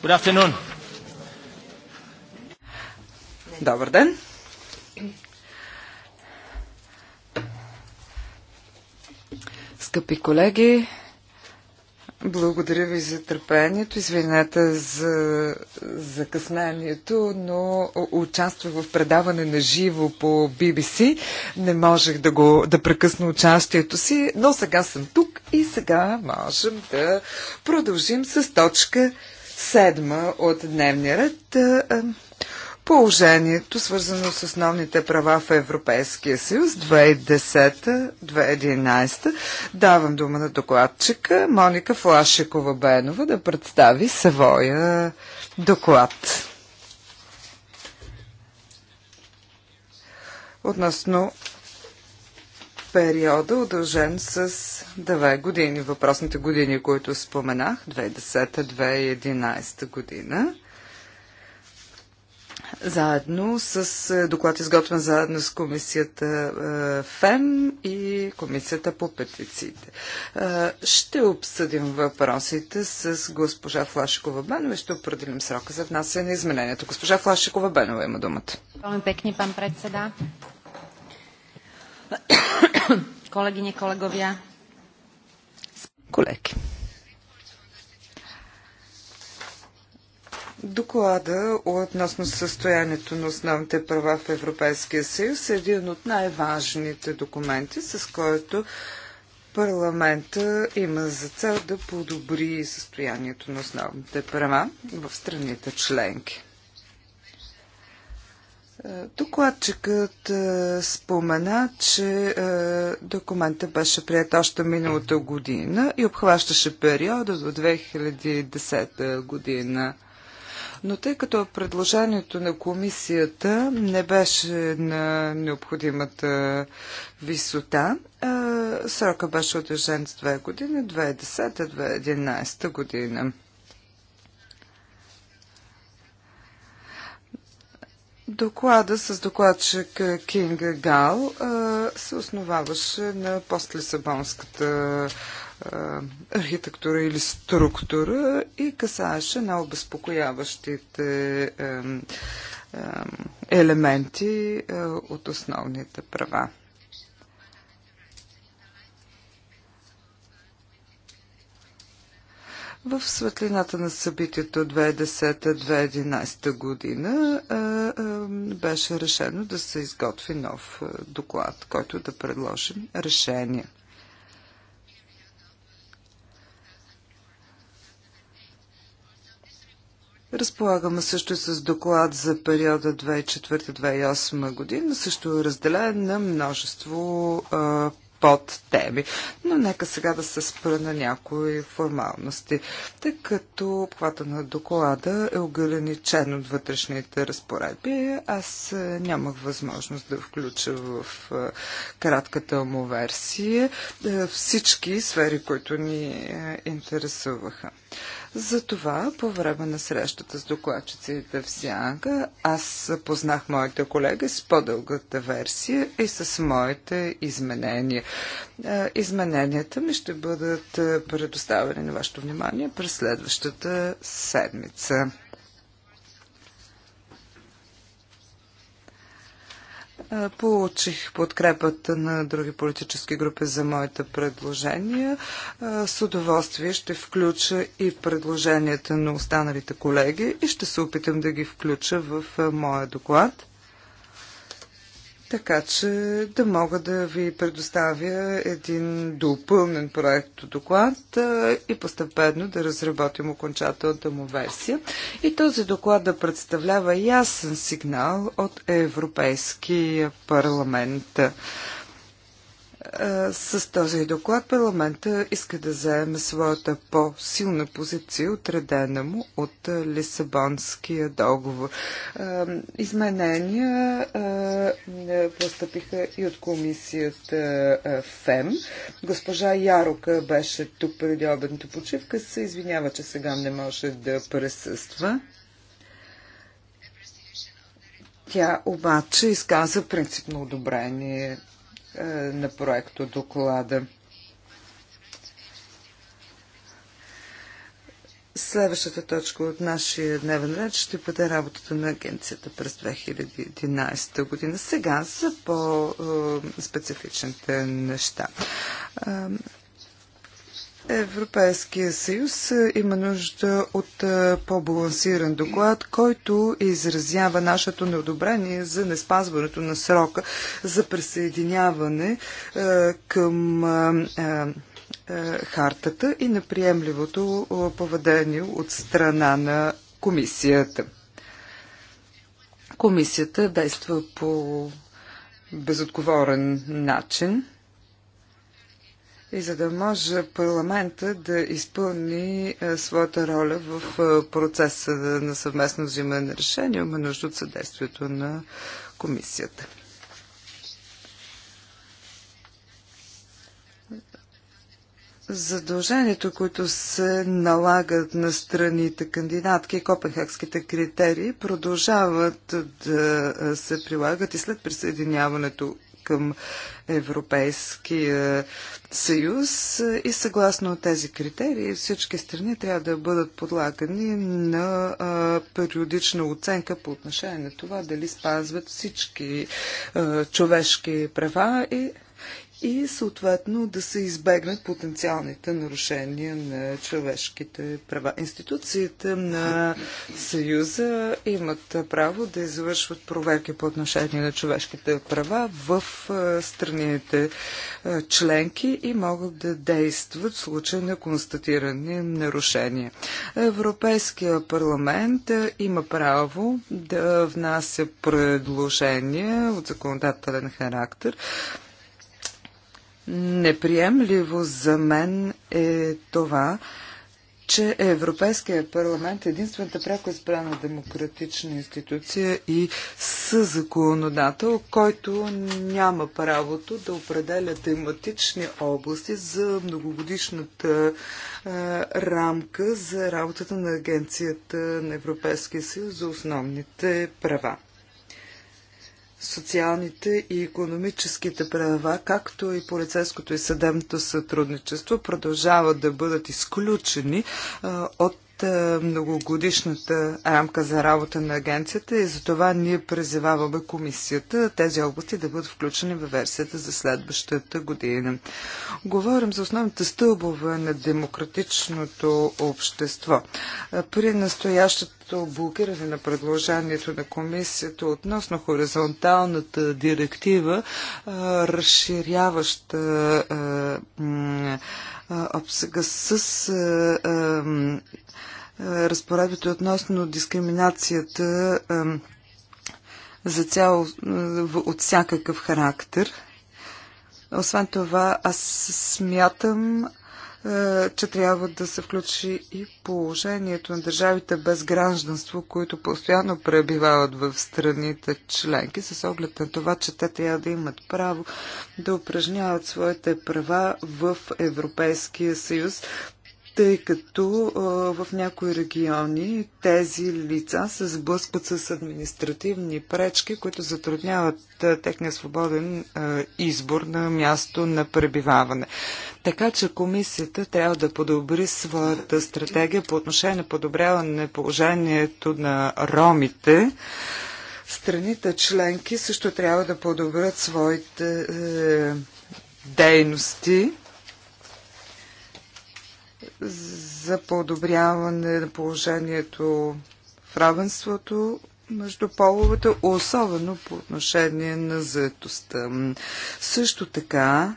Good afternoon. Добър ден. Скъпи колеги, благодаря ви за търпението. Извинете за закъснението, но участвах в предаване на живо по BBC. Не можех да, го, да прекъсна участието си, но сега съм тук и сега можем да продължим с точка седма от дневния ред. Е, е, положението, свързано с основните права в Европейския съюз 2010-2011. Давам дума на докладчика Моника Флашикова-Бенова да представи своя доклад. Относно периода, удължен с две години, въпросните години, които споменах, 2010-2011 година заедно с е, доклад изготвен заедно с комисията е, ФЕМ и комисията по петициите. Е, ще обсъдим въпросите с госпожа Флашикова Бенова и ще определим срока за внасяне на изменението. Госпожа Флашикова Бенова има думата. Пекни, пан председа. Колегиня, колеговия. Колеги. Доклада относно състоянието на основните права в Европейския съюз е един от най-важните документи, с който парламента има за цел да подобри състоянието на основните права в страните членки. Е, докладчикът е, спомена, че е, документът беше прият още миналата година и обхващаше периода до 2010 година. Но тъй като предложението на комисията не беше на необходимата висота, срока беше удължен с 2 години, 2010-2011 година. Доклада с докладчик Кинга Гал се основаваше на постлисабонската е, архитектура или структура и касаеше на обезпокояващите е, е, елементи от основните права. В светлината на събитието 2010-2011 година беше решено да се изготви нов доклад, който да предложи решение. Разполагаме също с доклад за периода 2004-2008 година, също разделен на множество а, под теми. Но нека сега да се спра на някои формалности, тъй като обхвата на доклада е ограничен от вътрешните разпоредби. Аз нямах възможност да включа в кратката му версия всички сфери, които ни интересуваха. Затова по време на срещата с докладчиците в Сянка аз познах моите колеги с по-дългата версия и с моите изменения. Е, измененията ми ще бъдат е, предоставени на вашето внимание през следващата седмица. Е, получих подкрепата на други политически групи за моите предложения. Е, с удоволствие ще включа и предложенията на останалите колеги и ще се опитам да ги включа в е, моя доклад така че да мога да ви предоставя един допълнен проект доклад и постепенно да разработим окончателната му версия. И този доклад да представлява ясен сигнал от Европейския парламент. С този доклад парламента иска да заеме своята по-силна позиция, отредена му от Лисабонския договор. Изменения постъпиха и от комисията ФЕМ. Госпожа Ярока беше тук преди обедната почивка. Се извинява, че сега не може да присъства. Тя обаче изказа принципно одобрение е, на проекто доклада. Следващата точка от нашия дневен ред ще бъде работата на агенцията през 2011 година. Сега за по-специфичните е, неща. Е, Европейския съюз е, има нужда от е, по-балансиран доклад, който изразява нашето неодобрение за неспазването на срока за присъединяване е, към хартата и неприемливото поведение от страна на комисията. Комисията действа по безотговорен начин и за да може парламента да изпълни е, своята роля в е, процеса на съвместно взимане на решение, има нужда от съдействието на комисията. Задължението, които се налагат на страните кандидатки и копенхагските критерии, продължават да е, се прилагат и след присъединяването към Европейския съюз и съгласно тези критерии всички страни трябва да бъдат подлагани на периодична оценка по отношение на това дали спазват всички човешки права и и съответно да се избегнат потенциалните нарушения на човешките права. Институциите на Съюза имат право да извършват проверки по отношение на човешките права в страните членки и могат да действат в случай на констатирани нарушения. Европейския парламент има право да внася предложения от законодателен характер Неприемливо за мен е това, че Европейския парламент е единствената пряко избрана демократична институция и съзаконодател, който няма правото да определя тематични области за многогодишната е, рамка за работата на Агенцията на Европейския съюз за основните права социалните и економическите права, както и полицейското и съдебното сътрудничество, продължават да бъдат изключени от многогодишната рамка за работа на агенцията и затова ние призиваваме комисията тези области да бъдат включени в версията за следващата година. Говорим за основните стълбове на демократичното общество. При настоящото блокиране на предложението на комисията относно хоризонталната директива, разширяваща с разпоредбите относно дискриминацията за цяло от всякакъв характер. Освен това, аз смятам, е, че трябва да се включи и положението на държавите без гражданство, които постоянно пребивават в страните членки, с оглед на това, че те трябва да имат право да упражняват своите права в Европейския съюз тъй като а, в някои региони тези лица се сблъскват с административни пречки, които затрудняват а, техния свободен а, избор на място на пребиваване. Така че комисията трябва да подобри своята стратегия по отношение на подобряване на положението на ромите. Страните членки също трябва да подобрят своите е, дейности за подобряване на положението в равенството между половете, особено по отношение на заетостта. Също така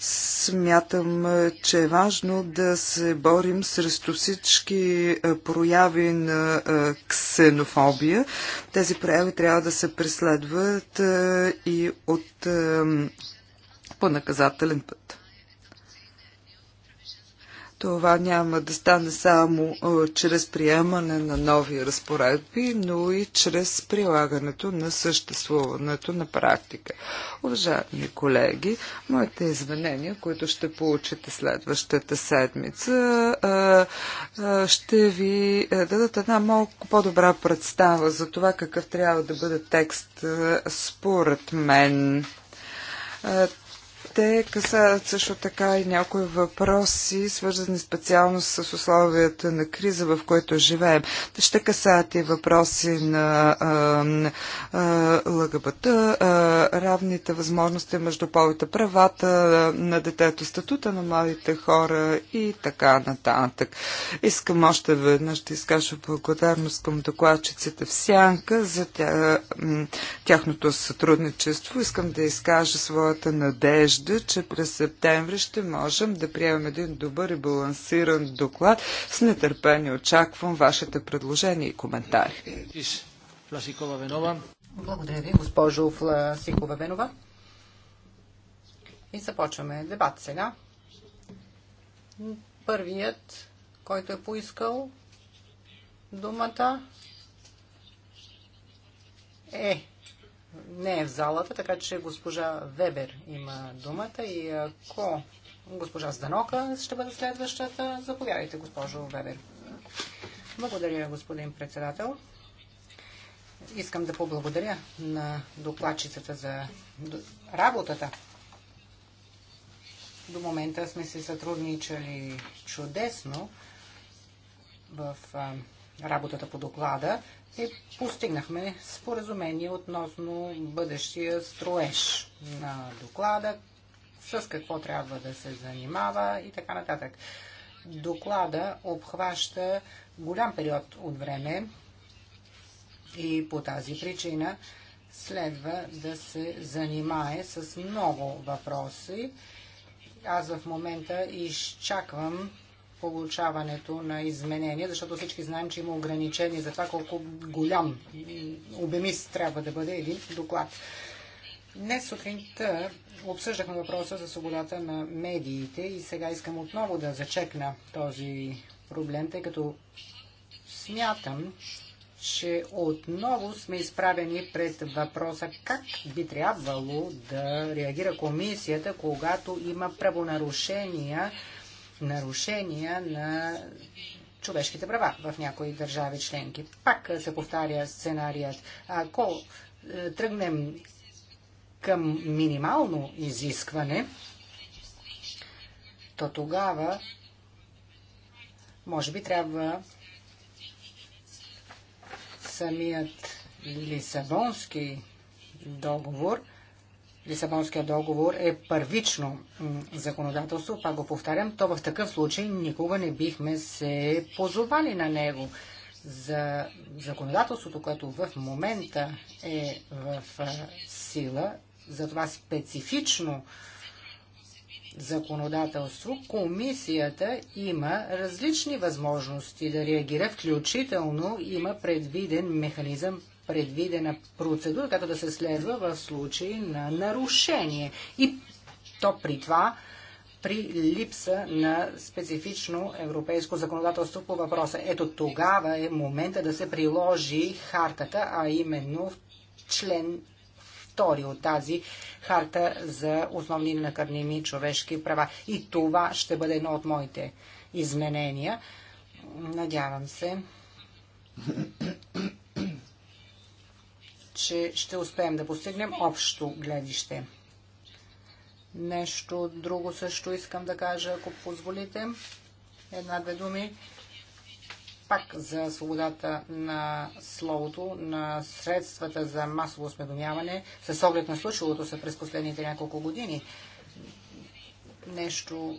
смятам, че е важно да се борим срещу всички прояви на ксенофобия. Тези прояви трябва да се преследват и от по наказателен път. Това няма да стане само а, чрез приемане на нови разпоредби, но и чрез прилагането на съществуването на практика. Уважаеми колеги, моите извинения, които ще получите следващата седмица, а, а, ще ви дадат една малко по-добра представа за това какъв трябва да бъде текст според мен те касаят също така и някои въпроси, свързани специално с условията на криза, в които живеем. Ще касаят и въпроси на ЛГБТ, равните възможности между полите, правата на детето, статута на младите хора и така нататък. Искам още веднъж да изкажа благодарност към докладчиците в Сянка за тяхното сътрудничество. Искам да изкажа своята надежда надежда, че през септември ще можем да приемем един добър и балансиран доклад. С нетърпение очаквам вашите предложения и коментари. Благодаря ви, госпожо Фласикова Венова. И започваме дебат сега. Първият, който е поискал думата, е не е в залата, така че госпожа Вебер има думата и ако госпожа Зданока ще бъде следващата, заповядайте, госпожо Вебер. Благодаря, господин председател. Искам да поблагодаря на докладчицата за работата. До момента сме се сътрудничали чудесно в работата по доклада и е постигнахме споразумение относно бъдещия строеж на доклада, с какво трябва да се занимава и така нататък. Доклада обхваща голям период от време и по тази причина следва да се занимае с много въпроси. Аз в момента изчаквам получаването на изменения, защото всички знаем, че има ограничения за това колко голям обемист трябва да бъде един доклад. Днес сутринта обсъждахме въпроса за свободата на медиите и сега искам отново да зачекна този проблем, тъй като смятам, че отново сме изправени пред въпроса как би трябвало да реагира комисията, когато има правонарушения нарушения на човешките права в някои държави членки. Пак се повтаря сценарият. Ако тръгнем към минимално изискване, то тогава може би трябва самият Лисабонски договор – Лисабонския договор е първично законодателство, пак го повтарям, то в такъв случай никога не бихме се позовали на него. За законодателството, което в момента е в сила, за това специфично законодателство, комисията има различни възможности да реагира, включително има предвиден механизъм предвидена процедура, като да се следва в случай на нарушение. И то при това при липса на специфично европейско законодателство по въпроса. Ето тогава е момента да се приложи хартата, а именно член 2 от тази харта за основни накърними човешки права. И това ще бъде едно от моите изменения. Надявам се че ще успеем да постигнем общо гледище. Нещо друго също искам да кажа, ако позволите. Една-две думи. Пак за свободата на словото, на средствата за масово осведомяване, с оглед на случилото се през последните няколко години. Нещо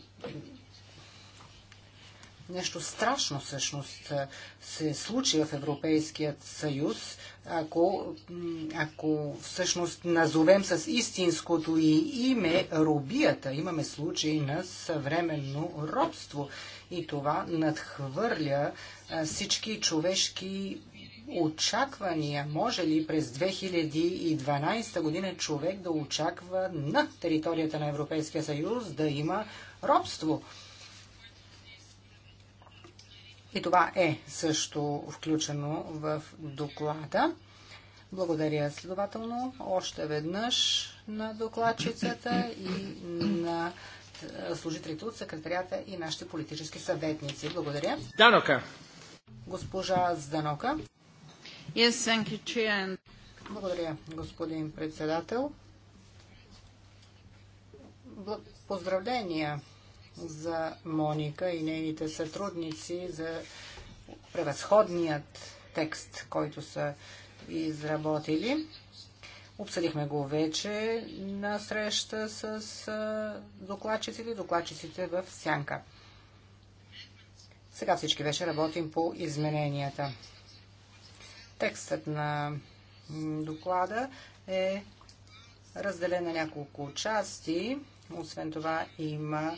Нещо страшно всъщност се случи в Европейският съюз, ако, ако всъщност назовем с истинското и име робията. Имаме случаи на съвременно робство и това надхвърля всички човешки очаквания. Може ли през 2012 година човек да очаква на територията на Европейския съюз да има робство? И това е също включено в доклада. Благодаря следователно още веднъж на докладчицата и на е, служителите от секретарията и нашите политически съветници. Благодаря. Данока. Госпожа Зданока. Yes, thank you, Chien. Благодаря, господин председател. Поздравления за Моника и нейните сътрудници за превъзходният текст, който са изработили. Обсъдихме го вече на среща с докладчиците, докладчиците в Сянка. Сега всички вече работим по измененията. Текстът на доклада е разделен на няколко части. Освен това има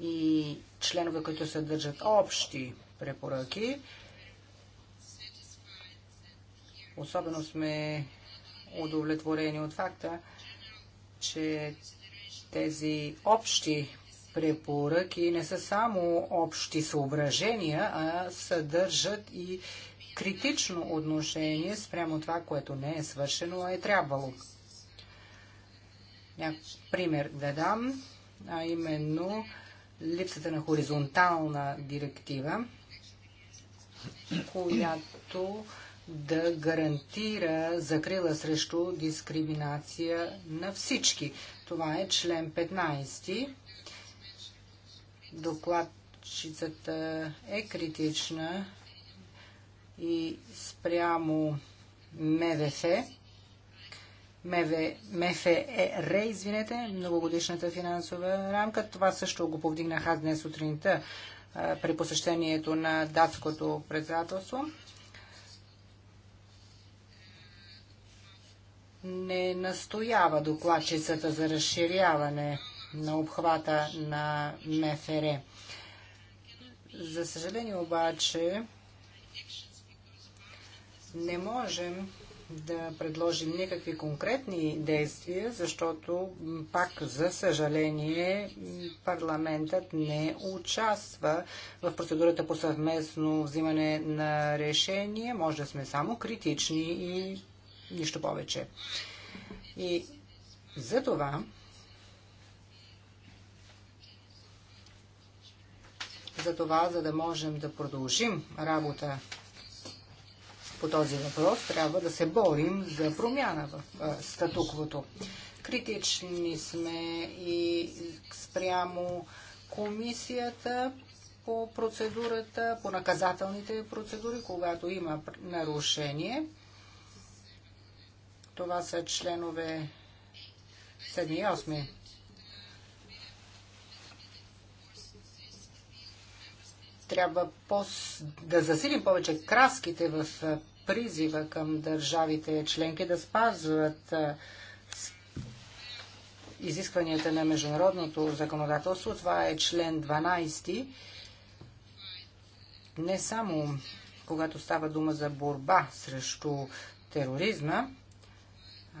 и членове, които съдържат общи препоръки. Особено сме удовлетворени от факта, че тези общи препоръки не са само общи съображения, а съдържат и критично отношение спрямо това, което не е свършено, а е трябвало. Някакъв пример да дам, а именно липсата на хоризонтална директива, която да гарантира закрила срещу дискриминация на всички. Това е член 15. Докладчицата е критична и спрямо МВФ МВ, МФЕР, е извинете, многогодишната финансова рамка. Това също го повдигнах аз днес сутринта при посещението на датското председателство. Не настоява докладчицата за разширяване на обхвата на МФР. За съжаление обаче не можем да предложим никакви конкретни действия, защото пак, за съжаление, парламентът не участва в процедурата по съвместно взимане на решение. Може да сме само критични и нищо повече. И за това за това, за да можем да продължим работа по този въпрос. Трябва да се борим за промяна в статуквото. Критични сме и спрямо комисията по процедурата, по наказателните процедури, когато има нарушение. Това са членове 7 и 8. трябва по да засилим повече краските в призива към държавите членки да спазват изискванията на международното законодателство. Това е член 12. Не само когато става дума за борба срещу тероризма,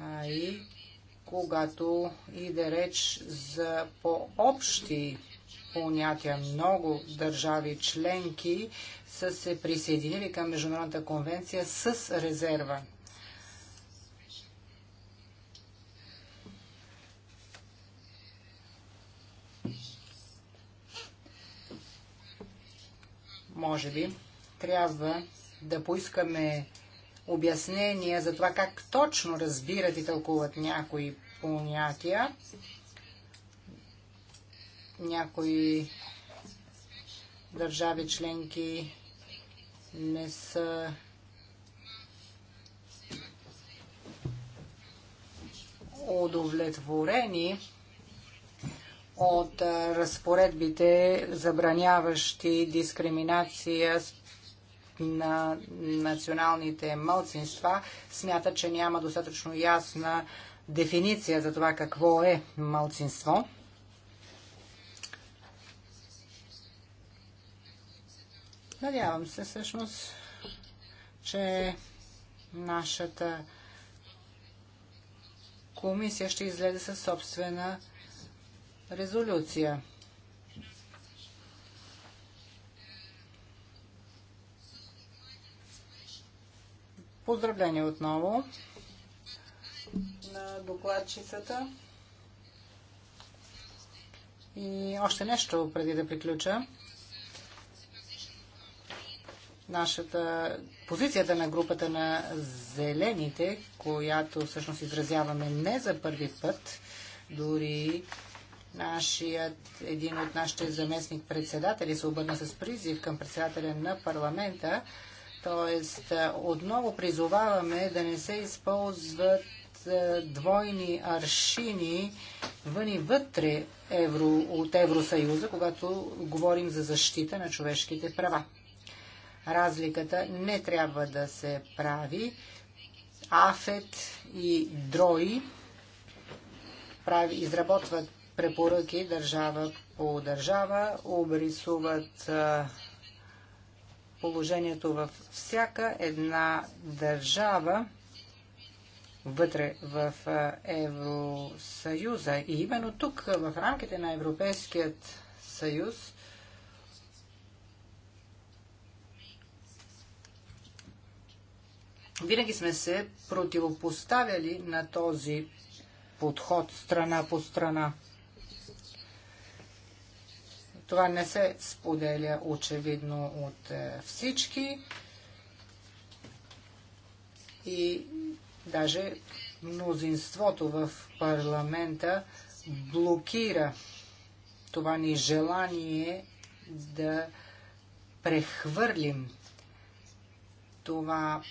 а и когато иде реч за по-общи понятия. Много държави членки са се присъединили към Международната конвенция с резерва. Може би трябва да поискаме обяснение за това как точно разбират и тълкуват някои понятия някои държави членки не са удовлетворени от разпоредбите, забраняващи дискриминация на националните мълцинства, смята, че няма достатъчно ясна дефиниция за това какво е мълцинство. Надявам се всъщност, че нашата комисия ще излезе със собствена резолюция. Поздравление отново на докладчицата. И още нещо преди да приключа нашата позицията на групата на зелените, която всъщност изразяваме не за първи път, дори нашият, един от нашите заместник председатели се обърна с призив към председателя на парламента, т.е. отново призоваваме да не се използват двойни аршини вън и вътре евро, от Евросъюза, когато говорим за защита на човешките права разликата не трябва да се прави. Афет и Дрои прави, изработват препоръки държава по държава, обрисуват положението във всяка една държава вътре в Евросъюза. И именно тук, в рамките на Европейският съюз, Винаги сме се противопоставяли на този подход страна по страна. Това не се споделя очевидно от е, всички и даже мнозинството в парламента блокира това ни желание да прехвърлим това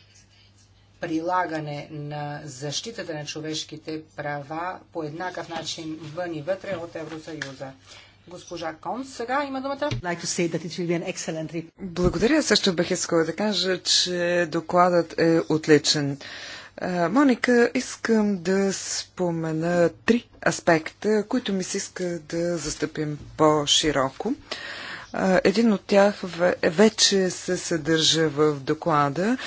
прилагане на защитата на човешките права по еднакъв начин вън и вътре от Евросъюза. Госпожа Конс, сега има думата. Благодаря. Също бих искала да кажа, че докладът е отличен. Моника, искам да спомена три аспекта, които ми се иска да застъпим по-широко. Един от тях вече се съдържа в доклада,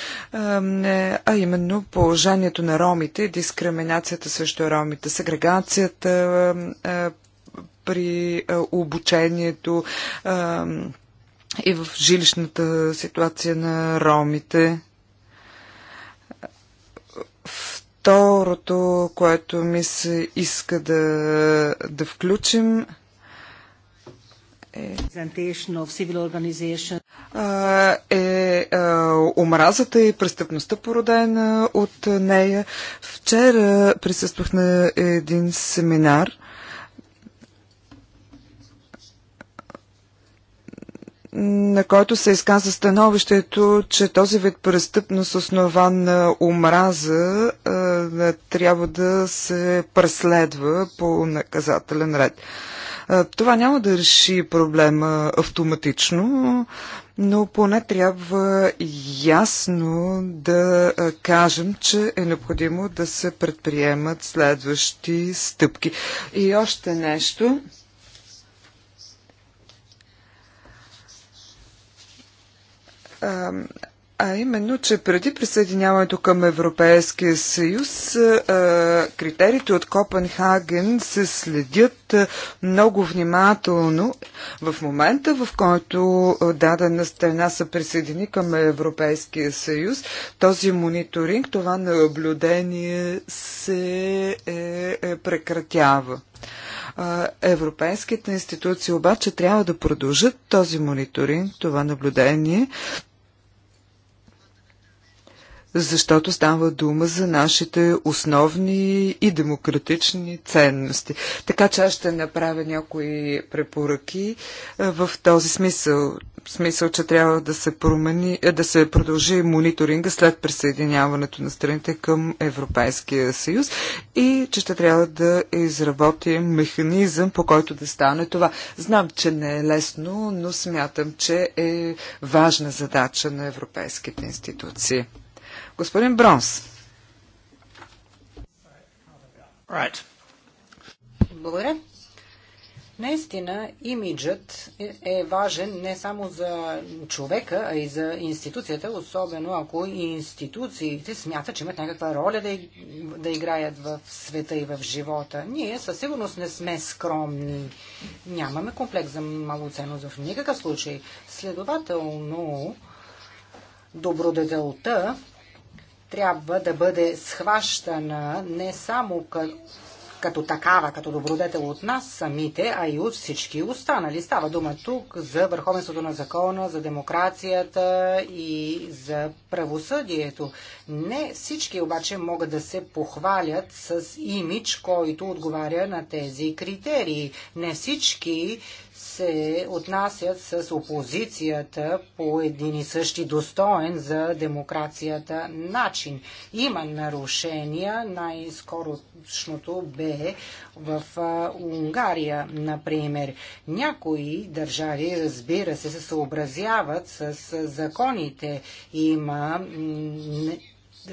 а именно положението на ромите, дискриминацията срещу ромите, сегрегацията при обучението и в жилищната ситуация на ромите. Второто, което ми се иска да, да включим, е омразата и престъпността породена от нея. Вчера присъствах на един семинар на който се изказа становището, че този вид престъпност, основан на омраза, трябва да се преследва по наказателен ред. Това няма да реши проблема автоматично, но поне трябва ясно да кажем, че е необходимо да се предприемат следващи стъпки. И още нещо. А именно, че преди присъединяването към Европейския съюз, критериите от Копенхаген се следят много внимателно. В момента, в който дадена страна се присъедини към Европейския съюз, този мониторинг, това наблюдение се е, е, прекратява. Европейските институции обаче трябва да продължат този мониторинг, това наблюдение, защото става дума за нашите основни и демократични ценности. Така че аз ще направя някои препоръки е, в този смисъл. В смисъл, че трябва да се, промени, е, да се продължи мониторинга след присъединяването на страните към Европейския съюз и че ще трябва да изработим механизъм, по който да стане това. Знам, че не е лесно, но смятам, че е важна задача на европейските институции. Господин Бронс. Благодаря. Наистина, имиджът е, е важен не само за човека, а и за институцията, особено ако институциите смятат, че имат някаква роля да, да играят в света и в живота. Ние със сигурност не сме скромни. Нямаме комплекс за малоценност в никакъв случай. Следователно, добродетелта трябва да бъде схващана не само като като такава, като добродетел от нас самите, а и от всички останали. Става дума тук за върховенството на закона, за демокрацията и за правосъдието. Не всички обаче могат да се похвалят с имидж, който отговаря на тези критерии. Не всички се отнасят с опозицията по един и същи достоен за демокрацията начин. Има нарушения, най-скорошното бе в Унгария, например. Някои държави, разбира се, се съобразяват с законите. Има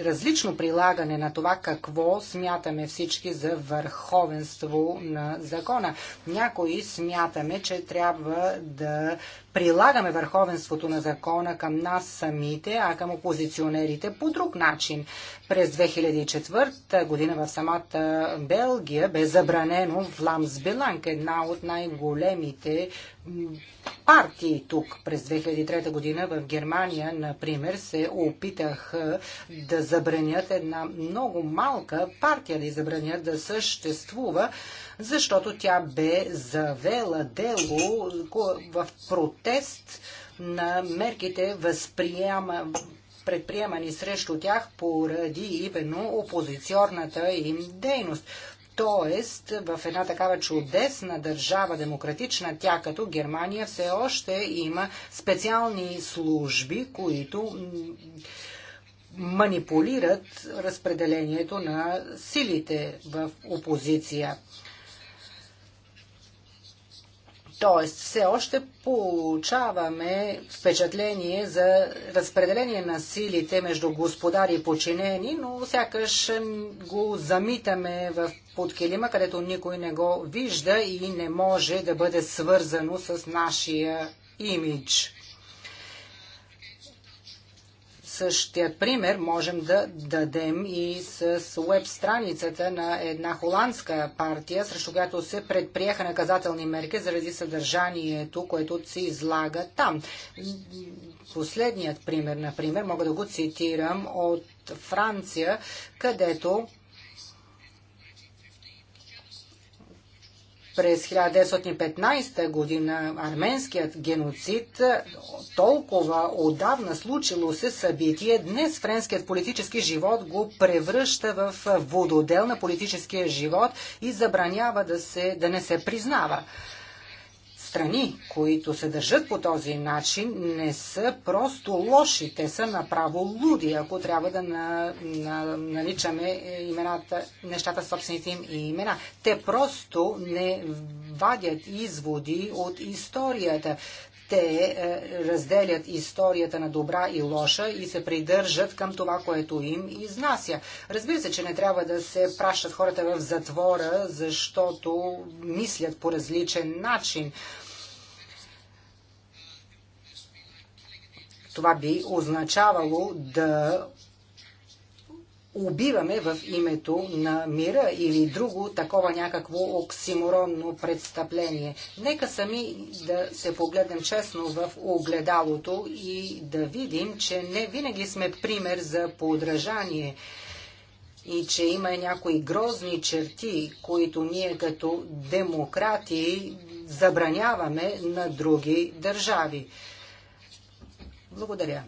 различно прилагане на това какво смятаме всички за върховенство на закона. Някои смятаме, че трябва да прилагаме върховенството на закона към нас самите, а към опозиционерите по друг начин. През 2004 година в самата Белгия бе забранено в Ламсбиланг, една от най-големите партии тук. През 2003 година в Германия, например, се опитах да забранят една много малка партия да забранят да съществува, защото тя бе завела дело в протест на мерките възприема, предприемани срещу тях поради именно опозиционната им дейност. Тоест, в една такава чудесна държава, демократична тя като Германия, все още има специални служби, които манипулират разпределението на силите в опозиция. Тоест, все още получаваме впечатление за разпределение на силите между господари и подчинени, но сякаш го замитаме в подкелима, където никой не го вижда и не може да бъде свързано с нашия имидж. Същия пример можем да дадем и с веб страницата на една холандска партия, срещу която се предприеха наказателни мерки заради съдържанието, което се излага там. Последният пример, например, мога да го цитирам от Франция, където През 1915 година арменският геноцид толкова отдавна случило се събитие, днес френският политически живот го превръща в вододел на политическия живот и забранява да, се, да не се признава страни, които се държат по този начин, не са просто лоши, те са направо луди, ако трябва да на, на, наличаме имената, нещата собствените им и имена. Те просто не вадят изводи от историята. Те е, разделят историята на добра и лоша и се придържат към това, което им изнася. Разбира се, че не трябва да се пращат хората в затвора, защото мислят по различен начин. Това би означавало да убиваме в името на мира или друго такова някакво оксиморонно представление. Нека сами да се погледнем честно в огледалото и да видим, че не винаги сме пример за подражание и че има някои грозни черти, които ние като демократи забраняваме на други държави. Благодаря.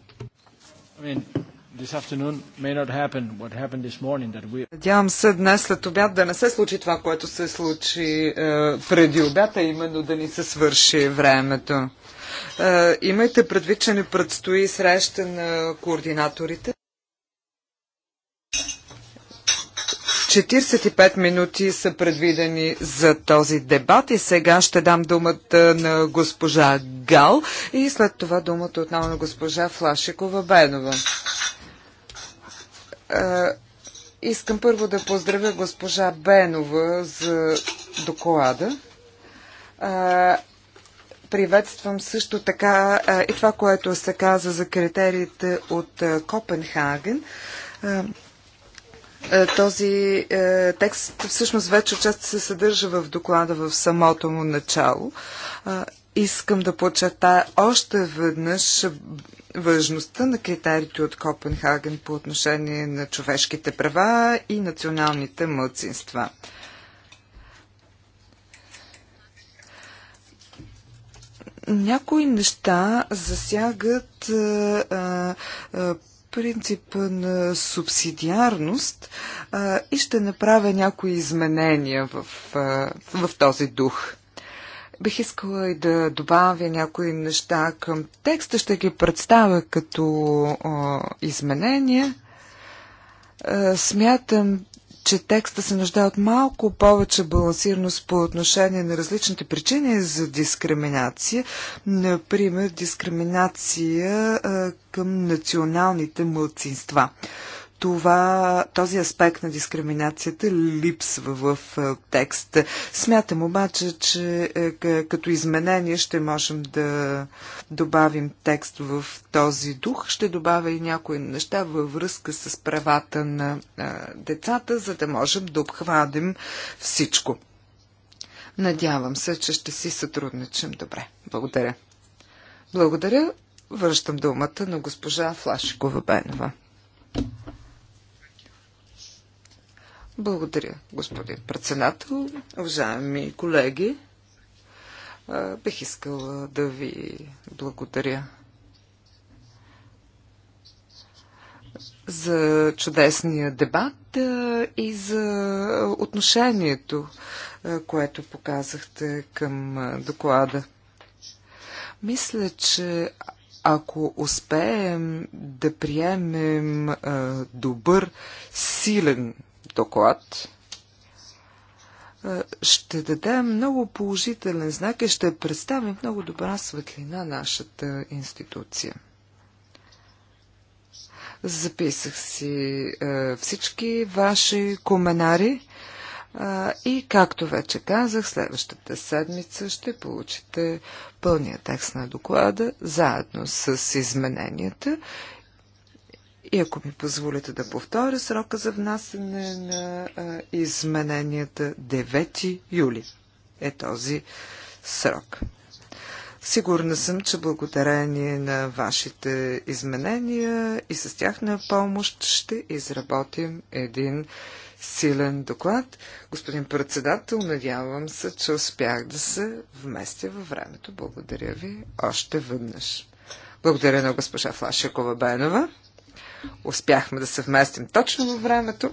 Надявам се днес след обяд да не се случи това, което се случи е, преди обята, именно да ни се свърши времето. Е, имайте предвид, че ни предстои среща на координаторите. 45 минути са предвидени за този дебат и сега ще дам думата на госпожа Гал и след това думата отново на госпожа Флашикова Бенова. Е, искам първо да поздравя госпожа Бенова за доклада. Е, приветствам също така е, и това, което се каза за критериите от Копенхаген. Е, този е, текст всъщност вече част се съдържа в доклада в самото му начало. Е, искам да подчертая още веднъж важността на критериите от Копенхаген по отношение на човешките права и националните мълцинства. Някои неща засягат а, е, принципа на субсидиарност а, и ще направя някои изменения в, а, в този дух. Бих искала и да добавя някои неща към текста, ще ги представя като а, изменения. А, смятам, че текста се нуждае от малко повече балансираност по отношение на различните причини за дискриминация, например дискриминация към националните мълцинства това, този аспект на дискриминацията липсва в е, текста. Смятам обаче, че е, като изменение ще можем да добавим текст в този дух. Ще добавя и някои неща във връзка с правата на е, децата, за да можем да обхвадим всичко. Надявам се, че ще си сътрудничим добре. Благодаря. Благодаря. Връщам думата на госпожа Флашикова Бенова. Благодаря, господин председател. Уважаеми колеги, бих искала да ви благодаря за чудесния дебат и за отношението, което показахте към доклада. Мисля, че ако успеем да приемем добър, силен доклад е, ще даде много положителен знак и ще представи много добра светлина нашата институция. Записах си е, всички ваши коментари е, и, както вече казах, следващата седмица ще получите пълния текст на доклада, заедно с измененията и ако ми позволите да повторя срока за внасене на а, измененията 9 юли е този срок. Сигурна съм, че благодарение на вашите изменения и с тяхна помощ ще изработим един силен доклад. Господин председател, надявам се, че успях да се вместя във времето. Благодаря ви още веднъж. Благодаря на госпожа Флашекова Бенова. Успяхме да се вместим точно във времето,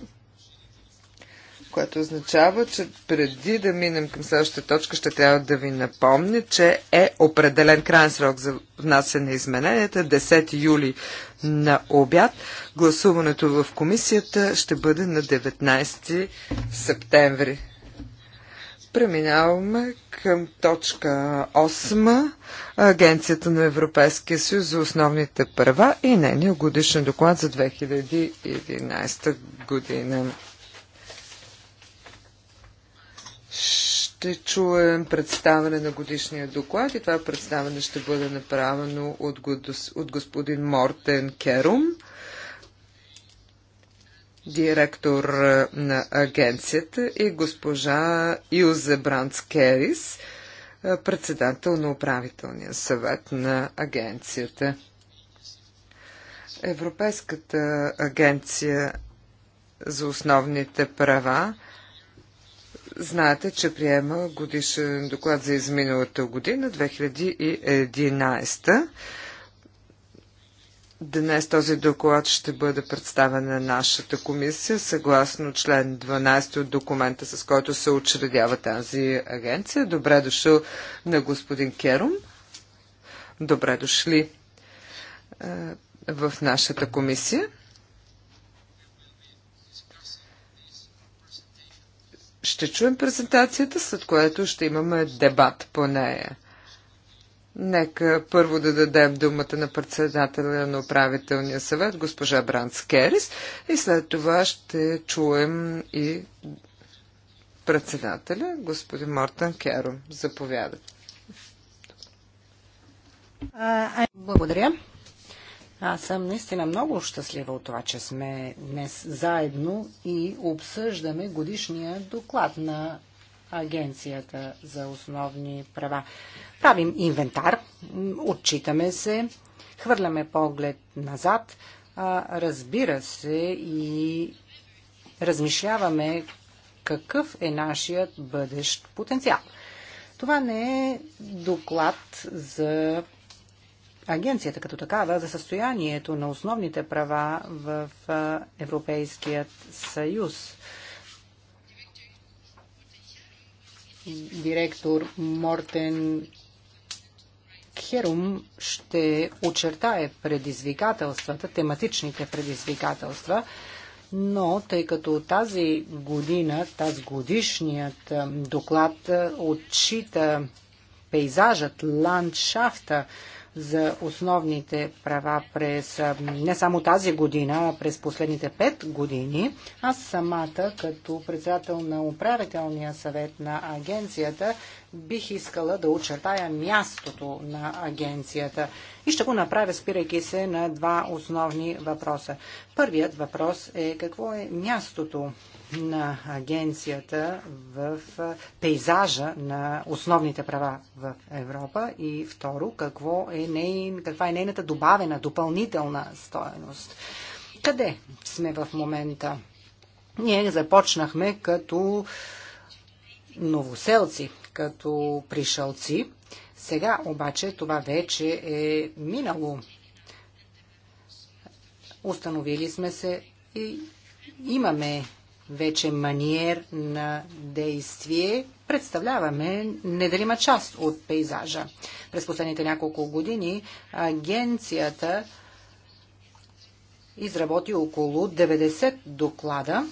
което означава, че преди да минем към следващата точка, ще трябва да ви напомня, че е определен крайен срок за внасяне на измененията 10 юли на обяд. Гласуването в комисията ще бъде на 19 септември. Преминаваме към точка 8. Агенцията на Европейския съюз за основните права и нейния годишен доклад за 2011 година. Ще чуем представяне на годишния доклад и това представяне ще бъде направено от, господин Мортен Керум директор е, на агенцията, и е госпожа Илзе Бранц Керис, е, председател на управителния съвет на агенцията. Европейската агенция за основните права знаете, че приема годишен доклад за изминалата година, 2011. Днес този доклад ще бъде представен на нашата комисия, съгласно член 12 от документа, с който се учредява тази агенция. Добре дошъл на господин Керум. Добре дошли е, в нашата комисия. Ще чуем презентацията, след което ще имаме дебат по нея. Нека първо да дадем думата на председателя на управителния съвет, госпожа Бранц Керис, и след това ще чуем и председателя, господин Мортен Керо. Заповядайте. Благодаря. Аз съм наистина много щастлива от това, че сме днес заедно и обсъждаме годишния доклад на Агенцията за основни права. Правим инвентар, отчитаме се, хвърляме поглед назад, а разбира се и размишляваме какъв е нашият бъдещ потенциал. Това не е доклад за агенцията като такава за състоянието на основните права в Европейският съюз. директор Мортен Херум ще очертае предизвикателствата, тематичните предизвикателства, но тъй като тази година, тази годишният доклад отчита пейзажът, ландшафта за основните права през не само тази година, а през последните пет години. Аз самата, като председател на управителния съвет на агенцията, бих искала да очертая мястото на агенцията. И ще го направя, спирайки се на два основни въпроса. Първият въпрос е какво е мястото на агенцията в пейзажа на основните права в Европа и второ, какво е нейн, каква е нейната добавена, допълнителна стоеност. Къде сме в момента? Ние започнахме като новоселци, като пришълци. Сега обаче това вече е минало. Установили сме се и имаме вече маниер на действие представляваме неделима част от пейзажа. През последните няколко години агенцията изработи около 90 доклада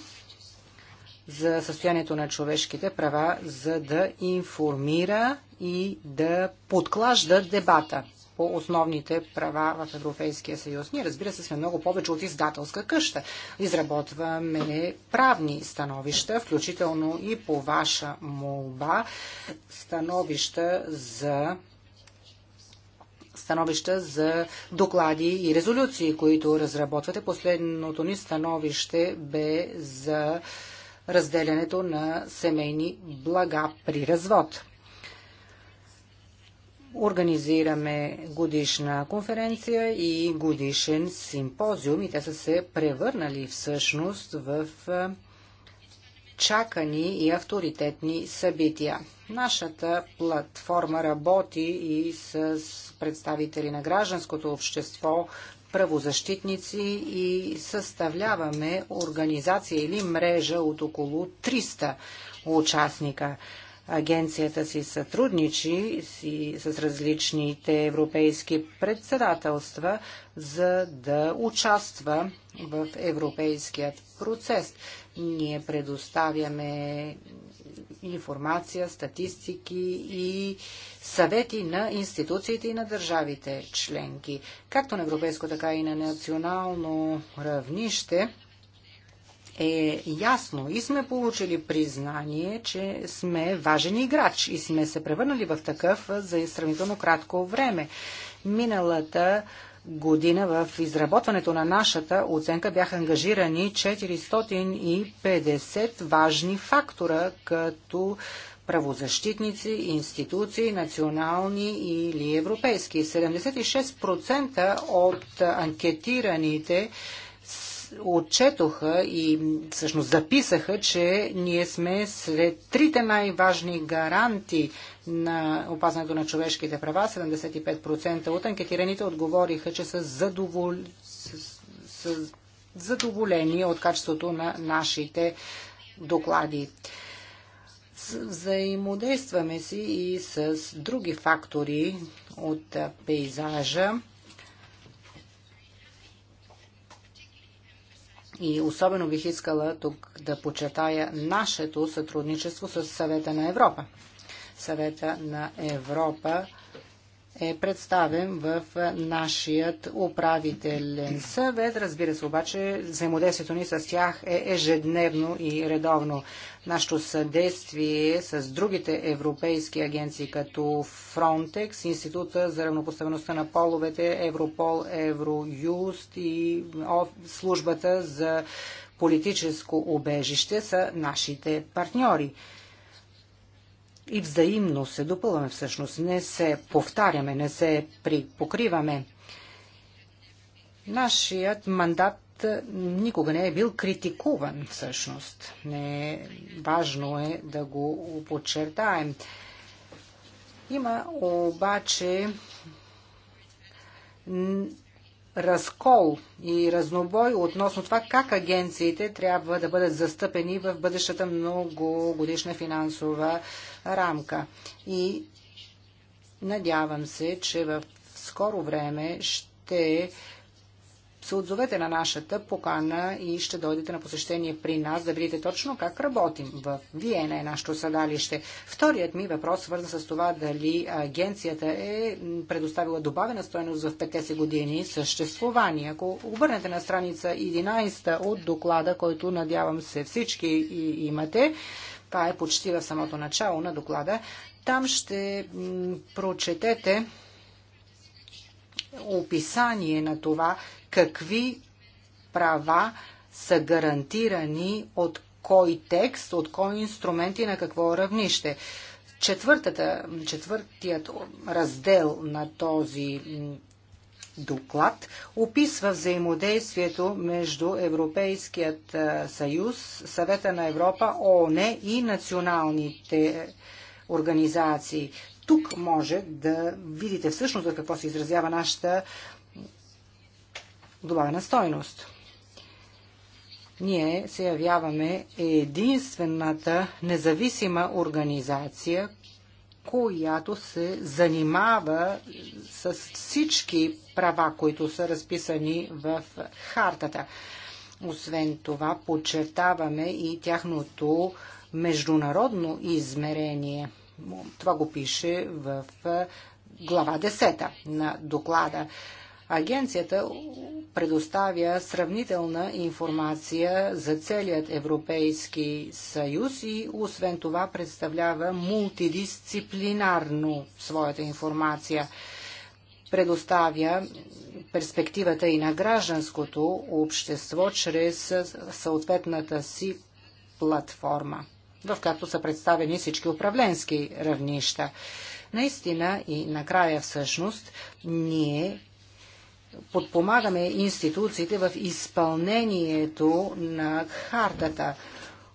за състоянието на човешките права, за да информира и да подклажда дебата по основните права в Европейския съюз. Ние, разбира се, сме много повече от издателска къща. Изработваме правни становища, включително и по ваша молба, становища за становища за доклади и резолюции, които разработвате. Последното ни становище бе за разделянето на семейни блага при развод. Организираме годишна конференция и годишен симпозиум и те са се превърнали всъщност в чакани и авторитетни събития. Нашата платформа работи и с представители на гражданското общество, правозащитници и съставляваме организация или мрежа от около 300 участника. Агенцията си сътрудничи си с различните европейски председателства, за да участва в европейският процес. Ние предоставяме информация, статистики и съвети на институциите и на държавите членки, както на европейско, така и на национално равнище е ясно и сме получили признание, че сме важен играч и сме се превърнали в такъв за сравнително кратко време. Миналата година в изработването на нашата оценка бяха ангажирани 450 важни фактора, като правозащитници, институции, национални или европейски. 76% от анкетираните отчетоха и всъщност записаха, че ние сме сред трите най-важни гаранти на опазването на човешките права. 75% от анкетираните отговориха, че са, задовол... са задоволени от качеството на нашите доклади. Взаимодействаме си и с други фактори от пейзажа И особено бих искала тук да почетая нашето сътрудничество с Съвета на Европа. Съвета на Европа е представен в нашият управителен съвет. Разбира се, обаче, взаимодействието ни с тях е ежедневно и редовно. Нашето съдействие с другите европейски агенции, като Frontex, Института за равнопоставеността на половете, Европол, Евроюст и службата за политическо убежище са нашите партньори и взаимно се допълваме всъщност, не се повтаряме, не се покриваме. Нашият мандат никога не е бил критикуван всъщност. Не е, важно е да го подчертаем. Има обаче разкол и разнобой относно това как агенциите трябва да бъдат застъпени в бъдещата многогодишна финансова рамка. И надявам се, че в скоро време ще се отзовете на нашата покана и ще дойдете на посещение при нас, да видите точно как работим. В Виена е нашето седалище. Вторият ми въпрос свърза с това дали агенцията е предоставила добавена стоеност в 50 години съществувание. Ако обърнете на страница 11 от доклада, който надявам се всички имате, това е почти в самото начало на доклада, там ще прочетете описание на това какви права са гарантирани от кой текст, от кой инструмент и на какво равнище. Четвъртата, четвъртият раздел на този доклад описва взаимодействието между Европейският съюз, Съвета на Европа, ООН и националните организации. Тук може да видите всъщност за какво се изразява нашата добавена стойност. Ние се явяваме единствената независима организация, която се занимава с всички права, които са разписани в хартата. Освен това, подчертаваме и тяхното международно измерение. Това го пише в глава 10 на доклада. Агенцията предоставя сравнителна информация за целият Европейски съюз и освен това представлява мултидисциплинарно своята информация. Предоставя перспективата и на гражданското общество чрез съответната си платформа, в която са представени всички управленски равнища. Наистина и накрая всъщност ние подпомагаме институциите в изпълнението на хартата.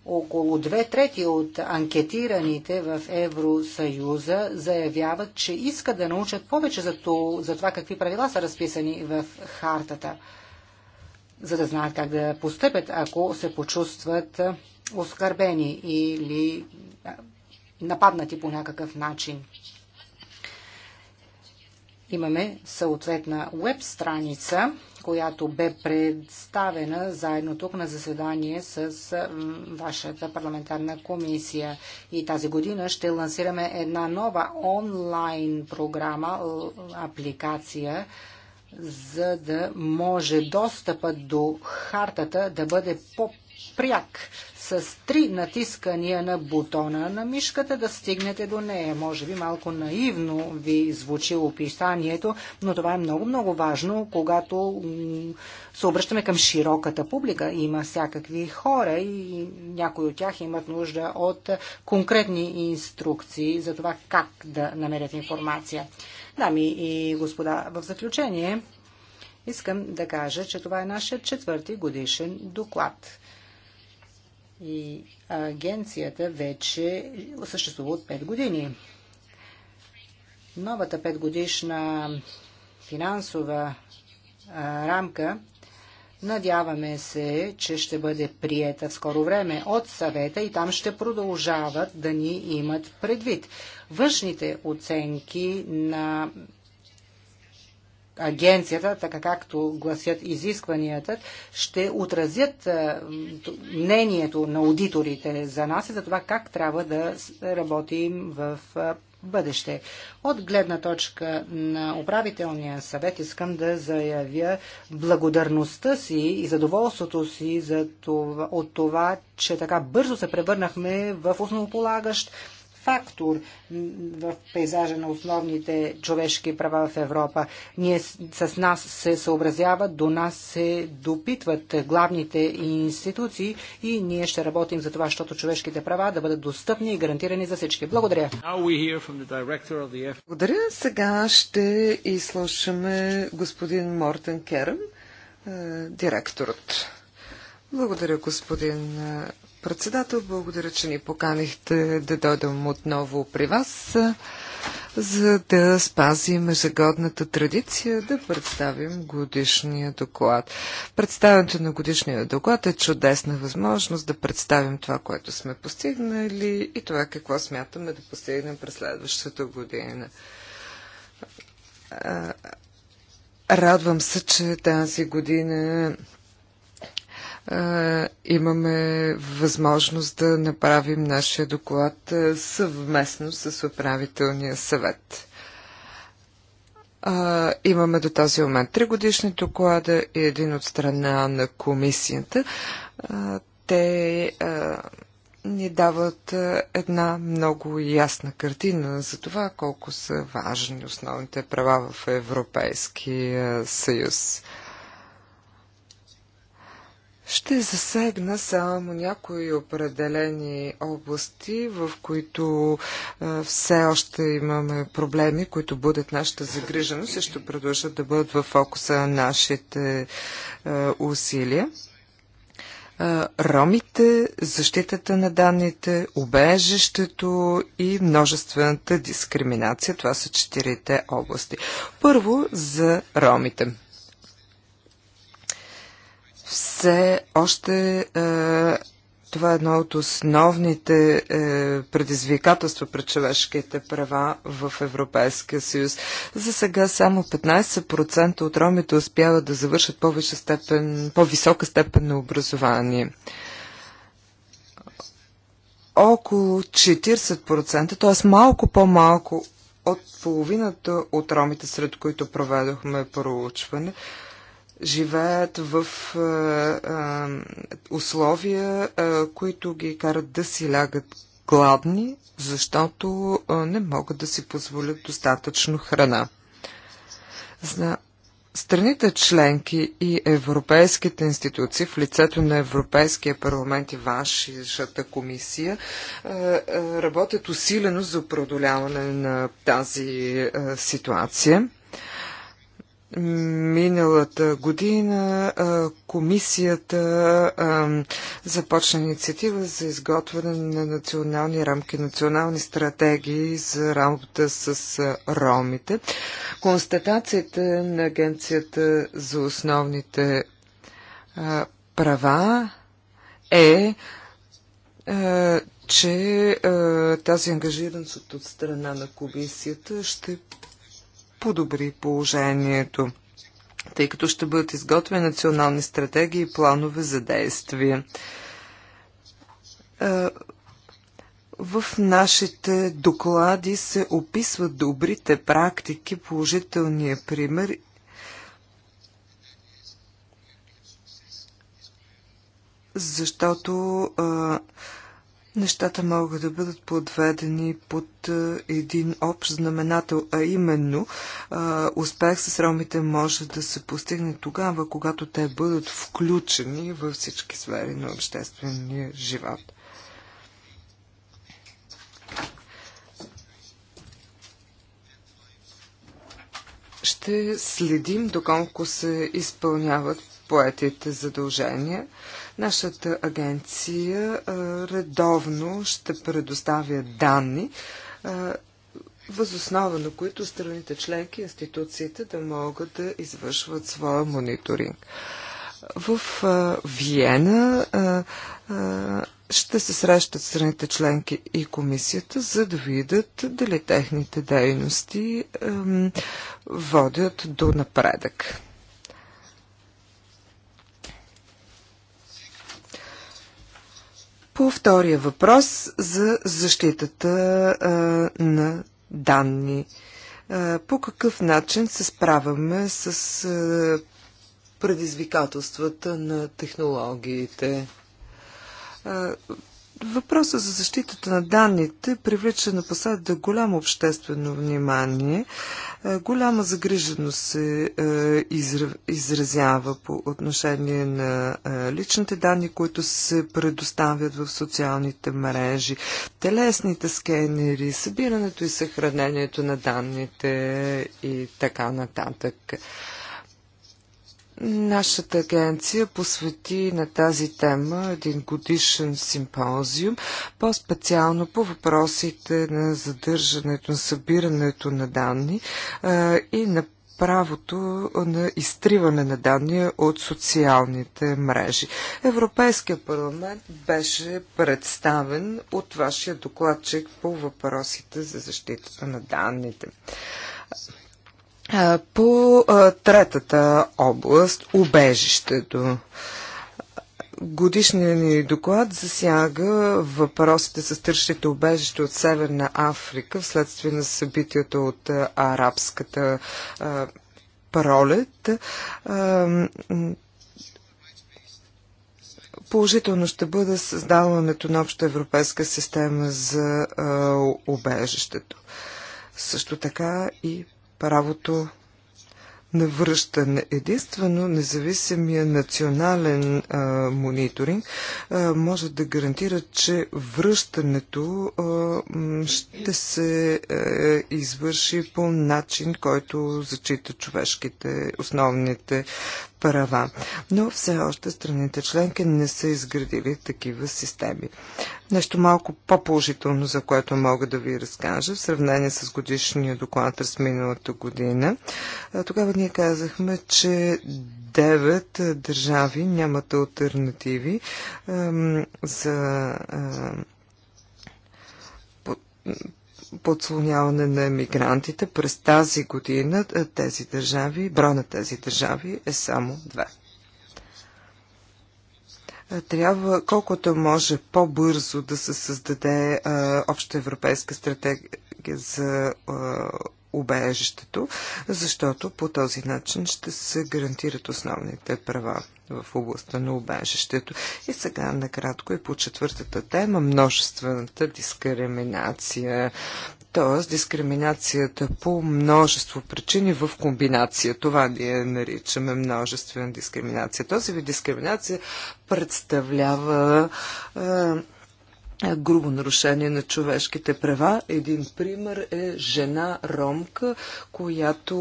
Около две трети от анкетираните в Евросъюза заявяват, че искат да научат повече за, то, за това какви правила са разписани в хартата, за да знаят как да постъпят, ако се почувстват оскърбени или нападнати по някакъв начин. Имаме съответна веб страница, която бе представена заедно тук на заседание с вашата парламентарна комисия. И тази година ще лансираме една нова онлайн програма, апликация, за да може достъпът до хартата да бъде по-пряк с три натискания на бутона на мишката да стигнете до нея. Може би малко наивно ви звучи описанието, но това е много-много важно, когато се обръщаме към широката публика. Има всякакви хора и някои от тях имат нужда от конкретни инструкции за това как да намерят информация. Дами и господа, в заключение искам да кажа, че това е нашия четвърти годишен доклад. И агенцията вече съществува от 5 години. Новата 5 годишна финансова рамка Надяваме се, че ще бъде приета в скоро време от съвета и там ще продължават да ни имат предвид. Външните оценки на агенцията, така както гласят изискванията, ще отразят мнението на аудиторите за нас и за това как трябва да работим в бъдеще. От гледна точка на управителния съвет искам да заявя благодарността си и задоволството си за това, от това, че така бързо се превърнахме в основополагащ фактор в пейзажа на основните човешки права в Европа. Ние с нас се съобразяват, до нас се допитват главните институции и ние ще работим за това, защото човешките права да бъдат достъпни и гарантирани за всички. Благодаря. Благодаря. Сега ще изслушаме господин Мортен Керъм, е, директорът. Благодаря, господин е, председател. Благодаря, че ни поканихте да дойдем отново при вас, за да спазим ежегодната традиция да представим годишния доклад. Представянето на годишния доклад е чудесна възможност да представим това, което сме постигнали и това, какво смятаме да постигнем през следващата година. Радвам се, че тази година имаме възможност да направим нашия доклад съвместно с управителния съвет. имаме до този момент три годишни доклада и един от страна на комисията. те ни дават една много ясна картина за това колко са важни основните права в Европейския съюз. Ще засегна само някои определени области, в които все още имаме проблеми, които будят нашата загриженост и ще продължат да бъдат в фокуса на нашите усилия. ромите, защитата на данните, обежището и множествената дискриминация. Това са четирите области. Първо за ромите. Все още е, това е едно от основните е, предизвикателства пред човешките права в Европейския съюз. За сега само 15% от ромите успяват да завършат повече степен, по-висока степен на образование. Около 40%, т.е. малко по-малко от половината от ромите, сред които проведохме проучване, живеят в а, условия, а, които ги карат да си лягат гладни, защото а, не могат да си позволят достатъчно храна. Зна... Страните членки и европейските институции в лицето на Европейския парламент и вашата комисия работят усилено за преодоляване на тази ситуация. Миналата година комисията започна инициатива за изготвяне на национални рамки, национални стратегии за работа с ромите. Констатациите на Агенцията за основните права е, че а, тази ангажираност от страна на комисията ще подобри положението, тъй като ще бъдат изготвени национални стратегии и планове за действие. Е, в нашите доклади се описват добрите практики, положителния пример защото а, е, Нещата могат да бъдат подведени под един общ знаменател, а именно успех с ромите може да се постигне тогава, когато те бъдат включени във всички сфери на обществения живот. Ще следим доколко се изпълняват поетите задължения. Нашата агенция редовно ще предоставя данни, възоснова на които страните членки и институциите да могат да извършват своя мониторинг. В Виена ще се срещат страните членки и комисията, за да видят дали техните дейности водят до напредък. По втория въпрос за защитата а, на данни. А, по какъв начин се справяме с а, предизвикателствата на технологиите? Въпросът за защитата на данните привлича на пасада голямо обществено внимание. Е, голяма загриженост се е, изразява по отношение на е, личните данни, които се предоставят в социалните мрежи, телесните скенери, събирането и съхранението на данните и така нататък. Нашата агенция посвети на тази тема един годишен симпозиум, по-специално по въпросите на задържането, на събирането на данни а, и на правото на изтриване на данни от социалните мрежи. Европейския парламент беше представен от вашия докладчик по въпросите за защитата на данните. По третата област, убежището. Годишният ни доклад засяга въпросите с търсещите убежище от Северна Африка вследствие на събитията от арабската а, пролет. А, положително ще бъде създаването на обща европейска система за а, убежището. Също така и правото на връщане. Единствено независимия национален а, мониторинг а, може да гарантира, че връщането а, ще се а, е, извърши по начин, който зачита човешките основните права. Но все още страните членки не са изградили такива системи. Нещо малко по-положително, за което мога да ви разкажа, в сравнение с годишния доклад през миналата година. Тогава ние казахме, че девет държави нямат альтернативи за подслоняване на мигрантите през тази година е, тези държави, бро на тези държави е само две. Е, трябва колкото може по-бързо да се създаде а, е, обща европейска стратегия за а, убежището, защото по този начин ще се гарантират основните права в областта на убежището. И сега накратко и по четвъртата тема множествената дискриминация. Т.е. дискриминацията по множество причини в комбинация. Това ние наричаме множествена дискриминация. Този вид дискриминация представлява е, е грубо нарушение на човешките права. Един пример е жена ромка, която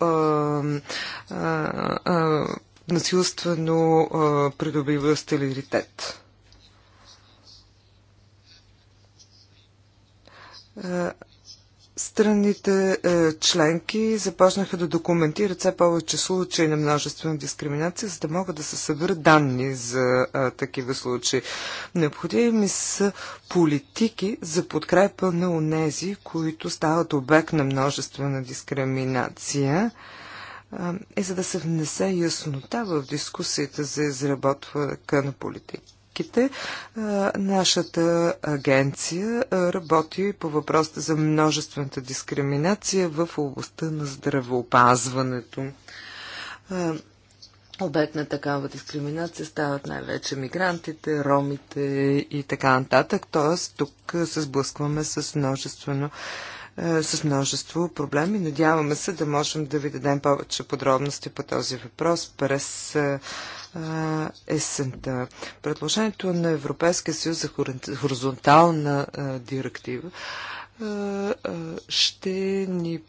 е, е, е насилствено а, придобива стерилитет. страните е, членки започнаха да документират все повече случаи на множествена дискриминация, за да могат да се съберат данни за а, такива случаи. Необходими са политики за подкрепа на онези, които стават обект на множествена дискриминация. Е, е за да се внесе яснота в дискусията за изработка на политики Нашата агенция работи по въпросите за множествената дискриминация в областта на здравеопазването. Обект на такава дискриминация стават най-вече мигрантите, ромите и така нататък. Т.е. тук се сблъскваме с множествено е, с множество проблеми. Надяваме се да можем да ви дадем повече подробности по този въпрос през е, е, есента. Предложението на Европейския съюз за хоризонтална директива ще ни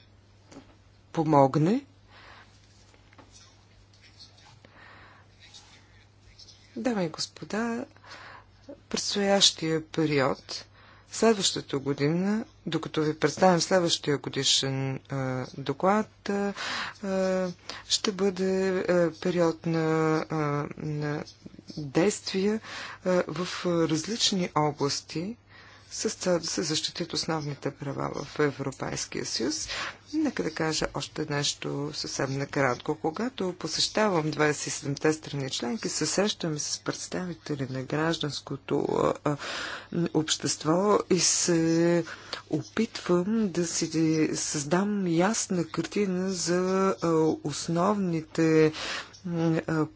помогне Дами и господа, предстоящия период Следващата година, докато ви представим следващия годишен а, доклад, а, ще бъде а, период на, а, на действия а, в различни области с цел да се защитят основните права в Европейския съюз. Нека да кажа още нещо съвсем накратко. Когато посещавам 27-те страни членки, се срещам с представители на гражданското общество и се опитвам да си създам ясна картина за основните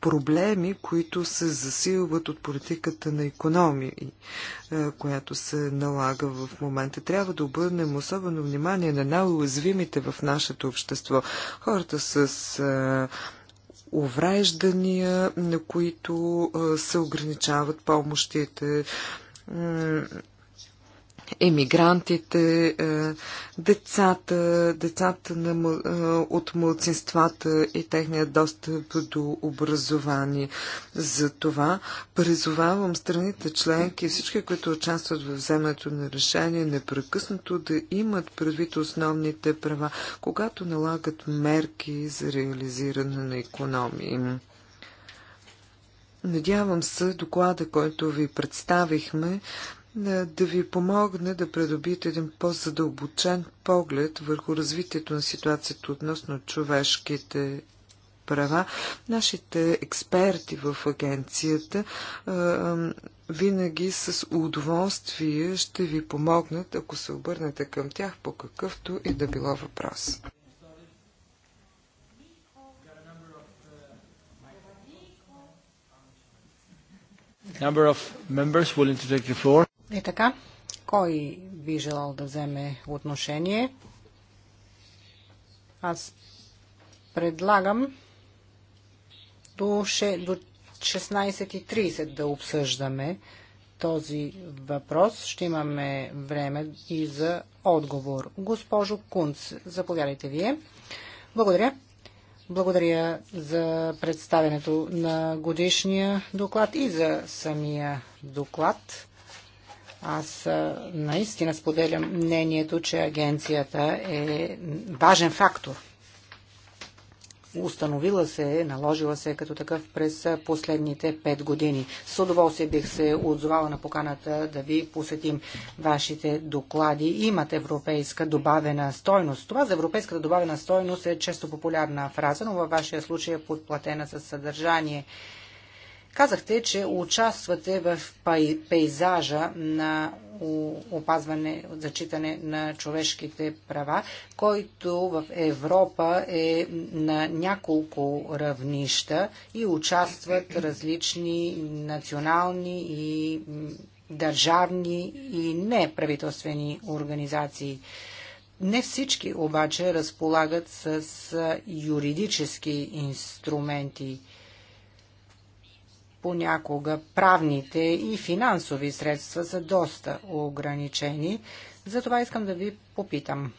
проблеми, които се засилват от политиката на економии, която се налага в момента. Трябва да обърнем особено внимание на най-уязвимите в нашето общество. Хората с увреждания, на които се ограничават помощите, емигрантите, е, децата, децата на, е, от младсинствата и техния достъп до образование. За това призовавам страните членки, всички, които участват в вземането на решение, непрекъснато да имат предвид основните права, когато налагат мерки за реализиране на економии. Надявам се доклада, който ви представихме, да ви помогне да придобиете един по-задълбочен поглед върху развитието на ситуацията относно човешките права. Нашите експерти в агенцията винаги с удоволствие ще ви помогнат, ако се обърнете към тях по какъвто и да било въпрос. number of members willing to take the floor. Е така, кой би желал да вземе отношение? Аз предлагам до 16.30 да обсъждаме този въпрос. Ще имаме време и за отговор. Госпожо Кунц, заповядайте вие. Благодаря. Благодаря за представенето на годишния доклад и за самия доклад. Аз наистина споделям мнението, че агенцията е важен фактор. Установила се, наложила се като такъв през последните пет години. С удоволствие бих се отзовала на поканата да ви посетим вашите доклади. Имат европейска добавена стойност. Това за европейската добавена стойност е често популярна фраза, но във вашия случай е подплатена със съдържание. Казахте, че участвате в пейзажа на опазване, зачитане на човешките права, който в Европа е на няколко равнища и участват различни национални и държавни и неправителствени организации. Не всички обаче разполагат с юридически инструменти понякога правните и финансови средства са доста ограничени. Затова искам да ви попитам.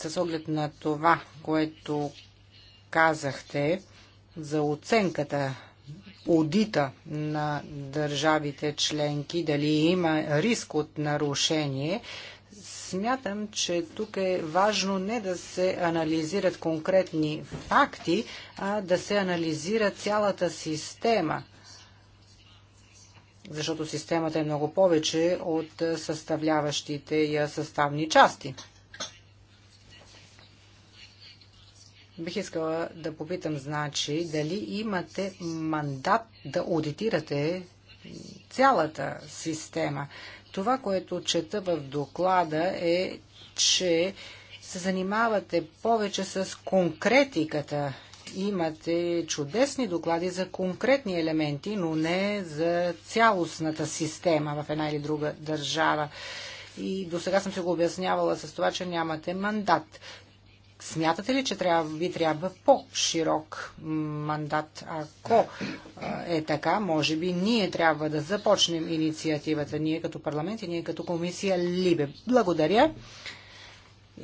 С оглед на това, което казахте за оценката, аудита на държавите членки, дали има риск от нарушение, Смятам, че тук е важно не да се анализират конкретни факти, а да се анализира цялата система защото системата е много повече от съставляващите я съставни части. Бих искала да попитам, значи, дали имате мандат да аудитирате цялата система. Това, което чета в доклада е, че се занимавате повече с конкретиката. Имате чудесни доклади за конкретни елементи, но не за цялостната система в една или друга държава. И до сега съм се го обяснявала с това, че нямате мандат. Смятате ли, че трябва, ви трябва по-широк мандат? Ако е така, може би ние трябва да започнем инициативата, ние като парламент и ние като комисия Либе. Благодаря.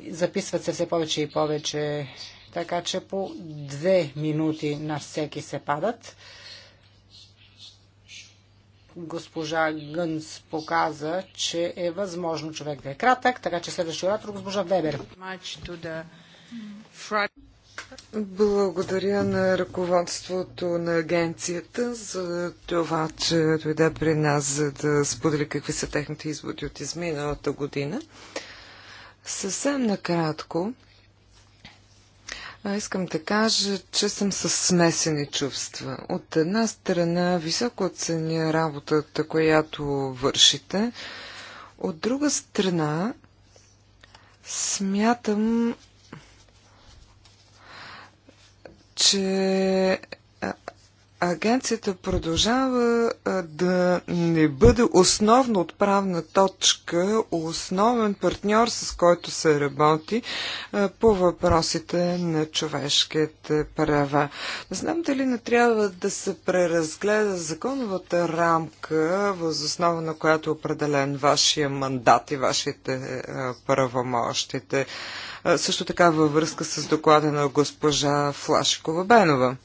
Записват се все повече и повече, така че по две минути на всеки се падат госпожа Гънс показа, че е възможно човек да е кратък, така че следващия оратор госпожа Вебер. Благодаря на ръководството на агенцията за това, че дойде при нас, за да сподели какви са техните изводи от изминалата година. Съвсем накратко, искам да кажа, че съм с смесени чувства. От една страна високо оценя работата, която вършите, от друга страна смятам, че агенцията продължава да не бъде основна отправна точка, основен партньор, с който се работи по въпросите на човешките права. Не знам дали не трябва да се преразгледа законовата рамка, възоснова на която е определен вашия мандат и вашите правомощите също така във връзка с доклада на госпожа Флашикова Бенова.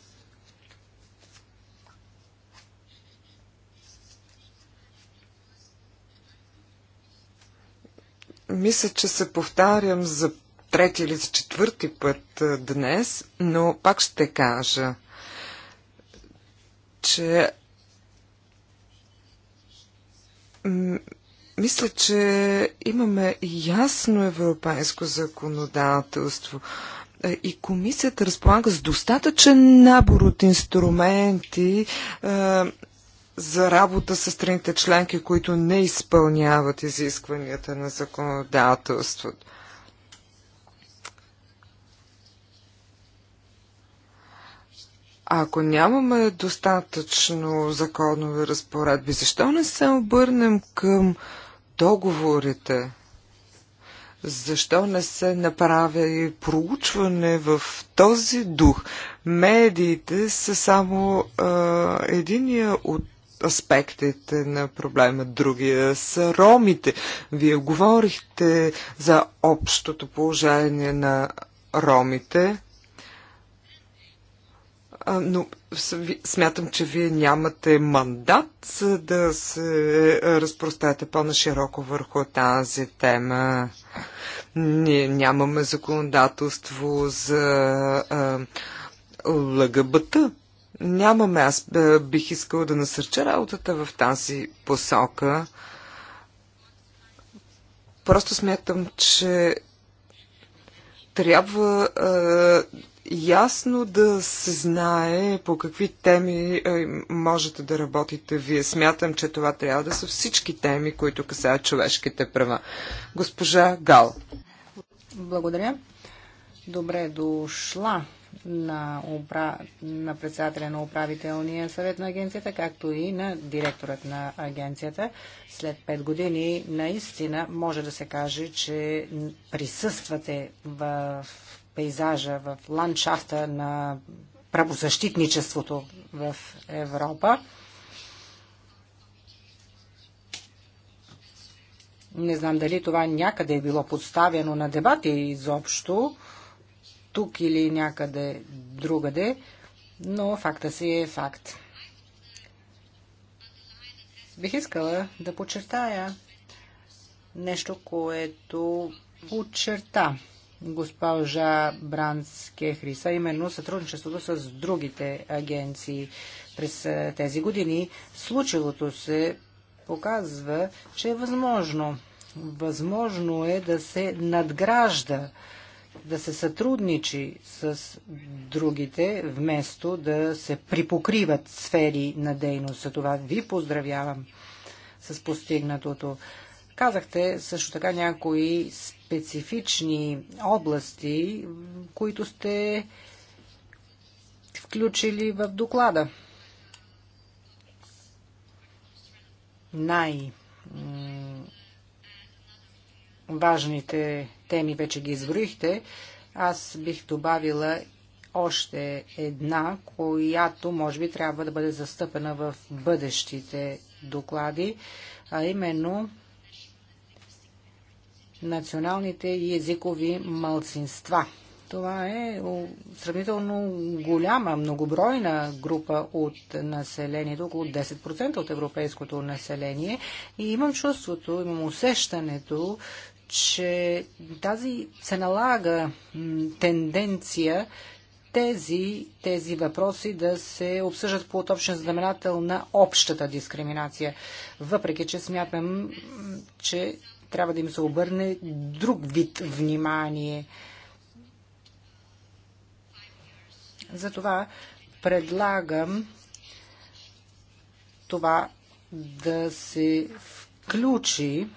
Мисля, че се повтарям за трети или за четвърти път днес, но пак ще кажа, че мисля, че имаме ясно европейско законодателство е, и комисията разполага с достатъчен набор от инструменти е, за работа с страните членки, които не изпълняват изискванията на законодателството. А ако нямаме достатъчно законови разпоредби, защо не се обърнем към договорите. Защо не се и проучване в този дух? Медиите са само а, единия от аспектите на проблема. Другия са ромите. Вие говорихте за общото положение на ромите но смятам, че вие нямате мандат за да се разпростате по-нашироко върху тази тема. Ние нямаме законодателство за ЛГБТ. Нямаме. Аз бих искал да насърча работата в тази посока. Просто смятам, че трябва ясно да се знае по какви теми е, можете да работите вие. Смятам, че това трябва да са всички теми, които касаят човешките права. Госпожа Гал. Благодаря. Добре дошла на, упра... на председателя на управителния съвет на агенцията, както и на директорът на агенцията. След 5 години наистина може да се каже, че присъствате в пейзажа, в ландшафта на правозащитничеството в Европа. Не знам дали това някъде е било подставено на дебати изобщо, тук или някъде другаде, но факта си е факт. Бих искала да подчертая нещо, което подчерта госпожа Бранс Кехриса, именно сътрудничеството с другите агенции през е, тези години. Случилото се показва, че е възможно. Възможно е да се надгражда, да се сътрудничи с другите, вместо да се припокриват сфери на дейност. За това ви поздравявам с постигнатото. Казахте също така някои специфични области, които сте включили в доклада. Най- важните теми вече ги изброихте. Аз бих добавила още една, която може би трябва да бъде застъпена в бъдещите доклади, а именно националните и езикови малцинства. Това е сравнително голяма, многобройна група от населението, около 10% от европейското население. И имам чувството, имам усещането, че тази се налага тенденция тези, тези въпроси да се обсъждат по общен знаменател на общата дискриминация. Въпреки, че смятам, че трябва да им се обърне друг вид внимание. Затова предлагам това да се включи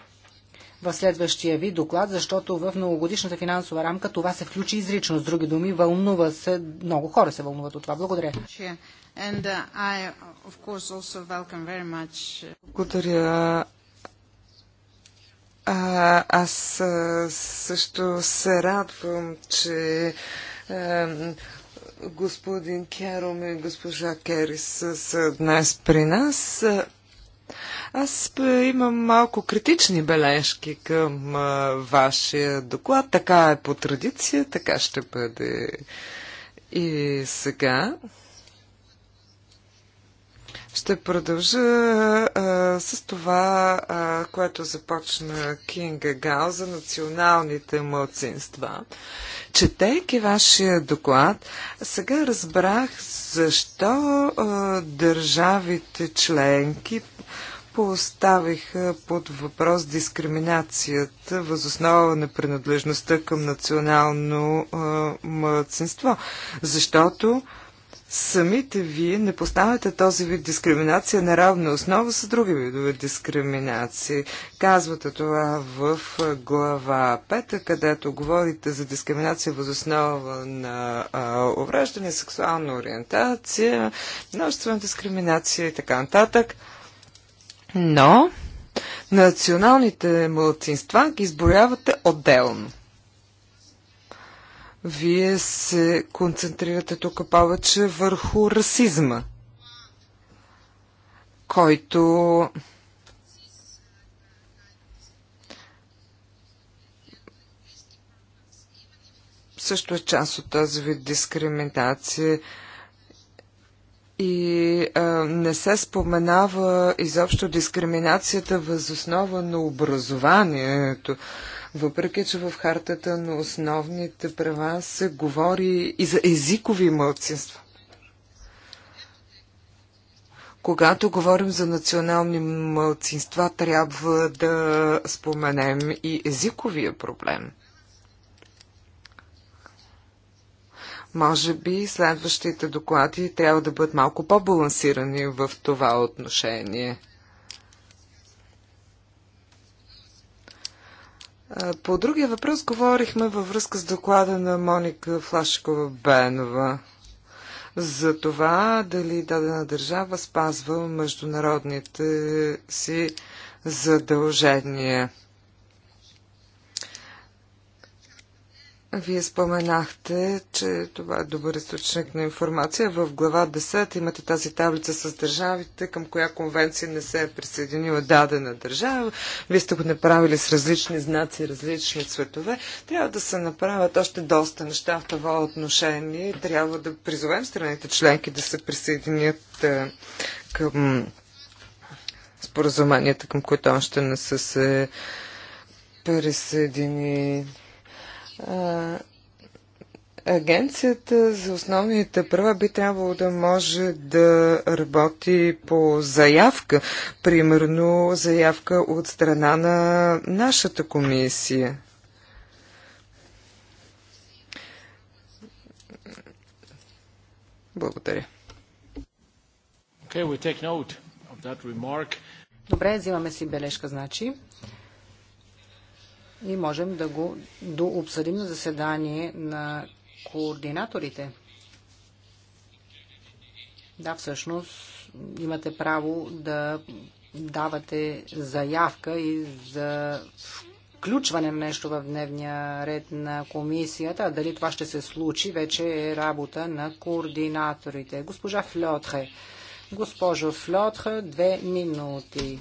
в следващия ви доклад, защото в многогодишната финансова рамка това се включи изрично. С други думи, вълнува се, много хора се вълнуват от това. Благодаря. And, uh, I, course, uh, Благодаря а, аз също се радвам, че е, господин Кером и госпожа Керис са днес при нас. Аз е, имам малко критични бележки към а, е, вашия доклад. Така е по традиция, така ще бъде и сега. Ще продължа а, с това, а, което започна Кинга Гал за националните мълцинства. Четейки вашия доклад, сега разбрах защо а, държавите членки поставиха под въпрос дискриминацията възоснова на принадлежността към национално а, Защото а, самите вие не поставяте този вид дискриминация на равна основа с други видове дискриминации. Казвате това в глава 5, където говорите за дискриминация въз основа на увреждане, сексуална ориентация, множествена дискриминация и така нататък. Но националните младсинства ги изборявате отделно. Вие се концентрирате тук повече върху расизма, който също е част от този вид дискриминация и а, не се споменава изобщо дискриминацията възоснова на образованието въпреки че в хартата на основните права се говори и за езикови мълцинства. Когато говорим за национални мълцинства, трябва да споменем и езиковия проблем. Може би следващите доклади трябва да бъдат малко по-балансирани в това отношение – По другия въпрос говорихме във връзка с доклада на Моника Флашкова-Бенова за това дали дадена държава спазва международните си задължения. Вие споменахте, че това е добър източник на информация. В глава 10 имате тази таблица с държавите, към коя конвенция не се е присъединила дадена държава. Вие сте го направили с различни знаци, различни цветове. Трябва да се направят още доста неща в това отношение. Трябва да призовем страните членки да се присъединят е, към споразуменията, към които още не са се присъединили. Агенцията за основните права би трябвало да може да работи по заявка, примерно заявка от страна на нашата комисия. Благодаря. Okay, Добре, взимаме си бележка, значи и можем да го дообсъдим на заседание на координаторите. Да, всъщност имате право да давате заявка и за включване на нещо в дневния ред на комисията. А дали това ще се случи, вече е работа на координаторите. Госпожа Флотхе. Госпожо Флотхе, две минути.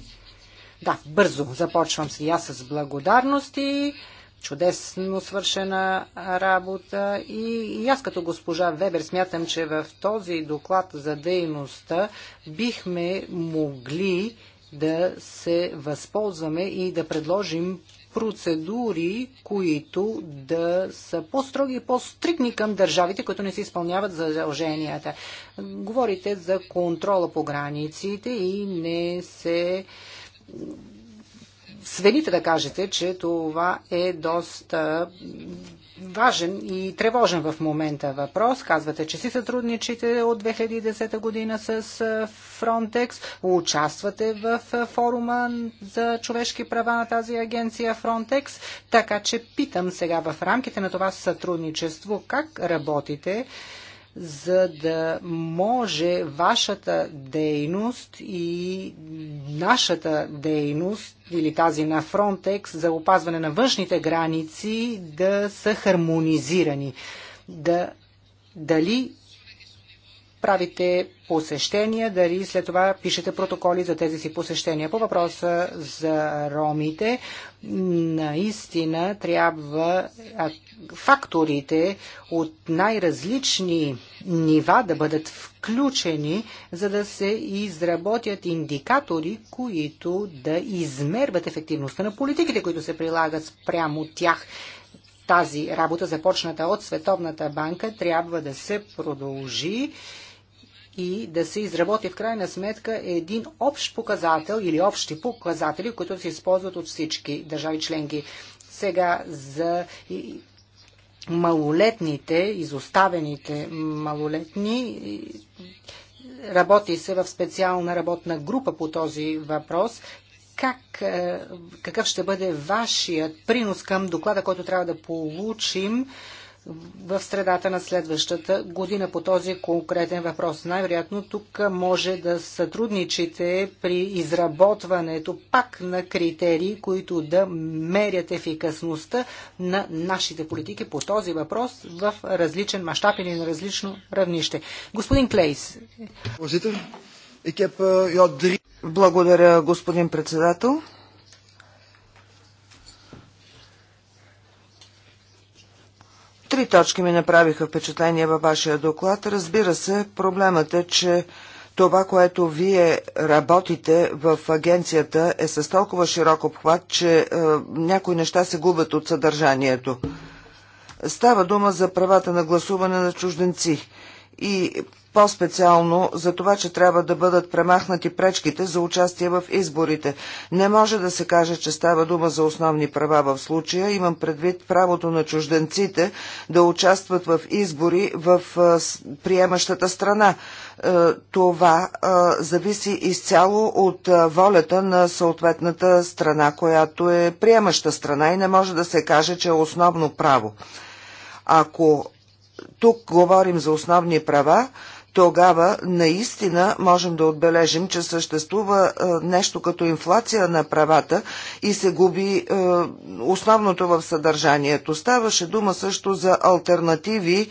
Да, бързо започвам си аз с благодарности чудесно свършена работа и, и аз като госпожа Вебер смятам, че в този доклад за дейността бихме могли да се възползваме и да предложим процедури, които да са по-строги и по-стрикни към държавите, които не се изпълняват задълженията. Говорите за контрола по границите и не се а, сведите да кажете, че това е доста важен и тревожен в момента въпрос. Казвате, че си сътрудничите от 2010 година с Frontex, участвате в форума за човешки права на тази агенция Frontex, така че питам сега в рамките на това сътрудничество как работите за да може вашата дейност и нашата дейност или тази на Frontex за опазване на външните граници да са хармонизирани. Да, дали правите посещения, дали след това пишете протоколи за тези си посещения. По въпроса за ромите, наистина трябва факторите от най-различни нива да бъдат включени, за да се изработят индикатори, които да измерват ефективността на политиките, които се прилагат спрямо тях тази работа, започната от Световната банка, трябва да се продължи и да се изработи в крайна сметка един общ показател или общи показатели, които се използват от всички държави членки. Сега за малолетните, изоставените малолетни, работи се в специална работна група по този въпрос как, е, какъв ще бъде вашият принос към доклада, който трябва да получим в средата на следващата година по този конкретен въпрос. Най-вероятно тук може да сътрудничите при изработването пак на критерии, които да мерят ефикасността на нашите политики по този въпрос в различен мащаб или на различно равнище. Господин Клейс. Е, Благодаря, господин председател. Три точки ми направиха впечатление във вашия доклад. Разбира се, проблемът е, че това, което вие работите в агенцията е с толкова широк обхват, че е, някои неща се губят от съдържанието. Става дума за правата на гласуване на чужденци. И по-специално за това, че трябва да бъдат премахнати пречките за участие в изборите. Не може да се каже, че става дума за основни права в случая. Имам предвид правото на чужденците да участват в избори в приемащата страна. Е, това зависи изцяло от волята на съответната страна, която е приемаща страна и не може да се каже, че е основно право. Ако тук говорим за основни права, тогава наистина можем да отбележим, че съществува е, нещо като инфлация на правата и се губи е, основното в съдържанието. Ставаше дума също за альтернативи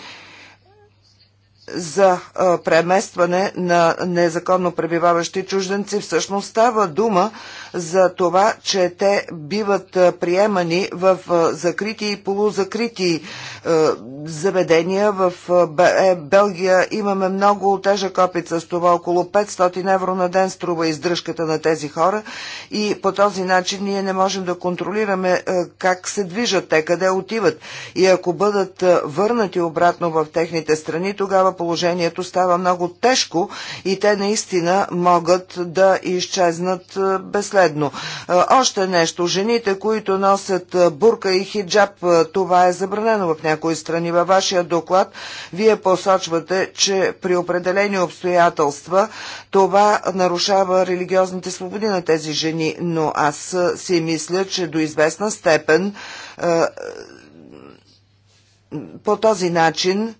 за преместване на незаконно пребиваващи чужденци. Всъщност става дума за това, че те биват приемани в закрити и полузакрити заведения. В е, Белгия имаме много тежа копица с това. Около 500 евро на ден струва издръжката на тези хора и по този начин ние не можем да контролираме как се движат те, къде отиват. И ако бъдат върнати обратно в техните страни, тогава положението става много тежко и те наистина могат да изчезнат безследно. Още нещо, жените, които носят бурка и хиджаб, това е забранено в някои страни. Във вашия доклад вие посочвате, че при определени обстоятелства това нарушава религиозните свободи на тези жени, но аз си мисля, че до известна степен по този начин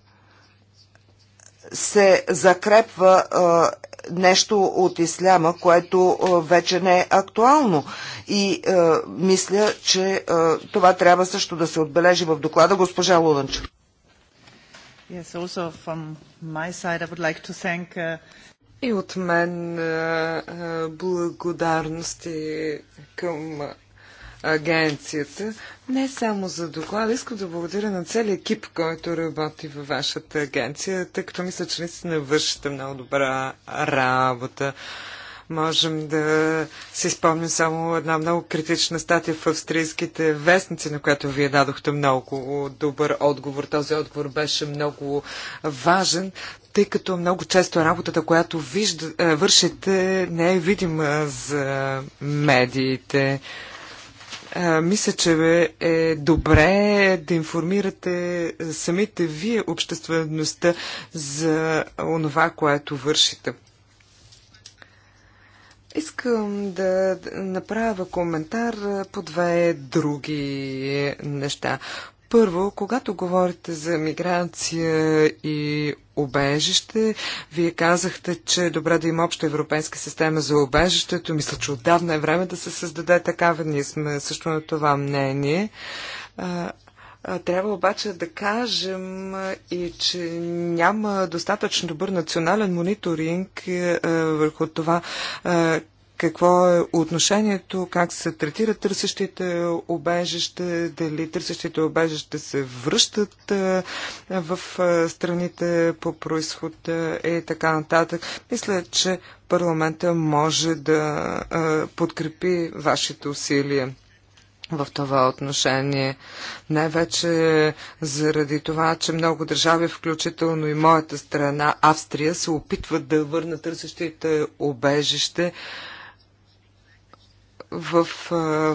се закрепва а, нещо от исляма, което а, вече не е актуално. И а, мисля, че а, това трябва също да се отбележи в доклада госпожа Лудънча. Yes, also from my side, I would like to thank, uh... И от мен благодарности към агенцията, не само за доклада. Искам да благодаря на целият екип, който работи във вашата агенция, тъй като мисля, че наистина вършите много добра работа. Можем да си спомним само една много критична статия в австрийските вестници, на която вие дадохте много добър отговор. Този отговор беше много важен, тъй като много често работата, която вижда, е, вършите, не е видима за медиите мисля, че е добре да информирате самите вие обществеността за онова, което вършите. Искам да направя коментар по две други неща. Първо, когато говорите за миграция и обежище. Вие казахте, че е добре да има обща европейска система за обежището. Мисля, че отдавна е време да се създаде такава. Ние сме също на това мнение. Трябва обаче да кажем и, че няма достатъчно добър национален мониторинг върху това какво е отношението, как се третират търсещите обежище, дали търсещите обежище се връщат в страните по происход и така нататък. Мисля, че парламента може да подкрепи вашите усилия в това отношение. Най-вече заради това, че много държави, включително и моята страна, Австрия, се опитват да върнат търсещите обежище в,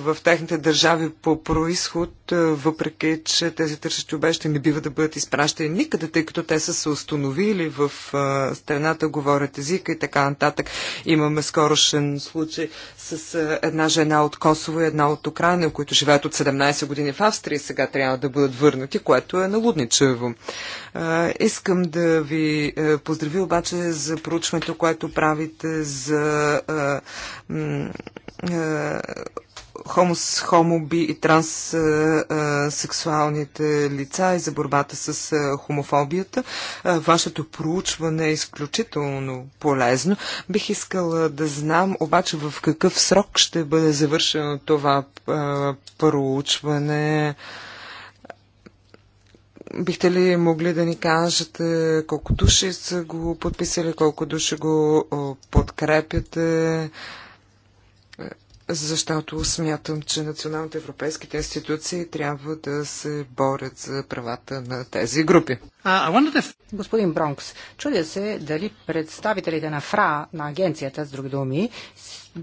в техните държави по происход, въпреки че тези търсещи обещи не бива да бъдат изпращани никъде, тъй като те са се установили в страната, говорят езика и така нататък. Имаме скорошен случай с една жена от Косово и една от Украина, които живеят от 17 години в Австрия и сега трябва да бъдат върнати, което е налудничево. Искам да ви поздравя обаче за проучването, което правите за е, хомос, хомоби и транссексуалните е, е, лица и за борбата с хомофобията. Вашето проучване е изключително полезно. Бих искала да знам обаче в какъв срок ще бъде завършено това проучване. Бихте ли могли да ни кажете колко души са го подписали, колко души го подкрепяте? защото смятам, че националните европейските институции трябва да се борят за правата на тези групи. Господин Бронкс, чудя се дали представителите на ФРА, на агенцията, с други думи,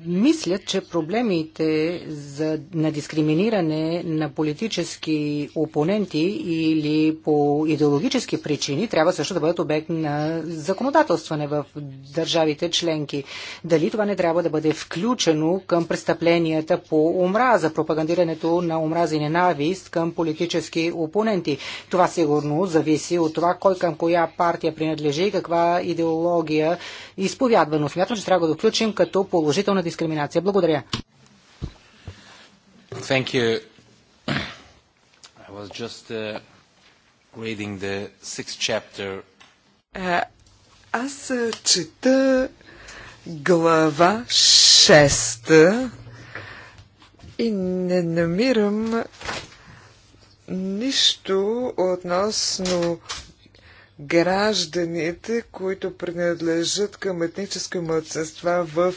мислят, че проблемите за, на дискриминиране на политически опоненти или по идеологически причини трябва също да бъдат обект на законодателстване в държавите членки. Дали това не трябва да бъде включено към престъпленията по омраза, пропагандирането на омраза и ненавист към политически опоненти? Това сигурно зависи от от това кой към коя партия принадлежи и каква идеология изповядва. Но смятам, че трябва да включим като положителна дискриминация. Благодаря. Thank you. I was just uh, reading the sixth chapter. Uh, аз е, чета глава 6 и не намирам нищо относно гражданите, които принадлежат към етническо младсенства в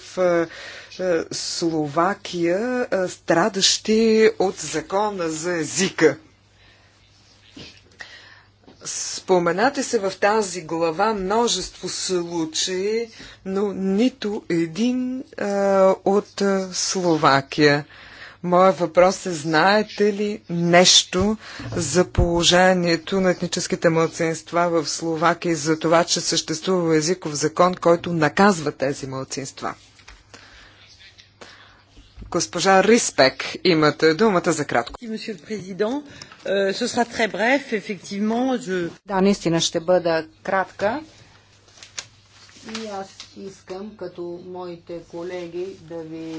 Словакия, страдащи от закона за езика. Споменате се в тази глава множество случаи, но нито един а, от а, Словакия. Моя въпрос е, знаете ли нещо за положението на етническите младсинства в Словакия и за това, че съществува езиков закон, който наказва тези младсинства? Госпожа Риспек, имате думата за кратко. Euh, да, наистина ще бъда кратка. И аз искам, като моите колеги, да ви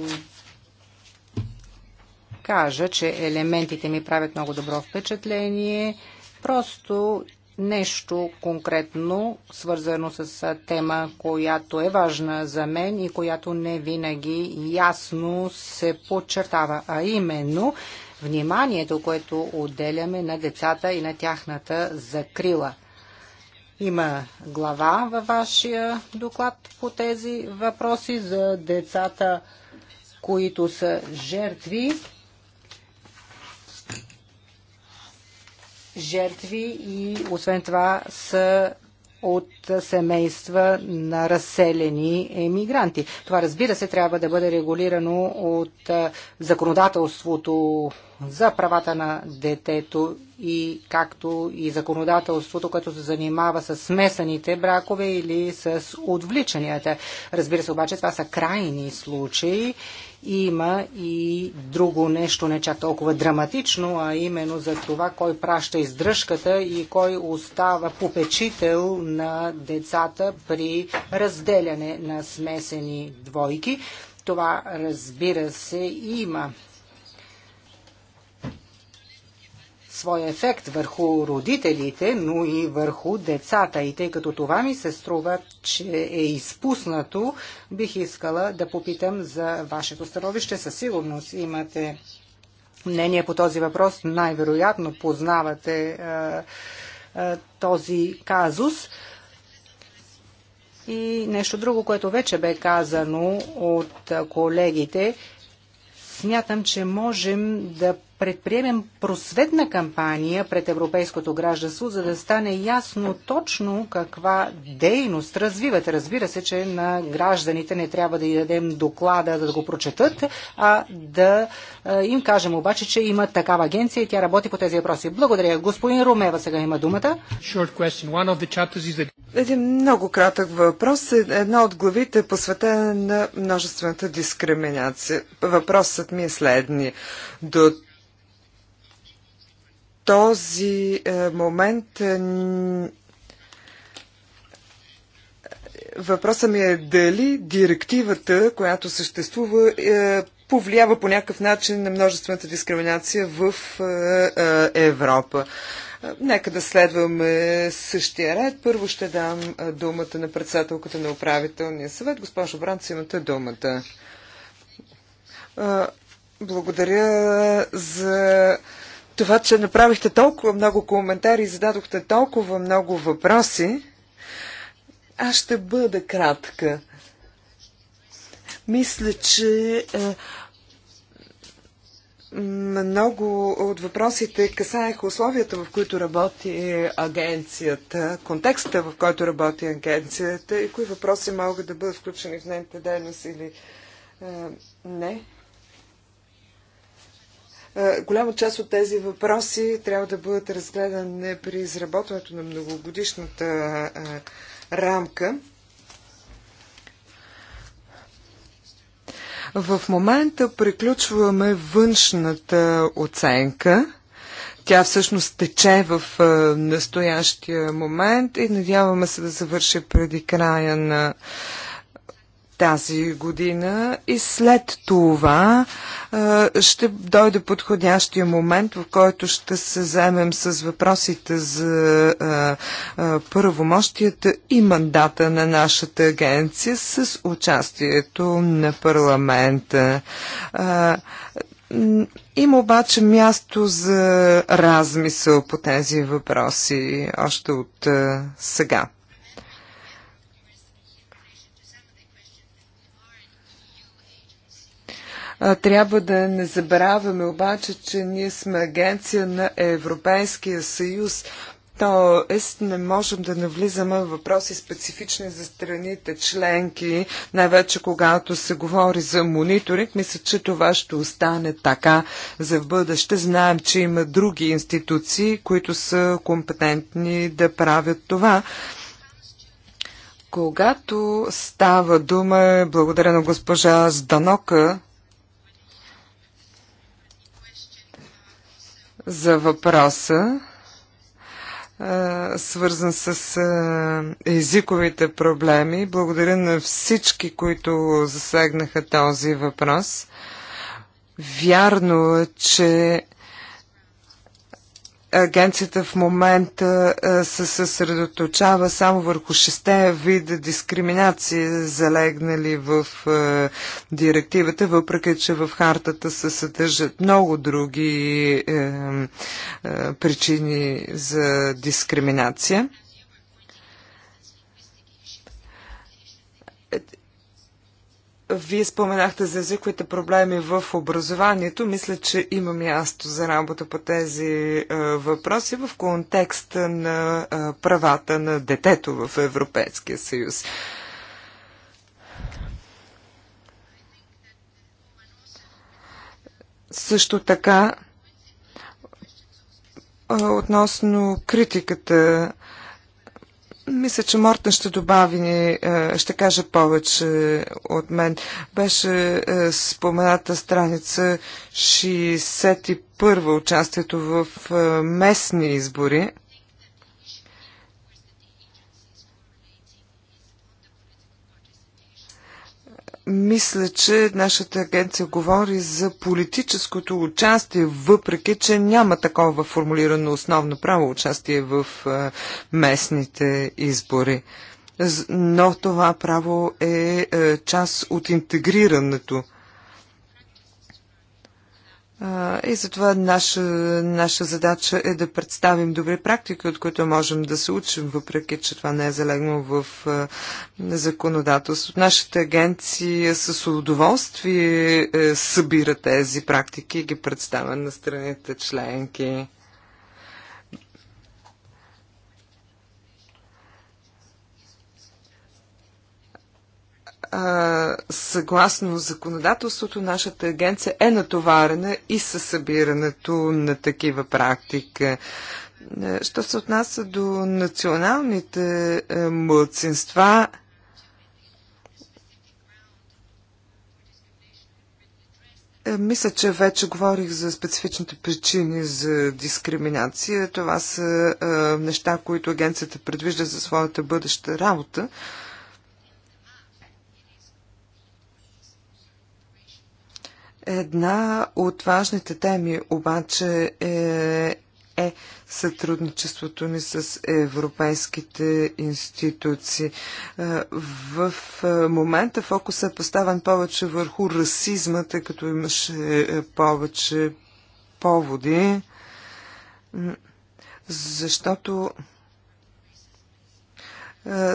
кажа, че елементите ми правят много добро впечатление. Просто нещо конкретно, свързано с тема, която е важна за мен и която не винаги ясно се подчертава, а именно вниманието, което отделяме на децата и на тяхната закрила. Има глава във вашия доклад по тези въпроси за децата, които са жертви жертви и освен това са от семейства на разселени емигранти. Това разбира се трябва да бъде регулирано от законодателството за правата на детето и както и законодателството, което се занимава с смесаните бракове или с отвличанията. Разбира се обаче това са крайни случаи има и друго нещо, не чак толкова драматично, а именно за това кой праща издръжката и кой остава попечител на децата при разделяне на смесени двойки. Това, разбира се, има своя ефект върху родителите, но и върху децата. И тъй като това ми се струва, че е изпуснато, бих искала да попитам за вашето становище. Със сигурност имате мнение по този въпрос. Най-вероятно познавате а, е, а, е, този казус. И нещо друго, което вече бе казано от колегите, смятам, че можем да предприемем просветна кампания пред европейското гражданство, за да стане ясно точно каква дейност развиват. Разбира се, че на гражданите не трябва да й дадем доклада да го прочетат, а да им кажем обаче, че има такава агенция и тя работи по тези въпроси. Благодаря. Господин Румева сега има думата. Един много кратък въпрос. Една от главите е посветена на множествената дискриминация. Въпросът ми е следния. До този е, момент е, въпросът ми е дали директивата, която съществува, е, повлиява по някакъв начин на множествената дискриминация в Европа. Нека да следваме същия ред. Първо ще дам думата на председателката на управителния съвет. Госпожо Бранц, имате думата. Благодаря за това, че направихте толкова много коментари и зададохте толкова много въпроси. Аз ще бъда кратка. Мисля, че е, много от въпросите касаеха условията, в които работи агенцията, контекста, в който работи агенцията и кои въпроси могат да бъдат включени в нейната дейност или е, не. Е, голяма част от тези въпроси трябва да бъдат разгледани при изработването на многогодишната е, рамка. В момента приключваме външната оценка. Тя всъщност тече в е, настоящия момент и надяваме се да завърши преди края на тази година и след това ще дойде подходящия момент, в който ще се вземем с въпросите за първомощията и мандата на нашата агенция с участието на парламента. Има обаче място за размисъл по тези въпроси още от сега. Трябва да не забравяме обаче, че ние сме агенция на Европейския съюз. Тоест, не можем да навлизаме в въпроси специфични за страните членки, най-вече когато се говори за мониторинг. Мисля, че това ще остане така за в бъдеще. Знаем, че има други институции, които са компетентни да правят това. Когато става дума, благодаря на госпожа Зданока, за въпроса, свързан с езиковите проблеми. Благодаря на всички, които засегнаха този въпрос. Вярно е, че агенцията в момента се съсредоточава само върху шесте вида дискриминации, залегнали в директивата, въпреки че в хартата се съдържат много други е, е, причини за дискриминация. Вие споменахте за езиковите проблеми в образованието. Мисля, че има място за работа по тези е, въпроси в контекста на е, правата на детето в Европейския съюз. Също така, е, относно критиката мисля, че Мортен ще добави, е, ще каже повече от мен. Беше е, спомената страница 61 участието в е, местни избори. мисля, че нашата агенция говори за политическото участие, въпреки, че няма такова формулирано основно право участие в местните избори. Но това право е, е част от интегрирането и затова наша, наша задача е да представим добри практики, от които можем да се учим, въпреки че това не е залегнало в законодателство. Нашата агенция с удоволствие е, събира тези практики и ги представя на страните членки. съгласно законодателството, нашата агенция е натоварена и със събирането на такива практики. Що се отнася до националните младсинства, Мисля, че вече говорих за специфичните причини за дискриминация. Това са е, неща, които агенцията предвижда за своята бъдеща работа. Е, Една от важните теми обаче е, е сътрудничеството ни с европейските институции. Е, в е, момента фокусът е поставен повече върху расизма, тъй като имаше е, повече поводи, защото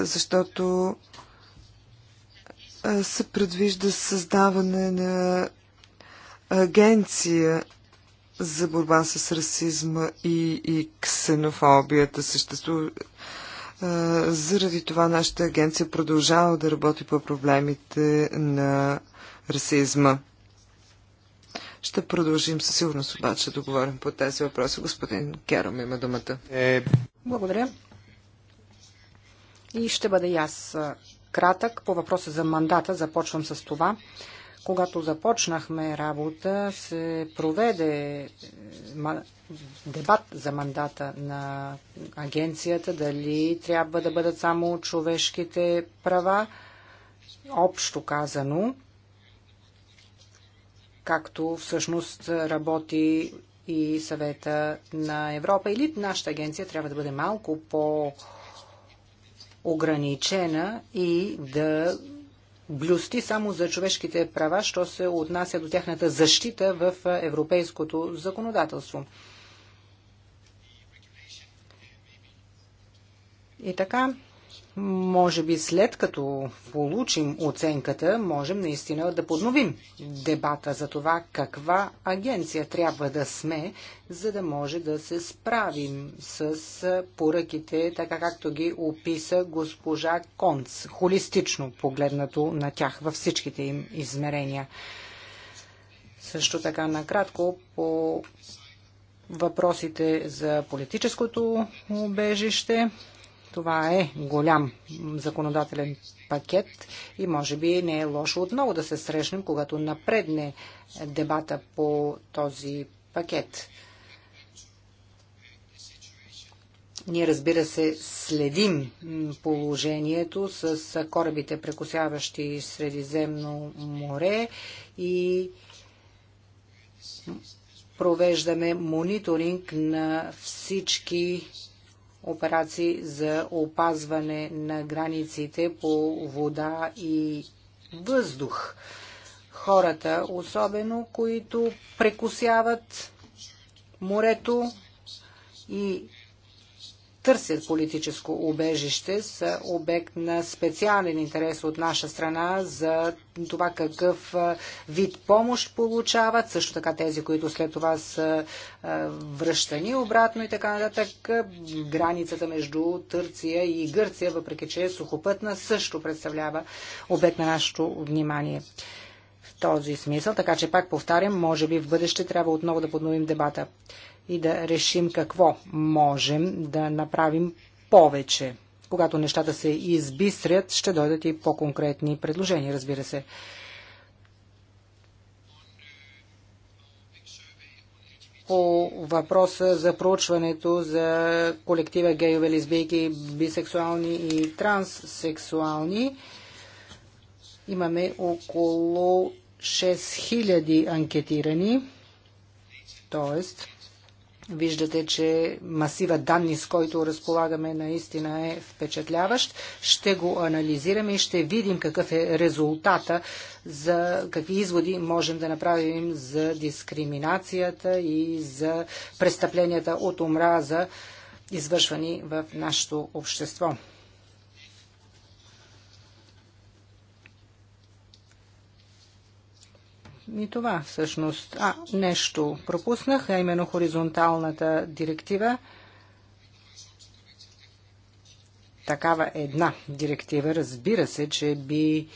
защото се предвижда създаване на агенция за борба с расизма и, и ксенофобията съществува. Е, заради това нашата агенция продължава да работи по проблемите на расизма. Ще продължим със сигурност обаче да говорим по тези въпроси. Господин Керам има думата. Е... Благодаря. И ще бъда и аз е, кратък по въпроса за мандата. Започвам с това. Когато започнахме работа, се проведе е, дебат за мандата на агенцията, дали трябва да бъдат само човешките права, общо казано, както всъщност работи и съвета на Европа. Или нашата агенция трябва да бъде малко по-ограничена и да блюсти само за човешките права, що се отнася до тяхната защита в европейското законодателство. И така, може би след като получим оценката, можем наистина да подновим дебата за това каква агенция трябва да сме, за да може да се справим с поръките, така както ги описа госпожа Конц, холистично погледнато на тях във всичките им измерения. Също така накратко по въпросите за политическото убежище това е голям законодателен пакет и може би не е лошо отново да се срещнем, когато напредне дебата по този пакет. Ние, разбира се, следим положението с корабите, прекусяващи Средиземно море и провеждаме мониторинг на всички операции за опазване на границите по вода и въздух. Хората, особено които прекусяват морето и търсят политическо убежище, са обект на специален интерес от наша страна за това какъв вид помощ получават, също така тези, които след това са връщани обратно и така нататък. Границата между Търция и Гърция, въпреки че е сухопътна, също представлява обект на нашето внимание в този смисъл. Така че пак повтарям, може би в бъдеще трябва отново да подновим дебата и да решим какво можем да направим повече. Когато нещата се избистрят, ще дойдат и по-конкретни предложения, разбира се. по въпроса за проучването за колектива гейове, лесбийки, бисексуални и транссексуални. Имаме около 6000 анкетирани, т.е. Виждате, че масива данни, с който разполагаме, наистина е впечатляващ. Ще го анализираме и ще видим какъв е резултата, за какви изводи можем да направим за дискриминацията и за престъпленията от омраза, извършвани в нашето общество. И това всъщност. А, нещо пропуснах, а именно хоризонталната директива. Такава една директива, разбира се, че би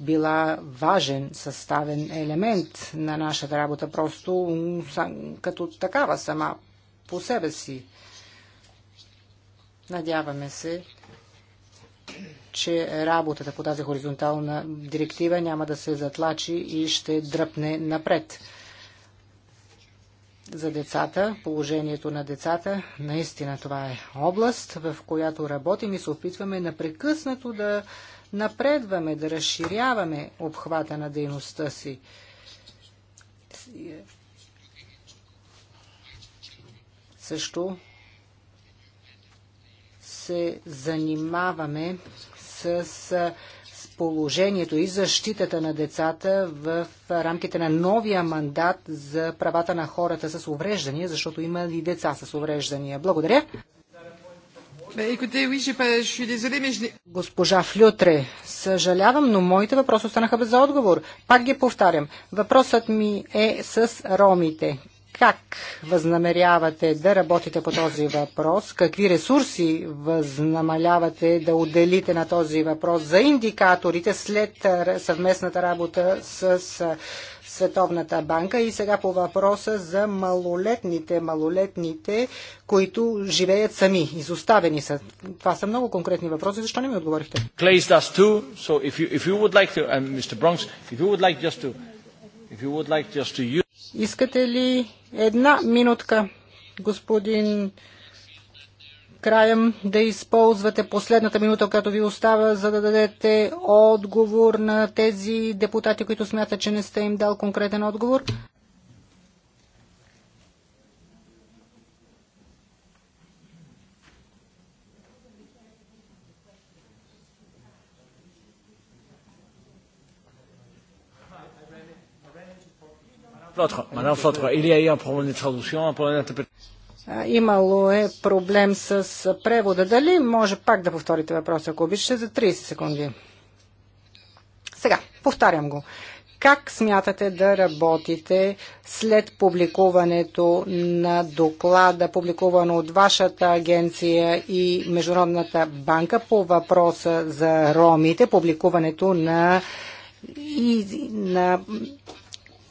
била важен съставен елемент на нашата работа, просто като такава сама по себе си. Надяваме се, че работата по тази хоризонтална директива няма да се затлачи и ще дръпне напред. За децата, положението на децата, наистина това е област, в която работим и се опитваме напрекъснато да напредваме, да разширяваме обхвата на дейността си. Също се занимаваме с положението и защитата на децата в рамките на новия мандат за правата на хората с увреждания, защото има и деца с увреждания. Благодаря. Е, Госпожа Флютре, съжалявам, но моите въпроси останаха без отговор. Пак ги повтарям. Въпросът ми е с ромите. Как възнамерявате да работите по този въпрос? Какви ресурси възнамалявате да отделите на този въпрос за индикаторите след съвместната работа с Световната банка и сега по въпроса за малолетните, малолетните, които живеят сами, изоставени са. Това са много конкретни въпроси, защо не ми отговорихте? If you, if you like to, Искате ли една минутка, господин краем да използвате последната минута, която ви остава, за да дадете отговор на тези депутати, които смятат, че не сте им дал конкретен отговор? мадам Флотро, или проблем на проблем на Имало е проблем с превода. Дали може пак да повторите въпроса, ако обичате, за 30 секунди? Сега, повтарям го. Как смятате да работите след публикуването на доклада, публикувано от вашата агенция и Международната банка по въпроса за ромите, публикуването на, и, на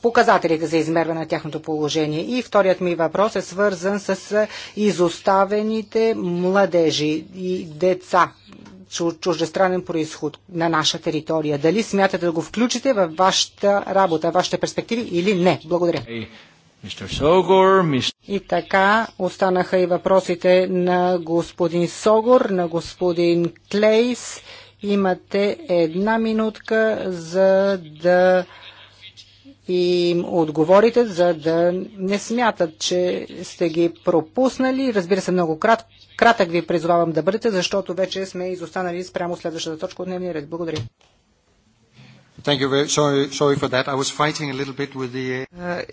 показателите за измерване на тяхното положение. И вторият ми въпрос е свързан с изоставените младежи и деца чуждестранен происход на наша територия. Дали смятате да го включите във вашата работа, вашите перспективи или не? Благодаря. И така останаха и въпросите на господин Согор, на господин Клейс. Имате една минутка, за да им отговорите, за да не смятат, че сте ги пропуснали. Разбира се, много крат, кратък ви призовавам да бъдете, защото вече сме изостанали спрямо следващата точка от дневния ред. Благодаря. Thank you very, sorry, sorry for that. I was fighting a little bit with the... Uh,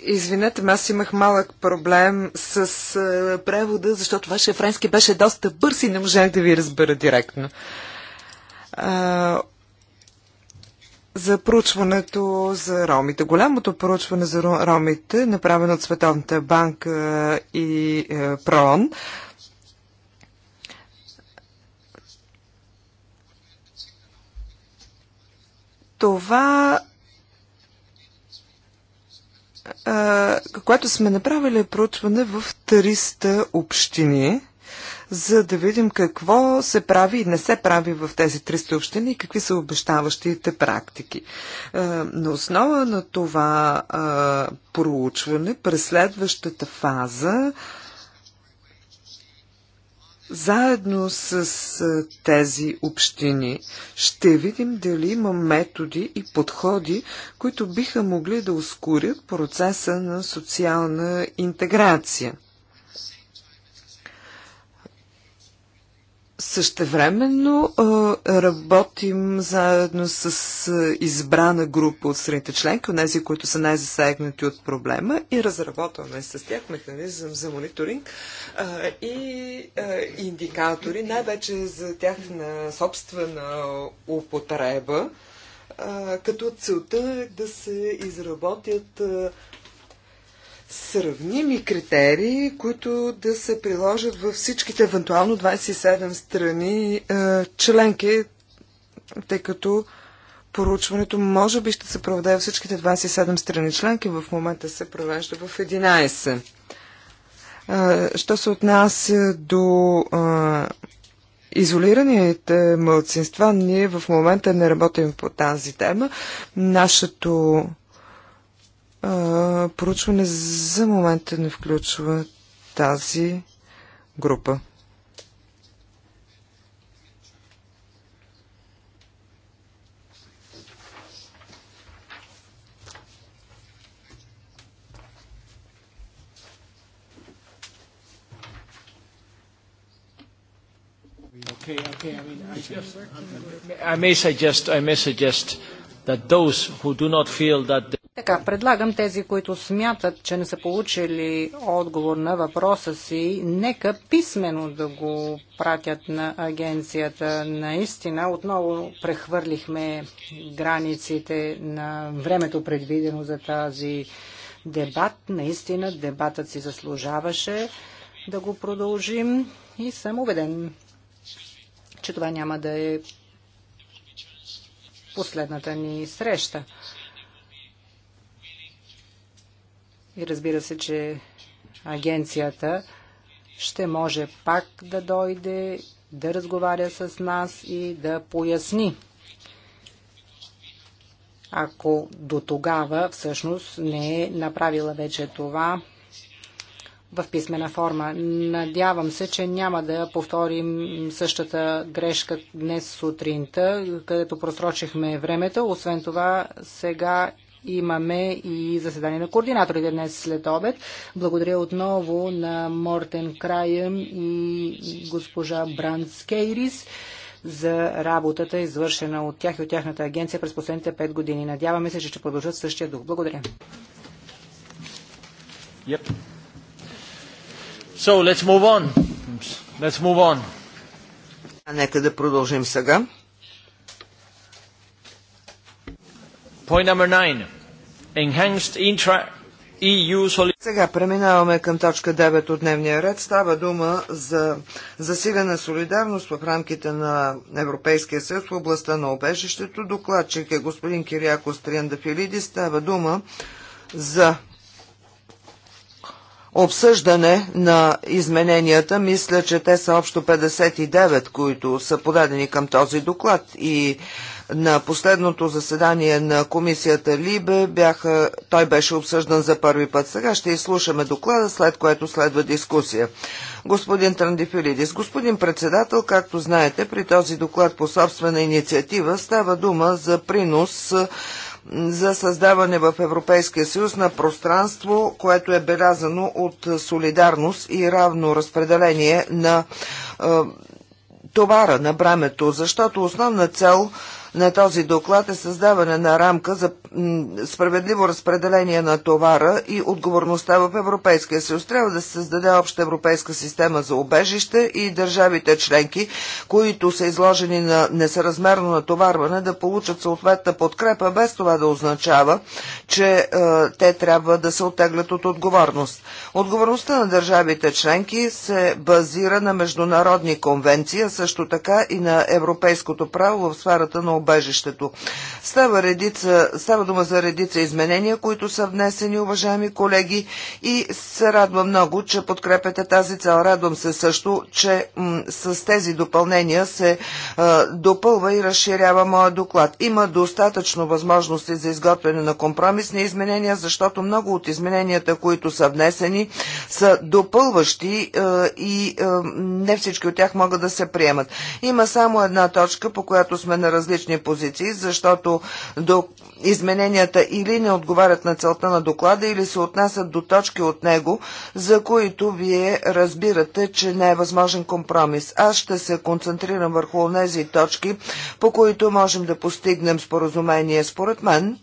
извинете, аз имах малък проблем с uh, превода, защото вашия френски беше доста бърз и не можах да ви разбера директно. Uh, за проучването за ромите. Голямото проучване за ромите, направено от Световната банка и е, ПРОН, това, е, което сме направили е проучване в 300 общини – за да видим какво се прави и не се прави в тези 300 общини и какви са обещаващите практики. Е, на основа на това е, проучване, през следващата фаза, заедно с е, тези общини ще видим дали има методи и подходи, които биха могли да ускорят процеса на социална интеграция. Същевременно работим заедно с избрана група от страните членки, от тези, които са най-засегнати от проблема и разработваме с тях механизъм за мониторинг и индикатори, най-вече за тяхна собствена употреба, като целта е да се изработят сравними критерии, които да се приложат във всичките евентуално 27 страни е, членки, тъй като поручването може би ще се проведе във всичките 27 страни членки, в момента се провежда в 11. Е, що се отнася до е, изолираните мълцинства, ние в момента не работим по тази тема. Нашето проучване за момента не включва тази група. Okay, okay. I mean, I just, I may suggest, I may suggest that those who do not feel that. They така, предлагам тези, които смятат, че не са получили отговор на въпроса си, нека писменно да го пратят на агенцията. Наистина, отново прехвърлихме границите на времето предвидено за тази дебат. Наистина, дебатът си заслужаваше да го продължим и съм убеден, че това няма да е последната ни среща. И разбира се, че агенцията ще може пак да дойде, да разговаря с нас и да поясни ако до тогава всъщност не е направила вече това в писмена форма. Надявам се, че няма да повторим същата грешка днес сутринта, където просрочихме времето. Освен това, сега имаме и заседание на координаторите днес след обед. Благодаря отново на Мортен Краем и госпожа Бранц Кейрис за работата, извършена от тях и от тяхната агенция през последните 5 години. Надяваме се, че ще продължат същия дух. Благодаря. Yep. So, let's move on. Let's move on. А нека да продължим сега. Point number nine. Enhanced intra e сега преминаваме към точка 9 от дневния ред. Става дума за засилена солидарност в рамките на Европейския съюз в областта на обежището. Докладчик е господин Кириакос Триандафилидис. Става дума за обсъждане на измененията. Мисля, че те са общо 59, които са подадени към този доклад и на последното заседание на комисията Либе бяха, той беше обсъждан за първи път. Сега ще изслушаме доклада, след което следва дискусия. Господин Трандифилидис, господин председател, както знаете, при този доклад по собствена инициатива става дума за принос за създаване в Европейския съюз на пространство, което е белязано от солидарност и равно разпределение на товара, на бремето, защото основна цел на този доклад е създаване на рамка за справедливо разпределение на товара и отговорността в Европейския съюз. Трябва да се създаде обща европейска система за обежище и държавите членки, които са изложени на несъразмерно натоварване, да получат съответна подкрепа, без това да означава, че е, те трябва да се отеглят от отговорност. Отговорността на държавите членки се базира на международни конвенции, а също така и на европейското право в сферата на обежище убежището. Става, редица, става дума за редица изменения, които са внесени, уважаеми колеги, и се радвам много, че подкрепяте тази цел. Радвам се също, че с тези допълнения се а, допълва и разширява моя доклад. Има достатъчно възможности за изготвяне на компромисни изменения, защото много от измененията, които са внесени, са допълващи а, и а, не всички от тях могат да се приемат. Има само една точка, по която сме на различни различни позиции, защото до измененията или не отговарят на целта на доклада, или се отнасят до точки от него, за които вие разбирате, че не е възможен компромис. Аз ще се концентрирам върху тези точки, по които можем да постигнем споразумение според мен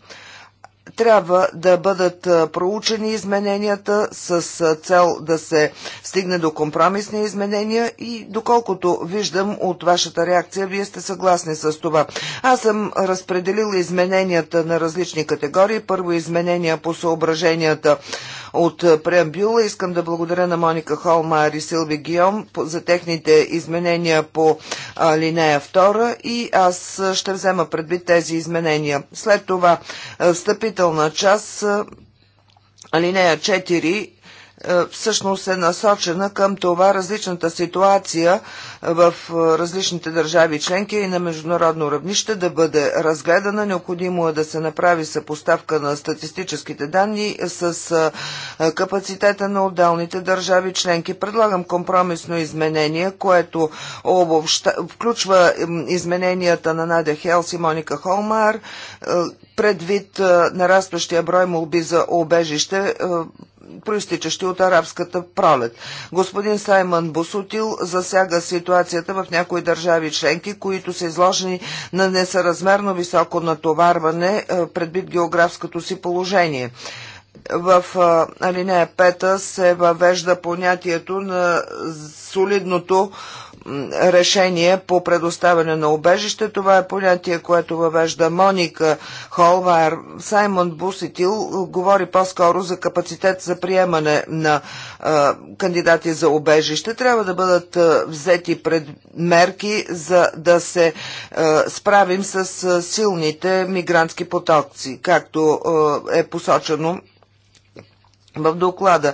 трябва да бъдат проучени измененията с цел да се стигне до компромисни изменения и доколкото виждам от вашата реакция, вие сте съгласни с това. Аз съм разпределила измененията на различни категории. Първо изменения по съображенията от преамбюла. Искам да благодаря на Моника Холмайер и Силви Гиом за техните изменения по линея 2 и аз ще взема предвид тези изменения. След това стъпи допълнителна част, алинея 4, всъщност е насочена към това различната ситуация в различните държави членки и на международно равнище да бъде разгледана. Необходимо е да се направи съпоставка на статистическите данни с капацитета на отделните държави членки. Предлагам компромисно изменение, което обобща, включва измененията на Надя Хелс и Моника Холмар предвид нарастващия брой молби за обежище, проистичащи от арабската пролет. Господин Саймън Босутил засяга ситуацията в някои държави членки, които са изложени на несъразмерно високо натоварване предвид географското си положение в алинея 5 се въвежда понятието на солидното решение по предоставяне на обежище. Това е понятие, което въвежда Моника Холвар. Саймон Буситил говори по-скоро за капацитет за приемане на а, кандидати за обежище. Трябва да бъдат а, взети пред мерки, за да се а, справим с а, силните мигрантски потокци, както а, е посочено в доклада.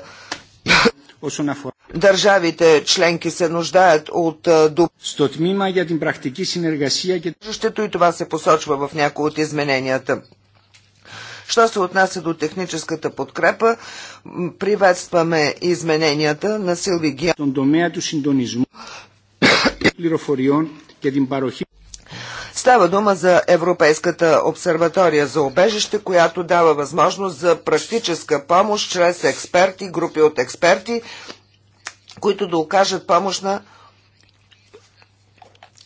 Държавите членки се нуждаят от допълнително για την практική и това се посочва в някои от измененията. Що се отнася до техническата подкрепа, приветстваме измененията на Силви Гиан. Става дума за Европейската обсерватория за обежище, която дава възможност за практическа помощ чрез експерти, групи от експерти, които да окажат помощ на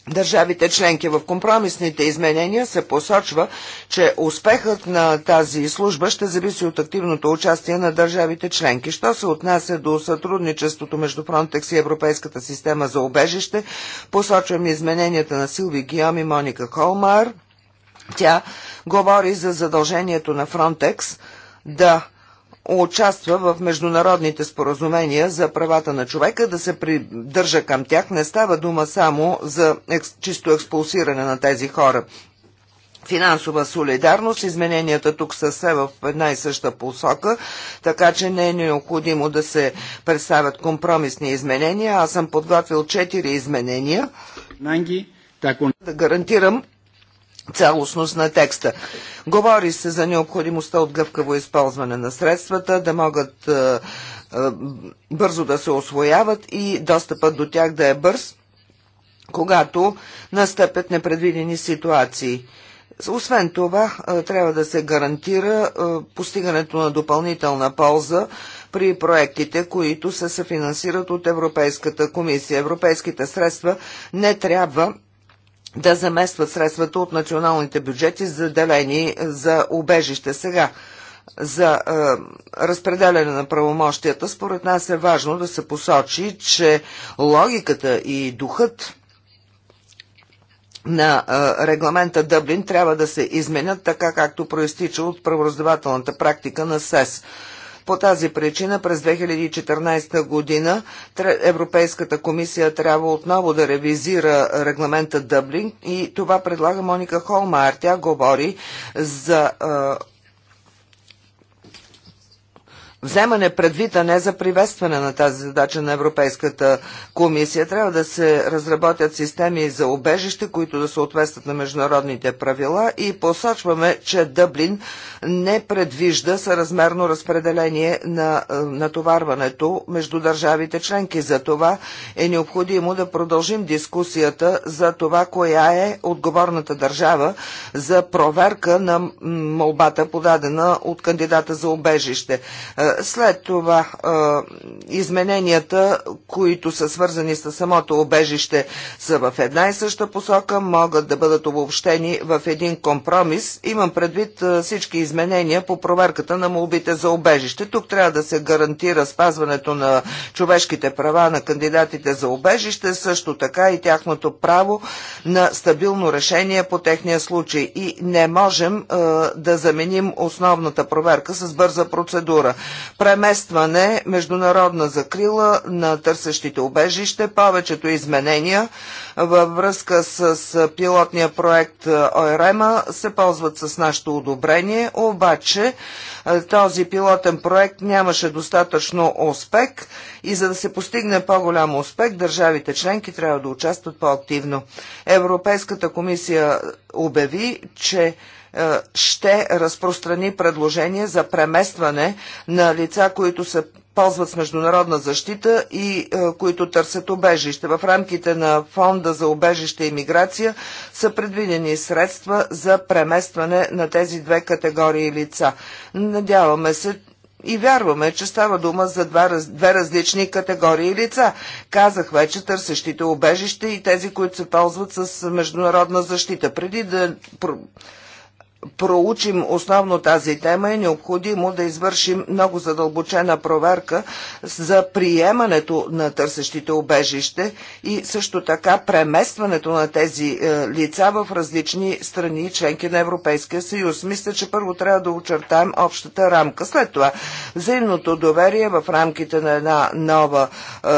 държавите членки. В компромисните изменения се посочва, че успехът на тази служба ще зависи от активното участие на държавите членки. Що се отнася до сътрудничеството между Фронтекс и Европейската система за обежище, посочвам измененията на Силви Гиом и Моника Холмар. Тя говори за задължението на Фронтекс да участва в международните споразумения за правата на човека, да се придържа към тях. Не става дума само за чисто експулсиране на тези хора. Финансова солидарност, измененията тук са все в една и съща посока, така че не е необходимо да се представят компромисни изменения. Аз съм подготвил четири изменения. Да гарантирам, цялостност на текста. Говори се за необходимостта от гъвкаво използване на средствата, да могат е, е, бързо да се освояват и достъпът до тях да е бърз, когато настъпят непредвидени ситуации. Освен това, е, трябва да се гарантира постигането на допълнителна полза при проектите, които се съфинансират от Европейската комисия. Европейските средства не трябва да заместват средствата от националните бюджети, заделени за убежище. Сега, за е, разпределяне на правомощията, според нас е важно да се посочи, че логиката и духът на е, регламента Дъблин трябва да се изменят така, както проистича от правораздавателната практика на СЕС. По тази причина през 2014 година Европейската комисия трябва отново да ревизира регламента Дъблин и това предлага Моника Холмар. Тя говори за вземане предвид, а не за приветстване на тази задача на Европейската комисия. Трябва да се разработят системи за обежище, които да съответстват на международните правила и посочваме, че Дъблин не предвижда съразмерно разпределение на е, натоварването между държавите членки. За това е необходимо да продължим дискусията за това, коя е отговорната държава за проверка на молбата подадена от кандидата за обежище е, след това измененията, които са свързани с самото обежище, са в една и съща посока, могат да бъдат обобщени в един компромис. Имам предвид всички изменения по проверката на молбите за обежище. Тук трябва да се гарантира спазването на човешките права на кандидатите за обежище, също така и тяхното право на стабилно решение по техния случай. И не можем да заменим основната проверка с бърза процедура преместване, международна закрила на търсещите убежище, повечето изменения във връзка с пилотния проект е, ОРМа се ползват с нашето одобрение, обаче е, този пилотен проект нямаше достатъчно успех и за да се постигне по-голям успех, държавите членки трябва да участват по-активно. Европейската комисия обяви, че е, ще разпространи предложение за преместване на лица, които се ползват с международна защита и е, които търсят обежище. В рамките на Фонда за обежище и миграция са предвидени средства за преместване на тези две категории лица. Надяваме се, и вярваме, че става дума за два, две различни категории лица. Казах вече търсещите обежище и тези, които се ползват с международна защита. Преди да проучим основно тази тема, е необходимо да извършим много задълбочена проверка за приемането на търсещите обежище и също така преместването на тези е, лица в различни страни, членки на Европейския съюз. Мисля, че първо трябва да очертаем общата рамка. След това взаимното доверие в рамките на една нова е,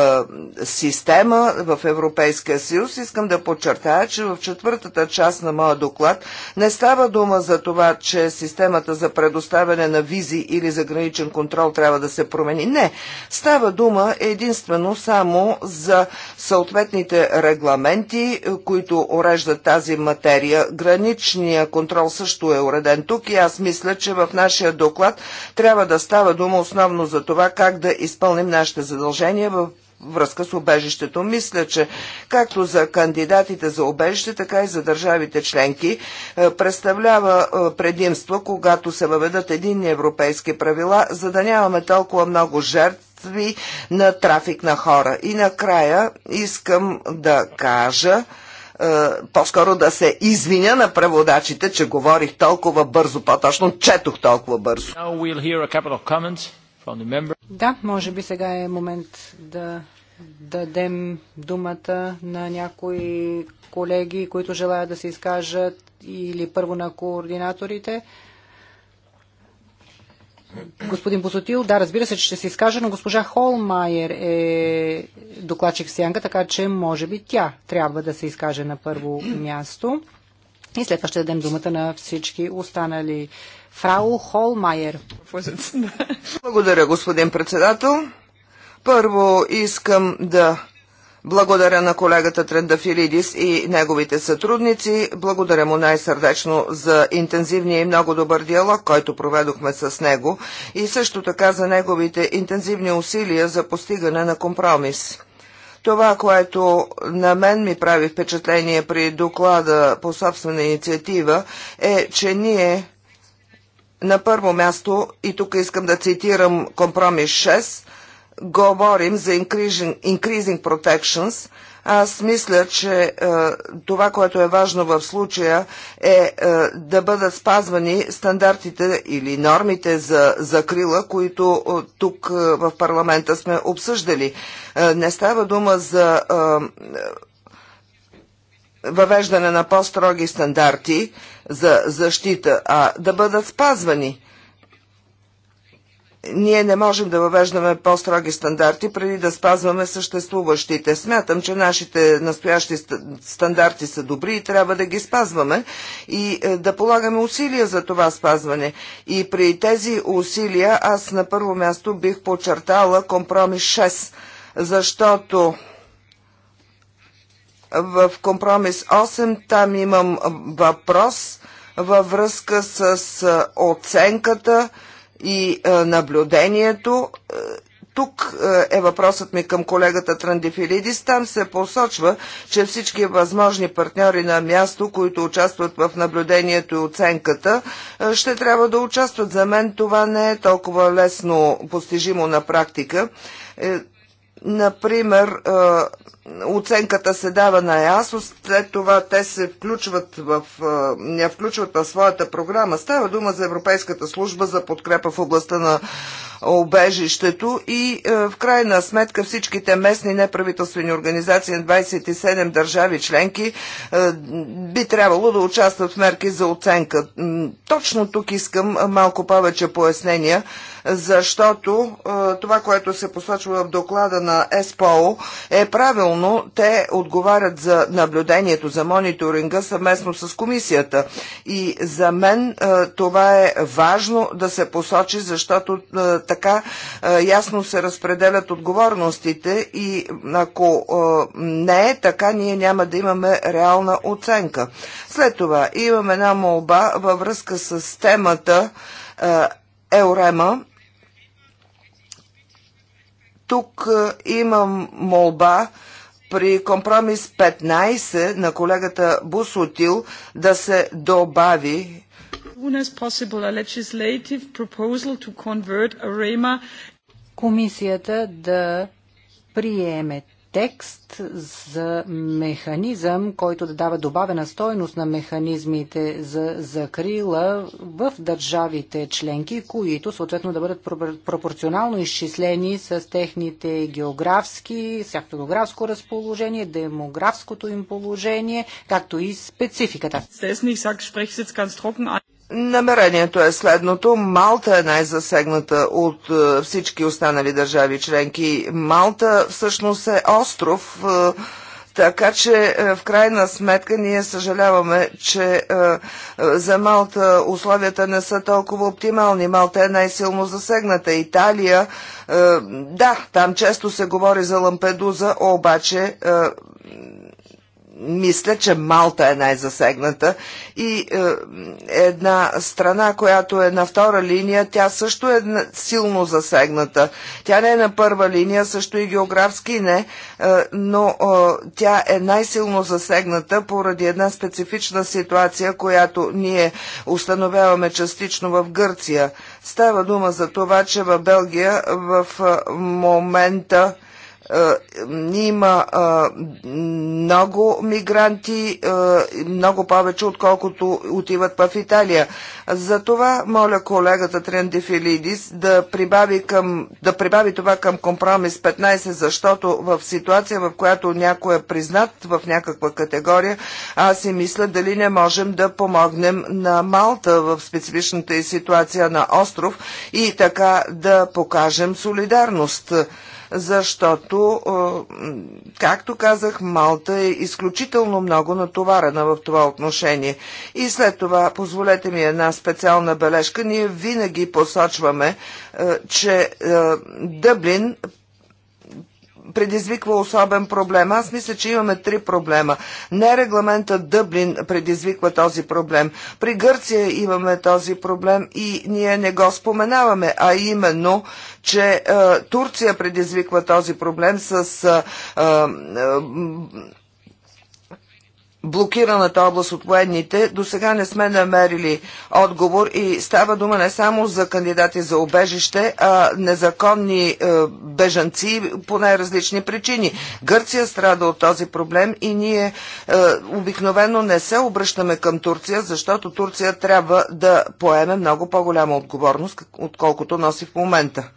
система в Европейския съюз. Искам да подчертая, че в четвъртата част на моя доклад не става дума за за това, че системата за предоставяне на визи или за граничен контрол трябва да се промени. Не. Става дума единствено само за съответните регламенти, които уреждат тази материя. Граничния контрол също е уреден тук и аз мисля, че в нашия доклад трябва да става дума основно за това как да изпълним нашите задължения в връзка с обежището. Мисля, че както за кандидатите за обежище, така и за държавите членки е, представлява е, предимство, когато се въведат единни европейски правила, за да нямаме толкова много жертв жертви на трафик на хора. И накрая искам да кажа, е, по-скоро да се извиня на преводачите, че говорих толкова бързо, по-точно четох толкова бързо. Да, може би сега е момент да дадем думата на някои колеги, които желаят да се изкажат или първо на координаторите. Господин Бозотил, да, разбира се, че ще се изкаже, но госпожа Холмайер е докладчик в сянка, така че може би тя трябва да се изкаже на първо място. И след това ще дадем думата на всички останали. Фрау Холмайер. Благодаря, господин председател. Първо искам да благодаря на колегата Трендафилидис и неговите сътрудници. Благодаря му най-сърдечно за интензивния и много добър диалог, който проведохме с него и също така за неговите интензивни усилия за постигане на компромис. Това, което на мен ми прави впечатление при доклада по собствена инициатива е, че ние на първо място, и тук искам да цитирам компромис 6, говорим за increasing, increasing protections, аз мисля, че е, това, което е важно в случая е, е да бъдат спазвани стандартите или нормите за закрила, които е, тук е, в парламента сме обсъждали. Е, не става дума за е, е въвеждане на по-строги стандарти за защита, а да бъдат спазвани ние не можем да въвеждаме по-строги стандарти, преди да спазваме съществуващите. Смятам, че нашите настоящи стандарти са добри и трябва да ги спазваме и е, да полагаме усилия за това спазване. И при тези усилия аз на първо място бих подчертала компромис 6, защото в компромис 8 там имам въпрос във връзка с е, оценката, и е, наблюдението. Е, тук е, е въпросът ми към колегата Трандифилидис. Там се посочва, че всички възможни партньори на място, които участват в наблюдението и оценката, ще трябва да участват. За мен това не е толкова лесно постижимо на практика. Например, оценката се дава на ЕАСО, след това те се включват в, не включват в своята програма. Става дума за Европейската служба за подкрепа в областта на обежището и в крайна сметка всичките местни неправителствени организации на 27 държави членки би трябвало да участват в мерки за оценка. Точно тук искам малко повече пояснения, защото това, което се посочва в доклада на СПО е правилно Следователно, те отговарят за наблюдението, за мониторинга съвместно с комисията. И за мен е, това е важно да се посочи, защото е, така е, ясно се разпределят отговорностите и ако не е така, ние няма да имаме реална оценка. След това имам една молба във връзка с темата Еурема. Тук имам молба при компромис 15 на колегата Бусотил да се добави Комисията да приеме текст за механизъм, който да дава добавена стойност на механизмите за закрила в държавите членки, които съответно да бъдат пропорционално изчислени с техните географски, всякакво географско разположение, демографското им положение, както и спецификата. Намерението е следното. Малта е най-засегната от е, всички останали държави членки. Малта всъщност е остров, е, така че е, в крайна сметка ние съжаляваме, че за Малта условията не са толкова оптимални. Малта е най-силно засегната. Италия, да, там често се говори за Лампедуза, обаче мисля, че Малта е най-засегната и е, една страна, която е на втора линия, тя също е силно засегната. Тя не е на първа линия, също и географски не, е, но е, тя е най-силно засегната поради една специфична ситуация, която ние установяваме частично в Гърция. Става дума за това, че в Белгия в е, момента е, има е, много мигранти, е, много повече, отколкото отиват в Италия. Затова моля колегата Филидис да прибави, към, да прибави това към компромис 15, защото в ситуация, в която някой е признат в някаква категория, аз си мисля дали не можем да помогнем на Малта в специфичната ситуация на остров и така да покажем солидарност защото, както казах, Малта е изключително много натоварена в това отношение. И след това, позволете ми една специална бележка, ние винаги посочваме, че Дъблин предизвиква особен проблем. Аз мисля, че имаме три проблема. Не регламента Дъблин предизвиква този проблем. При Гърция имаме този проблем и ние не го споменаваме, а именно, че е, Турция предизвиква този проблем с е, е, блокираната област от военните, до сега не сме намерили отговор и става дума не само за кандидати за обежище, а незаконни е, бежанци по най-различни причини. Гърция страда от този проблем и ние е, обикновено не се обръщаме към Турция, защото Турция трябва да поеме много по-голяма отговорност, отколкото носи в момента.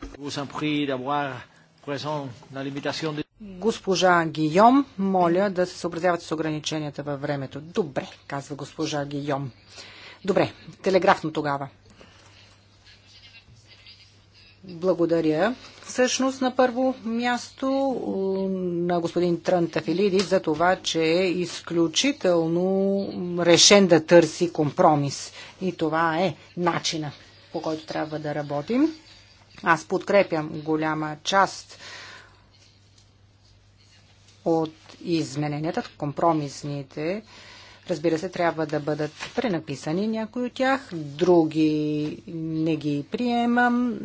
Госпожа Гийом, моля да се съобразявате с ограниченията във времето. Добре, казва госпожа Гийом. Добре, телеграфно тогава. Благодаря. Всъщност на първо място на господин Трънтафилиди за това, че е изключително решен да търси компромис. И това е начина, по който трябва да работим. Аз подкрепям голяма част от измененията, компромисните, разбира се, трябва да бъдат пренаписани някои от тях, други не ги приемам.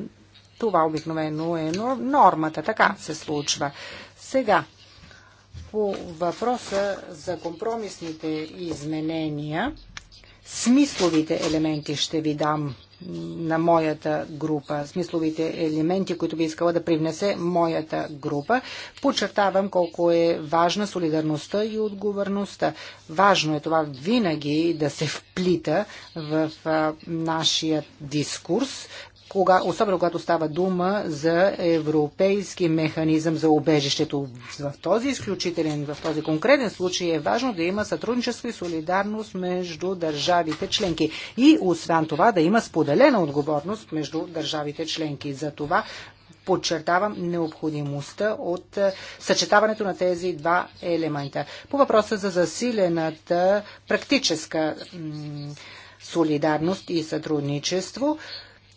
Това обикновено е нормата, така се случва. Сега, по въпроса за компромисните изменения, смисловите елементи ще ви дам на моята група, смисловите елементи, които би искала да привнесе моята група. Подчертавам колко е важна солидарността и отговорността. Важно е това винаги да се вплита в нашия дискурс, кога, особено когато става дума за европейски механизъм за убежището. В този изключителен, в този конкретен случай е важно да има сътрудничество и солидарност между държавите членки. И освен това да има споделена отговорност между държавите членки. За това подчертавам необходимостта от е, съчетаването на тези два елемента. По въпроса за засилената практическа солидарност и сътрудничество,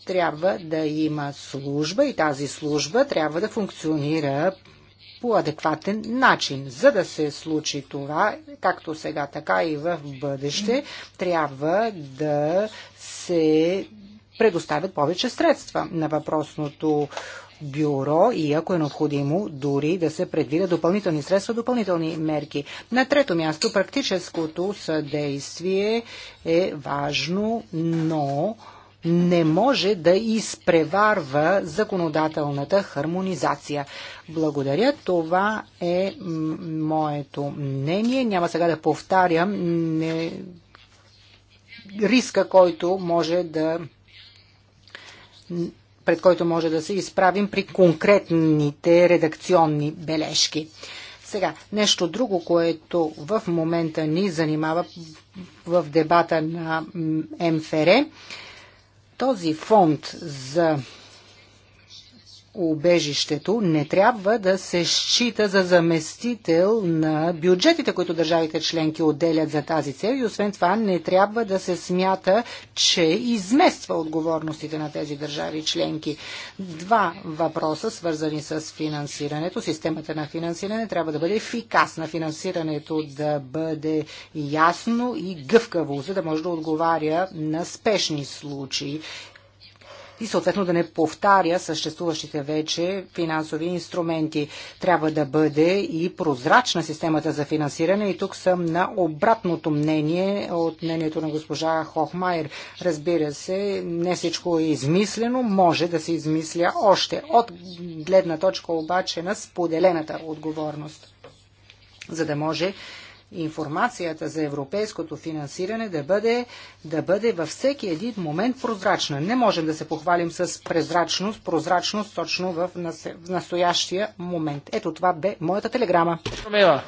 трябва да има служба и тази служба трябва да функционира по адекватен начин. За да се случи това, както сега, така и в бъдеще, трябва да се предоставят повече средства на въпросното бюро и ако е необходимо, дори да се предвидят допълнителни средства, допълнителни мерки. На трето място, практическото съдействие е важно, но не може да изпреварва законодателната хармонизация. Благодаря, това е моето мнение. Няма сега да повтарям не... риска, който може да пред който може да се изправим при конкретните редакционни бележки. Сега, нещо друго, което в момента ни занимава в дебата на МФР този фонд за убежището не трябва да се счита за заместител на бюджетите, които държавите членки отделят за тази цел и освен това не трябва да се смята, че измества отговорностите на тези държави членки. Два въпроса, свързани с финансирането. Системата на финансиране трябва да бъде ефикасна, финансирането да бъде ясно и гъвкаво, за да може да отговаря на спешни случаи и съответно да не повтаря съществуващите вече финансови инструменти. Трябва да бъде и прозрачна системата за финансиране и тук съм на обратното мнение от мнението на госпожа Хохмайер. Разбира се, не всичко е измислено, може да се измисля още от гледна точка обаче на споделената отговорност за да може информацията за европейското финансиране да бъде, да бъде във всеки един момент прозрачна. Не можем да се похвалим с прозрачност, прозрачност точно в, нас, в настоящия момент. Ето това бе моята телеграма. Ромева,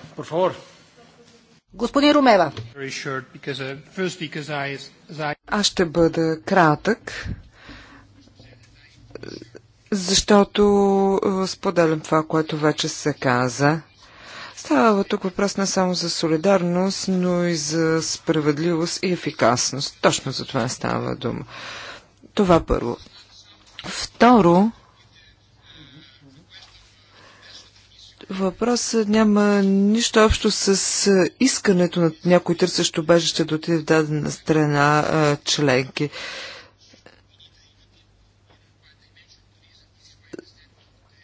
Господин Ромева. Uh, Аз ще бъда кратък, защото е, споделям това, което вече се каза. Става тук въпрос не само за солидарност, но и за справедливост и ефикасност. Точно за това става дума. Това първо. Второ, Въпросът няма нищо общо с искането на някой търсещо бежище да отиде в дадена страна членки.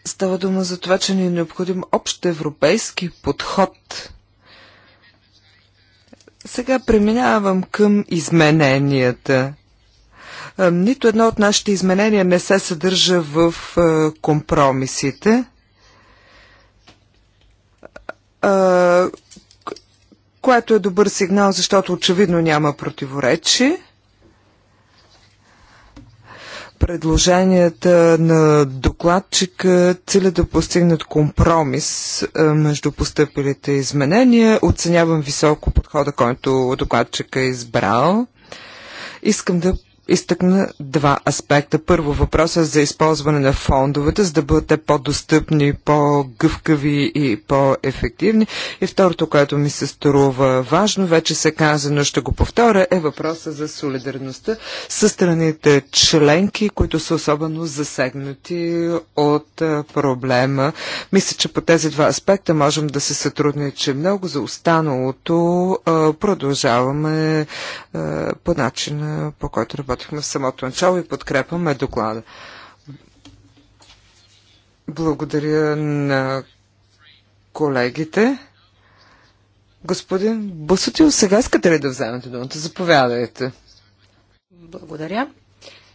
Става дума за това, че ни е необходим общ европейски подход. Сега преминавам към измененията. Е, нито едно от нашите изменения не се съдържа в е, компромисите е, което е добър сигнал, защото очевидно няма противоречие предложенията на докладчика цели да постигнат компромис е, между постъпилите изменения. Оценявам високо подхода, който докладчика е избрал. Искам да изтъкна два аспекта. Първо въпроса за използване на фондовете, за да бъдат те по-достъпни, по-гъвкави и по-ефективни. И второто, което ми се струва важно, вече се каза, но ще го повторя, е въпроса за солидарността с страните членки, които са особено засегнати от проблема. Мисля, че по тези два аспекта можем да се сътрудничим много. За останалото продължаваме по начина, по който работим работихме в самото начало и подкрепаме доклада. Благодаря на колегите. Господин Бусотил, сега искате ли да вземете думата? Заповядайте. Благодаря.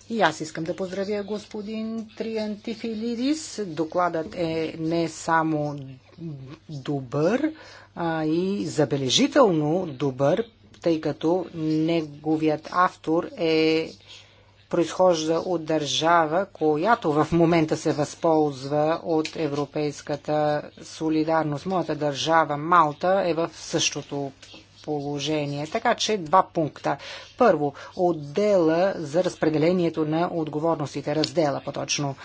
И аз искам да поздравя господин Триантифилидис. Докладът е не само добър, а и забележително добър тъй като неговият автор е произхожда от държава, която в момента се възползва от европейската солидарност. Моята държава, Малта, е в същото положение. Така че два пункта. Първо, отдела за разпределението на отговорностите, раздела по-точно.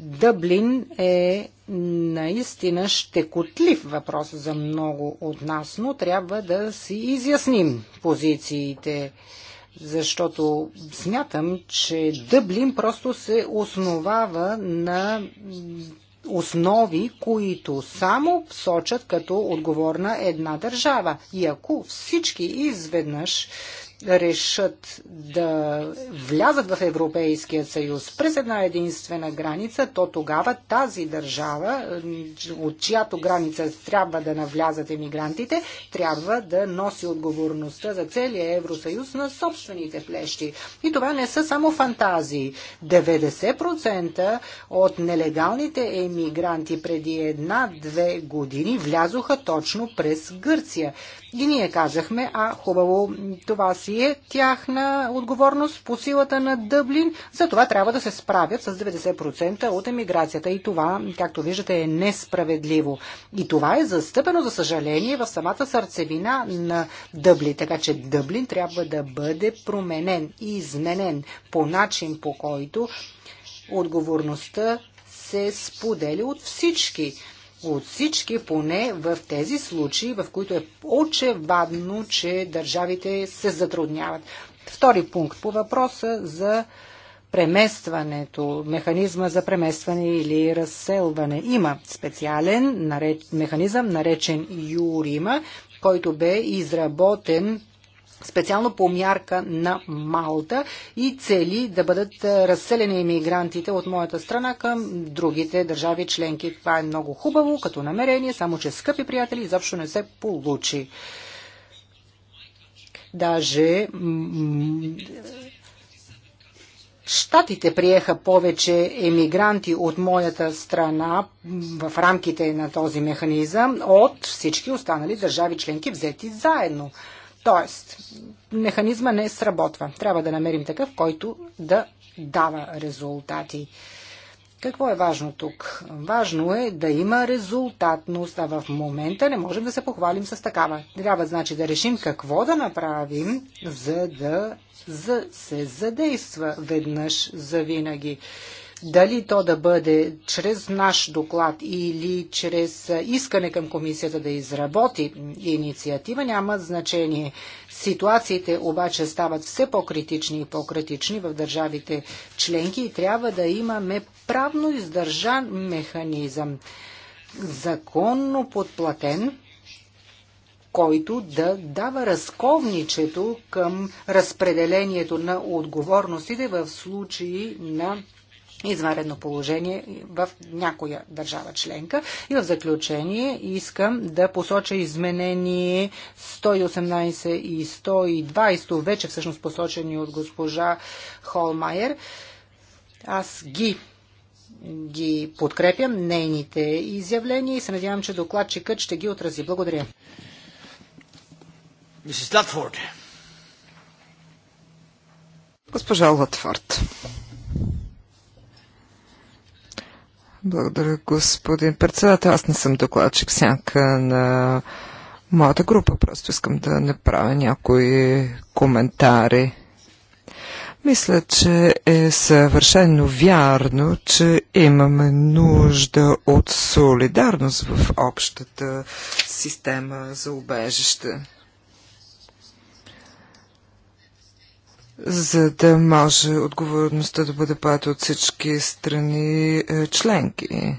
Дъблин е наистина щекотлив въпрос за много от нас, но трябва да си изясним позициите, защото смятам, че Дъблин просто се основава на основи, които само сочат като отговорна една държава. И ако всички изведнъж решат да влязат в Европейския съюз през една единствена граница, то тогава тази държава, от чиято граница трябва да навлязат емигрантите, трябва да носи отговорността за целия Евросъюз на собствените плещи. И това не са само фантазии. 90% от нелегалните емигранти преди една-две години влязоха точно през Гърция. И ние казахме, а хубаво, това си е тяхна отговорност по силата на Дъблин, за това трябва да се справят с 90% от емиграцията. И това, както виждате, е несправедливо. И това е застъпено, за съжаление, в самата сърцевина на Дъблин. Така че Дъблин трябва да бъде променен и изменен по начин, по който отговорността се споделя от всички от всички, поне в тези случаи, в които е очевадно, че държавите се затрудняват. Втори пункт по въпроса за преместването, механизма за преместване или разселване. Има специален наред, механизъм, наречен ЮРИМА, който бе изработен специално по мярка на Малта и цели да бъдат е, разселени иммигрантите от моята страна към другите държави членки. Това е много хубаво като намерение, само че скъпи приятели изобщо не се получи. Даже Штатите приеха повече емигранти от моята страна в рамките на този механизъм от всички останали държави членки взети заедно. Тоест, механизма не сработва. Трябва да намерим такъв, който да дава резултати. Какво е важно тук? Важно е да има резултатност, а в момента не можем да се похвалим с такава. Трябва, значи, да решим какво да направим, за да за, се задейства веднъж за винаги. Дали то да бъде чрез наш доклад или чрез искане към комисията да изработи инициатива, няма значение. Ситуациите обаче стават все по-критични и по-критични в държавите членки и трябва да имаме правно издържан механизъм, законно подплатен, който да дава разковничето към разпределението на отговорностите в случаи на извънредно положение в някоя държава членка. И в заключение искам да посоча изменение 118 и 120, вече всъщност посочени от госпожа Холмайер. Аз ги ги подкрепям, нейните изявления и се надявам, че докладчикът ще ги отрази. Благодаря. Госпожа Латфорд. Благодаря, господин председател. Аз не съм докладчик сянка на моята група. Просто искам да направя някои коментари. Мисля, че е съвършено вярно, че имаме нужда от солидарност в общата система за убежище. за да може отговорността да бъде пата от всички страни е, членки.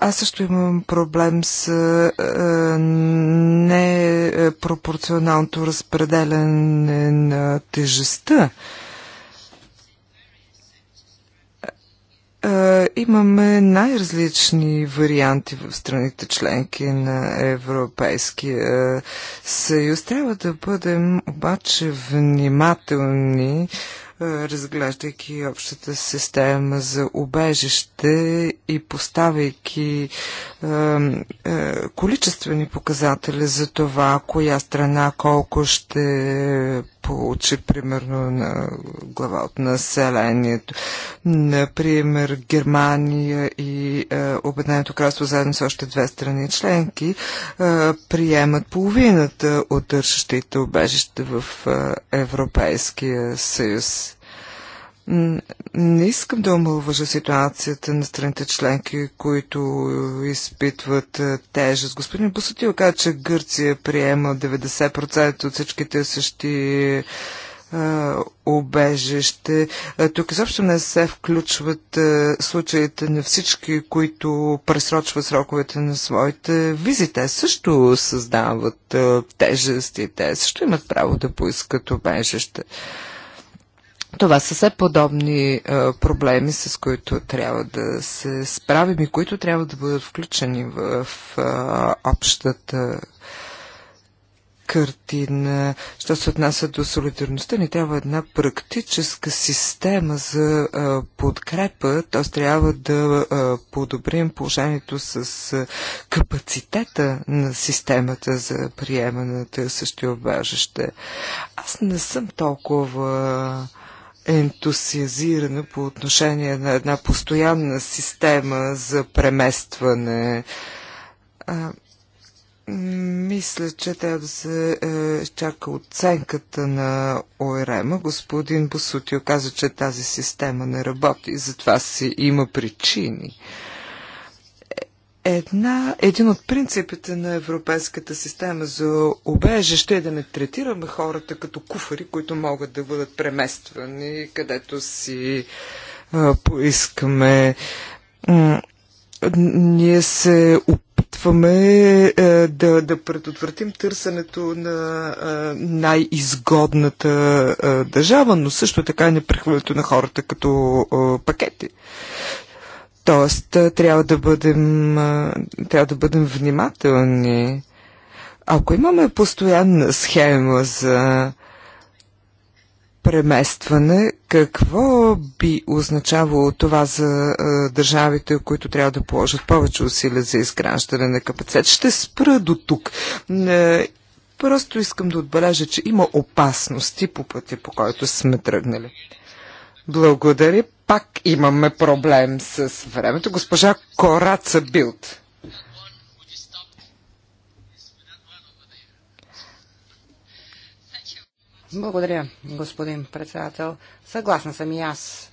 Аз също имам проблем с е, непропорционалното разпределяне на тежестта Е, имаме най-различни варианти в страните членки на Европейския е, съюз. Трябва да бъдем обаче внимателни, е, разглеждайки общата система за обежище и поставяйки е, е, количествени показатели за това, коя страна колко ще получи, примерно, на глава от населението. Например, Германия и е, Обеднението кралство, заедно с още две страни членки, е, приемат половината от държащите обежище в е, Европейския съюз. Не искам да омалважа ситуацията на страните членки, които изпитват е, тежест. Господин Бусатил каза, че Гърция приема 90% от всичките същи е, обежище. Е, тук изобщо не се включват случаите на всички, които пресрочват сроковете на своите визи. Те също създават тежести. Те също имат право да поискат обежище. Това са все подобни а, е, проблеми, с които трябва да се справим и които трябва да бъдат включени в а, е, общата картина. Що се отнася до солидарността, ни трябва една практическа система за а, е, подкрепа, т.е. трябва да а, подобрим положението с а, капацитета на системата за приемане на търсещи Аз не съм толкова ентусиазирана по отношение на една постоянна система за преместване. А, мисля, че трябва да се е, чака оценката на ОРМ. Господин Босутио каза, че тази система не работи, затова си има причини. Една, един от принципите на европейската система за обежище е да не третираме хората като куфари, които могат да бъдат премествани където си а, поискаме. Ние се опитваме а, е, да, да предотвратим търсенето на най-изгодната държава, но също така и непрехвърлянето на хората като а, пакети. Тоест, трябва да бъдем, трябва да бъдем внимателни. Ако имаме постоянна схема за преместване, какво би означавало това за а, държавите, които трябва да положат повече усилия за изграждане на капацитет? Ще спра до тук. Не, просто искам да отбележа, че има опасности по пътя, по който сме тръгнали. Благодаря пак имаме проблем с времето. Госпожа Кораца Билт. Благодаря, господин председател. Съгласна съм и аз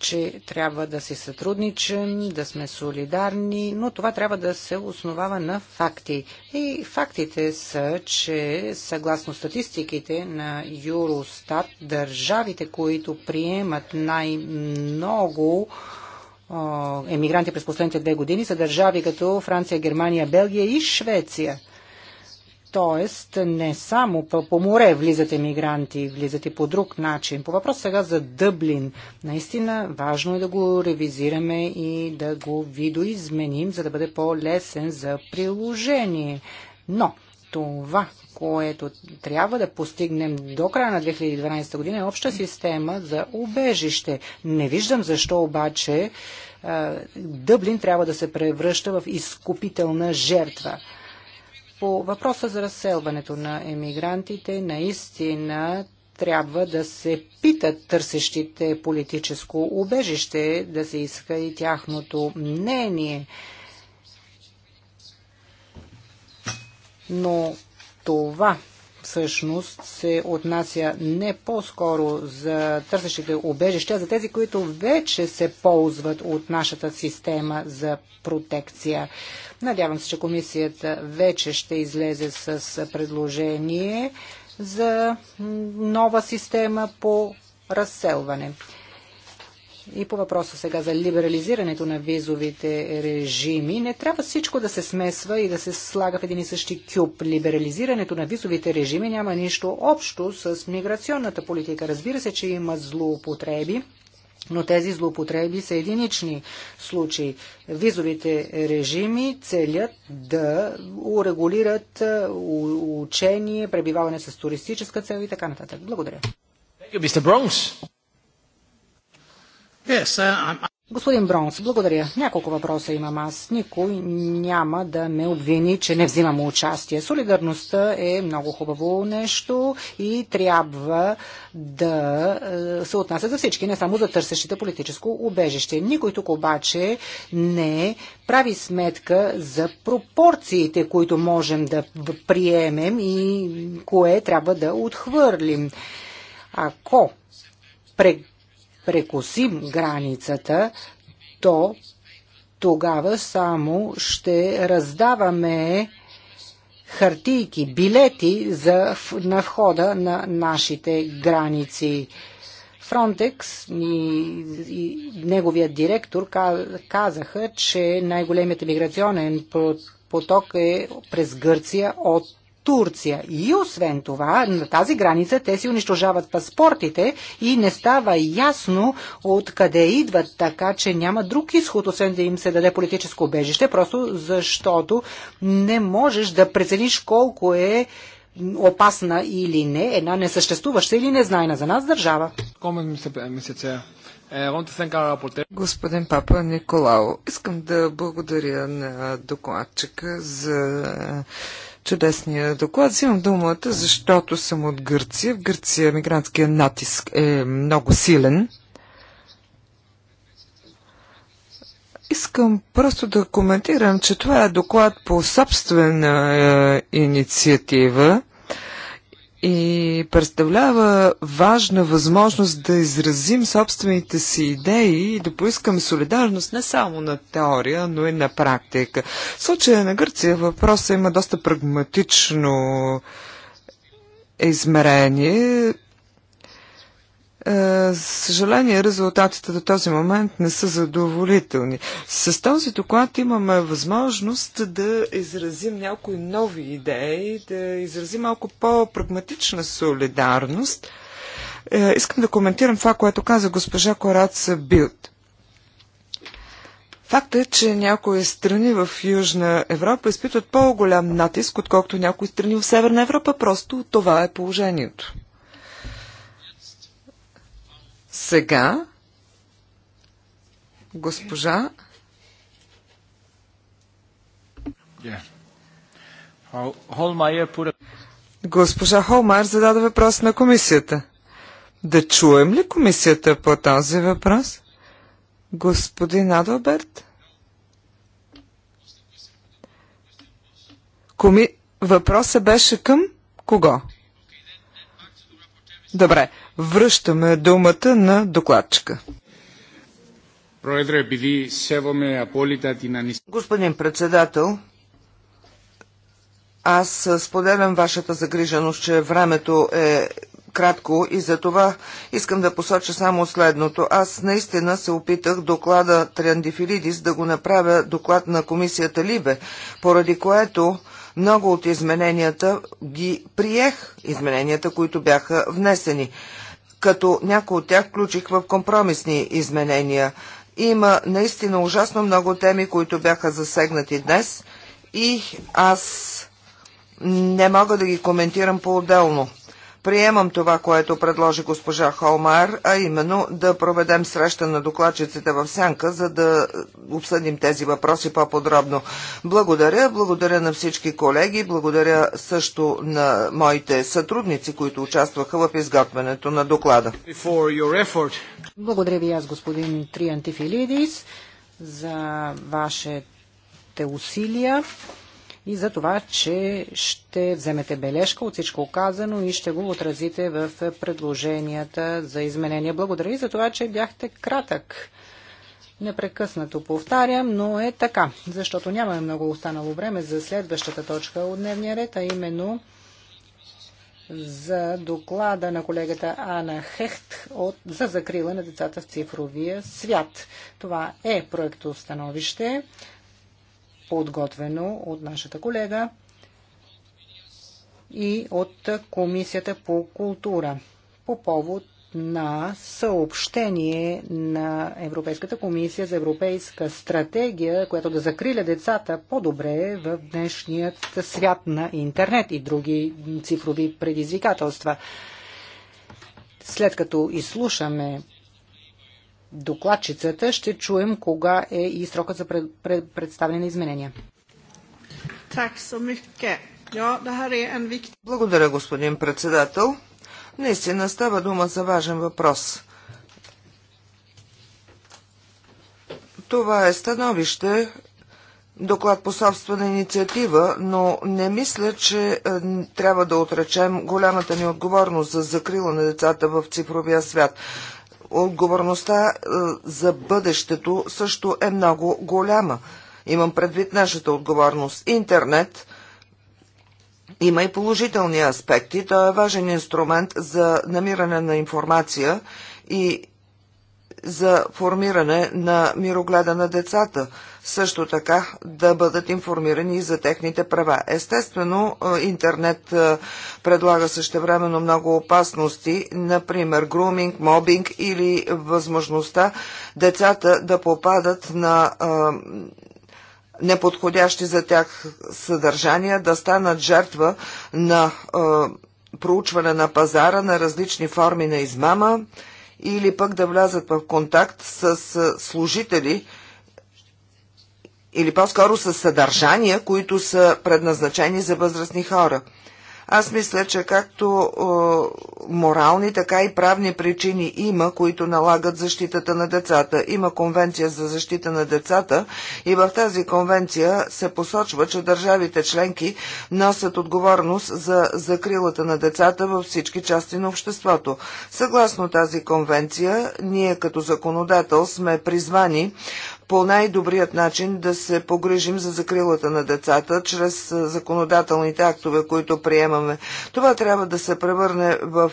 че трябва да се сътрудничим, да сме солидарни, но това трябва да се основава на факти. И фактите са, че съгласно статистиките на Юростат, държавите, които приемат най-много емигранти през последните две години, са държави като Франция, Германия, Белгия и Швеция – Тоест, не само по, по море влизат емигранти, влизат и по друг начин. По въпрос сега за Дъблин. Наистина важно е да го ревизираме и да го видоизменим, за да бъде по-лесен за приложение. Но това, което трябва да постигнем до края на 2012 година е обща система за убежище. Не виждам защо обаче Дъблин трябва да се превръща в изкупителна жертва по въпроса за разселването на емигрантите, наистина трябва да се питат търсещите политическо убежище, да се иска и тяхното мнение. Но това всъщност се отнася не по-скоро за търсещите убежища, за тези, които вече се ползват от нашата система за протекция. Надявам се, че комисията вече ще излезе с предложение за нова система по разселване. И по въпроса сега за либерализирането на визовите режими, не трябва всичко да се смесва и да се слага в един и същи кюб. Либерализирането на визовите режими няма нищо общо с миграционната политика. Разбира се, че има злоупотреби, но тези злоупотреби са единични случаи. Визовите режими целят да урегулират е, учение, пребиваване с туристическа цел и така нататък. Благодаря. Thank you, Mr. Uh, Господин Бронс, благодаря. Няколко въпроса имам аз. Никой няма да ме обвини, че не взимам участие. Солидарността е много хубаво нещо и трябва да е, се отнася за всички, не само за търсещите политическо убежище. Никой тук обаче не прави сметка за пропорциите, които можем да приемем и кое трябва да отхвърлим. Ако прекосим границата, то тогава само ще раздаваме хартийки, билети за, на входа на нашите граници. Фронтекс и, и неговият директор казаха, че най-големият миграционен поток е през Гърция от Турция. И освен това, на тази граница те си унищожават паспортите и не става ясно откъде идват, така че няма друг изход, освен да им се даде политическо убежище, просто защото не можеш да прецениш колко е опасна или не, една несъществуваща или незнайна за нас държава. Eh, Господин Папа Николао, искам да благодаря на докладчика за чудесния доклад. Взимам думата, защото съм от Гърция. В Гърция мигрантския натиск е много силен. Искам просто да коментирам, че това е доклад по собствена е, инициатива и представлява важна възможност да изразим собствените си идеи и да поискам солидарност не само на теория, но и на практика. В случая на Гърция въпросът има доста прагматично измерение. Е, съжаление, резултатите до този момент не са задоволителни. С този доклад имаме възможност да изразим някои нови идеи, да изразим малко по-прагматична солидарност. Е, искам да коментирам това, което каза госпожа Кораца Билт. Факт е, че някои страни в Южна Европа изпитват по-голям натиск, отколкото някои страни в Северна Европа. Просто това е положението. Сега госпожа Госпожа Холмар, зададе въпрос на комисията. Да чуем ли комисията по този въпрос? Господин Адълберт. Коми... Въпросът беше към кого? Добре, Връщаме думата на докладчика. Господин председател, аз споделям вашата загриженост, че времето е кратко и за това искам да посоча само следното. Аз наистина се опитах доклада Триандифилидис да го направя доклад на комисията Либе, поради което много от измененията ги приех, измененията, които бяха внесени като някои от тях включих в компромисни изменения. Има наистина ужасно много теми, които бяха засегнати днес и аз не мога да ги коментирам по-отделно. Приемам това, което предложи госпожа Холмар, а именно да проведем среща на докладчиците в Сянка, за да обсъдим тези въпроси по-подробно. Благодаря, благодаря на всички колеги, благодаря също на моите сътрудници, които участваха в изготвянето на доклада. Благодаря ви аз, господин Триантифилидис, за вашето усилия и за това, че ще вземете бележка от всичко казано и ще го отразите в предложенията за изменения. Благодаря и за това, че бяхте кратък. Непрекъснато повтарям, но е така, защото нямаме много останало време за следващата точка от дневния ред, а именно за доклада на колегата Ана Хехт от, за закрила на децата в цифровия свят. Това е проектостановище подготвено от нашата колега и от Комисията по култура по повод на съобщение на Европейската комисия за европейска стратегия, която да закриля децата по-добре в днешният свят на интернет и други цифрови предизвикателства. След като изслушаме докладчицата. Ще чуем кога е и срока за пред, пред, представяне на изменения. Благодаря, господин председател. Наистина става дума за важен въпрос. Това е становище, доклад по собствена инициатива, но не мисля, че е, трябва да отречем голямата ни отговорност за закрила на децата в цифровия свят отговорността е, за бъдещето също е много голяма. Имам предвид нашата отговорност. Интернет има и положителни аспекти. Той е важен инструмент за намиране на информация и за формиране на мирогледа на децата също така да бъдат информирани и за техните права. Естествено, е, интернет е, предлага същевременно много опасности, например груминг, мобинг или възможността децата да попадат на е, неподходящи за тях съдържания, да станат жертва на проучване на пазара на различни форми на измама или пък да влязат в контакт с служители, или по-скоро с съдържания, които са предназначени за възрастни хора. Аз мисля, че както е, морални, така и правни причини има, които налагат защитата на децата. Има конвенция за защита на децата и в тази конвенция се посочва, че държавите членки носят отговорност за закрилата на децата във всички части на обществото. Съгласно тази конвенция, ние като законодател сме призвани по най-добрият начин да се погрижим за закрилата на децата чрез законодателните актове, които приемаме. Това трябва да се превърне в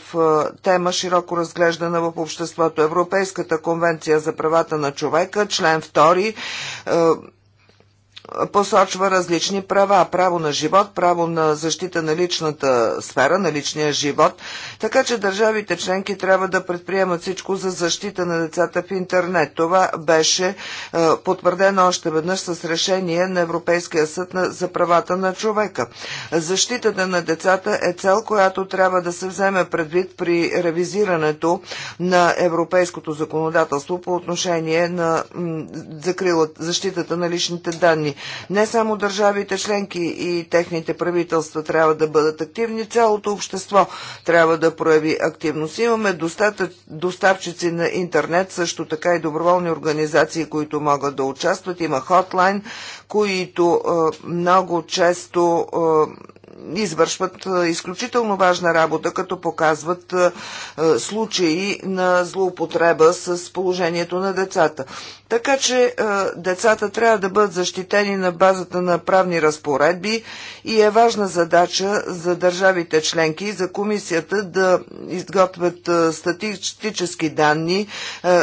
тема широко разглеждана в обществото. Европейската конвенция за правата на човека, член 2 посочва различни права. Право на живот, право на защита на личната сфера, на личния живот. Така че държавите членки трябва да предприемат всичко за защита на децата в интернет. Това беше е, потвърдено още веднъж с решение на Европейския съд за правата на човека. Защитата на децата е цел, която трябва да се вземе предвид при ревизирането на европейското законодателство по отношение на защитата на личните данни. Не само държавите членки и техните правителства трябва да бъдат активни, цялото общество трябва да прояви активност. Имаме доставчици на интернет, също така и доброволни организации, които могат да участват. Има хотлайн, които много често извършват изключително важна работа, като показват случаи на злоупотреба с положението на децата. Така че е, децата трябва да бъдат защитени на базата на правни разпоредби и е важна задача за държавите членки и за комисията да изготвят е, статистически данни, е,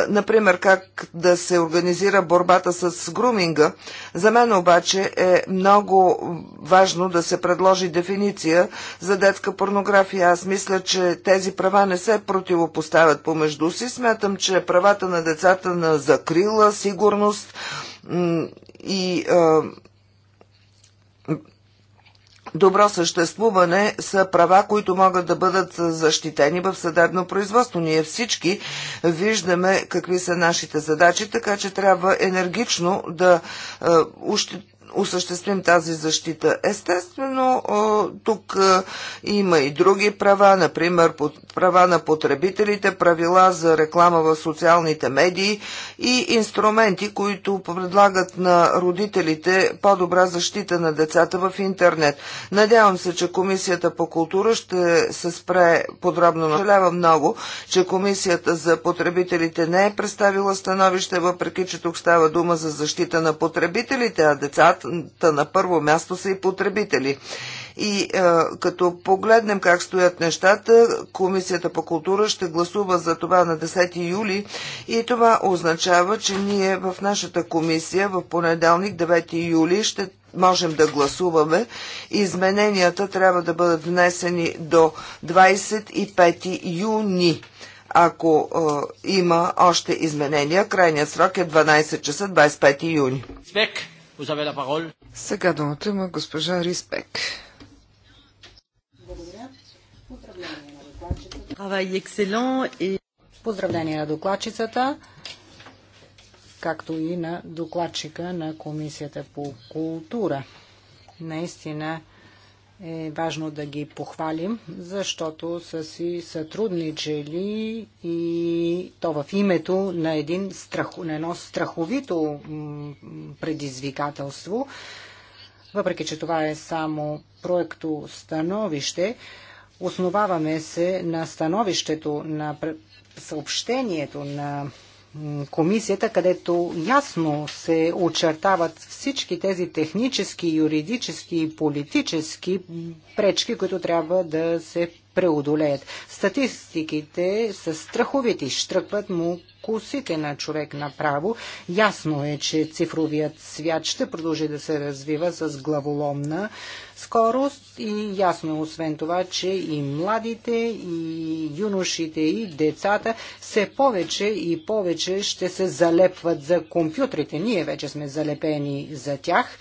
например как да се организира борбата с груминга. За мен обаче е много важно да се предложи дефиниция за детска порнография. Аз мисля, че тези права не се противопоставят помежду си. Смятам, че правата на децата на закрила, сигурност и добро съществуване са права, които могат да бъдат защитени в съдебно производство. Ние всички виждаме какви са нашите задачи, така че трябва енергично да осъществим тази защита. Естествено, тук има и други права, например права на потребителите, правила за реклама в социалните медии и инструменти, които предлагат на родителите по-добра защита на децата в интернет. Надявам се, че Комисията по култура ще се спре подробно. Населява много, че Комисията за потребителите не е представила становище, въпреки че тук става дума за защита на потребителите, а децата хората на първо място са и потребители. И е, като погледнем как стоят нещата, Комисията по култура ще гласува за това на 10 юли и това означава, че ние в нашата комисия в понеделник 9 юли ще можем да гласуваме. Измененията трябва да бъдат внесени до 25 юни. Ако е, има още изменения, крайният срок е 12 часа 25 юни. Сега думата има госпожа Риспек. Благодаря. Поздравления на докладчицата, както и на докладчика на Комисията по култура. Наистина, е важно да ги похвалим, защото са си сътрудничали и то в името на, един страх, на едно страховито предизвикателство, въпреки че това е само проекто становище, основаваме се на становището на съобщението на комисията, където ясно се очертават всички тези технически, юридически и политически пречки, които трябва да се преодолеят. Статистиките са страховити, штръкват му косите на човек направо. Ясно е, че цифровият свят ще продължи да се развива с главоломна скорост и ясно е освен това, че и младите, и юношите, и децата все повече и повече ще се залепват за компютрите. Ние вече сме залепени за тях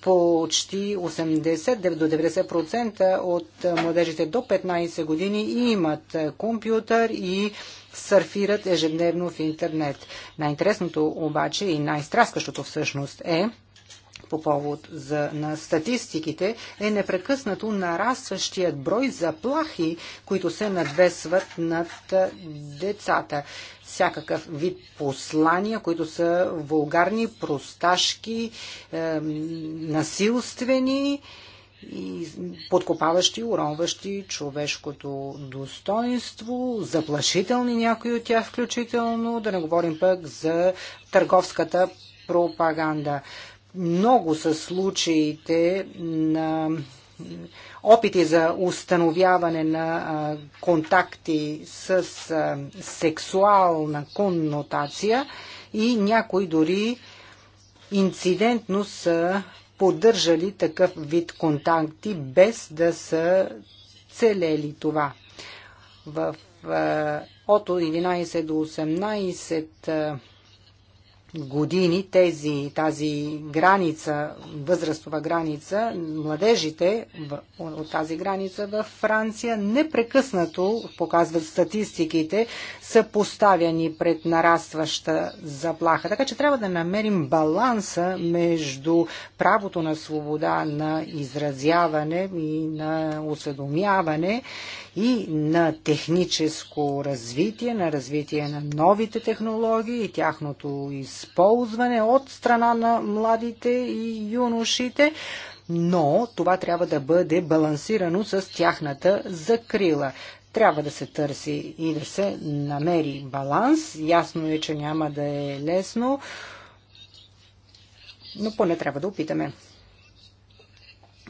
почти 80 до 90% от младежите до 15 години имат компютър и сърфират ежедневно в интернет. Най-интересното обаче и най-страскащото всъщност е, по повод за, на статистиките е непрекъснато нарастващият брой заплахи, които се надвесват над децата. Всякакъв вид послания, които са вулгарни, просташки, е, насилствени и подкопаващи, уронващи човешкото достоинство, заплашителни някои от тях включително, да не говорим пък за търговската пропаганда много са случаите на опити за установяване на контакти с сексуална коннотация и някои дори инцидентно са поддържали такъв вид контакти без да са целели това. В, от 11 до 18 години тези, тази граница, възрастова граница, младежите от тази граница в Франция непрекъснато, показват статистиките, са поставяни пред нарастваща заплаха. Така че трябва да намерим баланса между правото на свобода на изразяване и на осведомяване и на техническо развитие, на развитие на новите технологии и тяхното из използване от страна на младите и юношите, но това трябва да бъде балансирано с тяхната закрила трябва да се търси и да се намери баланс. Ясно е, че няма да е лесно, но поне трябва да опитаме.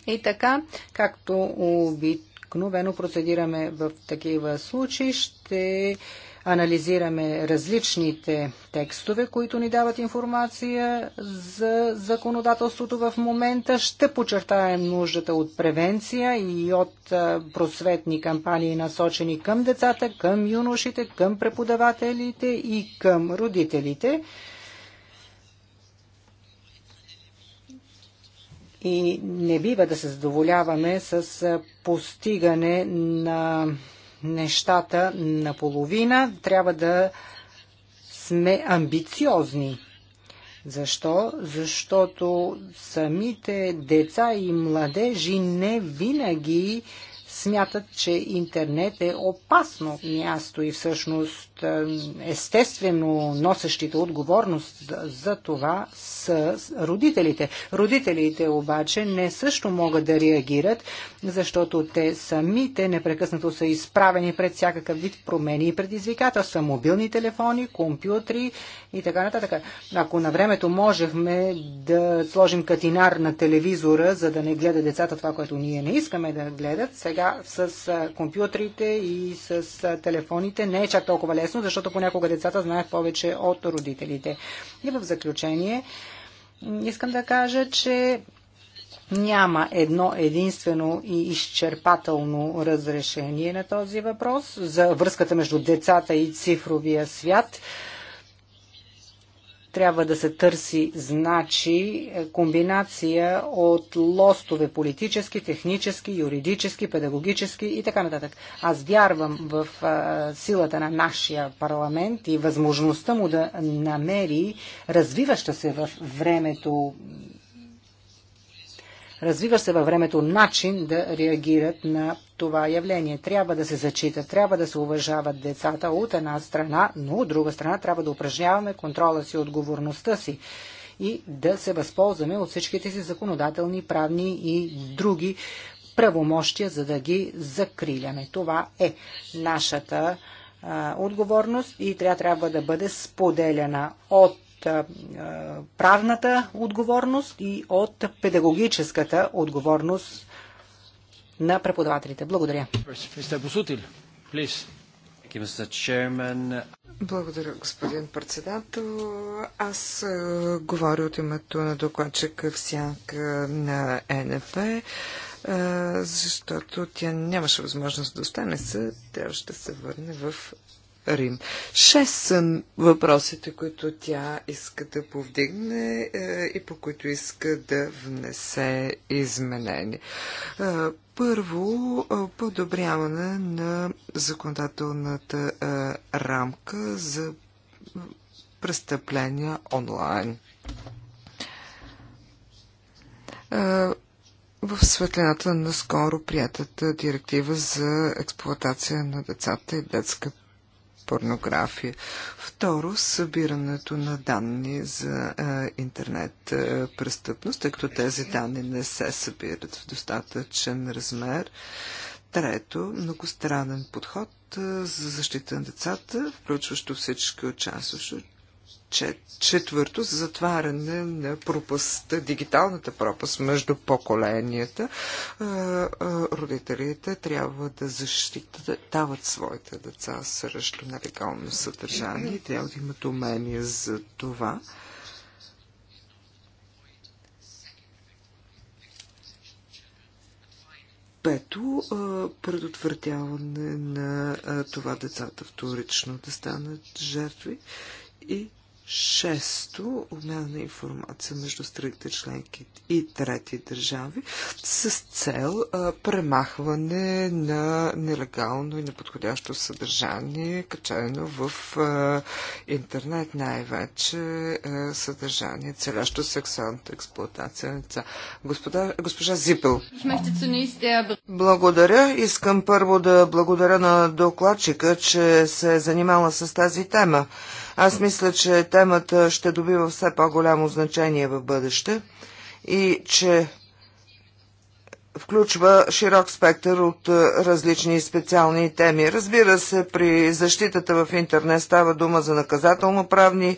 И така, както обикновено процедираме в такива случаи, ще анализираме различните текстове, които ни дават информация за законодателството в момента. Ще почертаем нуждата от превенция и от просветни кампании, насочени към децата, към юношите, към преподавателите и към родителите. И не бива да се задоволяваме с постигане на нещата наполовина. Трябва да сме амбициозни. Защо? Защото самите деца и младежи не винаги смятат, че интернет е опасно място и всъщност е, естествено носещите отговорност за това са родителите. Родителите обаче не също могат да реагират, защото те самите непрекъснато са изправени пред всякакъв вид промени и предизвикателства. Мобилни телефони, компютри и така нататък. Ако на времето можехме да сложим катинар на телевизора, за да не гледа децата това, което ние не искаме да гледат, сега с компютрите и с телефоните не е чак толкова лесно интересно, защото понякога децата знаят повече от родителите. И в заключение искам да кажа, че няма едно единствено и изчерпателно разрешение на този въпрос за връзката между децата и цифровия свят. Трябва да се търси, значи, е, комбинация от лостове политически, технически, юридически, педагогически и така нататък. Аз вярвам в а, е, силата на нашия парламент и възможността му да намери развиваща се в времето Развива се във времето начин да реагират на това явление. Трябва да се зачитат, трябва да се уважават децата от една страна, но от друга страна трябва да упражняваме контрола си, отговорността си и да се възползваме от всичките си законодателни, правни и други правомощия, за да ги закриляме. Това е нашата а, отговорност и тя трябва да бъде споделяна от правната отговорност и от педагогическата отговорност на преподавателите. Благодаря. Благодаря, господин председател. Аз говоря от името на докладчика в сянка на НФ, защото тя нямаше възможност да остане се, тя ще се върне в Рим. Шест са въпросите, които тя иска да повдигне е, и по които иска да внесе изменения. Е, първо, е, подобряване на законодателната рамка за престъпления онлайн. В светлината на скоро приятата директива за експлуатация на децата и детска порнография. Второ, събирането на данни за интернет престъпност, тъй като тези данни не се събират в достатъчен размер. Трето, многостранен подход за защита на децата, включващо всички участващи четвърто затваряне на пропаста, дигиталната пропаст между поколенията, родителите трябва да защитават своите деца срещу нелегално съдържание. Трябва да имат умение за това. Пето, предотвратяване на това децата вторично да станат жертви. И Шесто, обмен на информация между страните членки и трети държави с цел а, премахване на нелегално и неподходящо съдържание, качено в а, интернет, най-вече съдържание, целящо сексуалната експлуатация на деца. госпожа Зипел. Благодаря. Искам първо да благодаря на докладчика, че се е занимала с тази тема. Аз мисля, че темата ще добива все по-голямо значение в бъдеще и че включва широк спектър от е, различни специални теми. Разбира се, при защитата в интернет става дума за наказателно-правни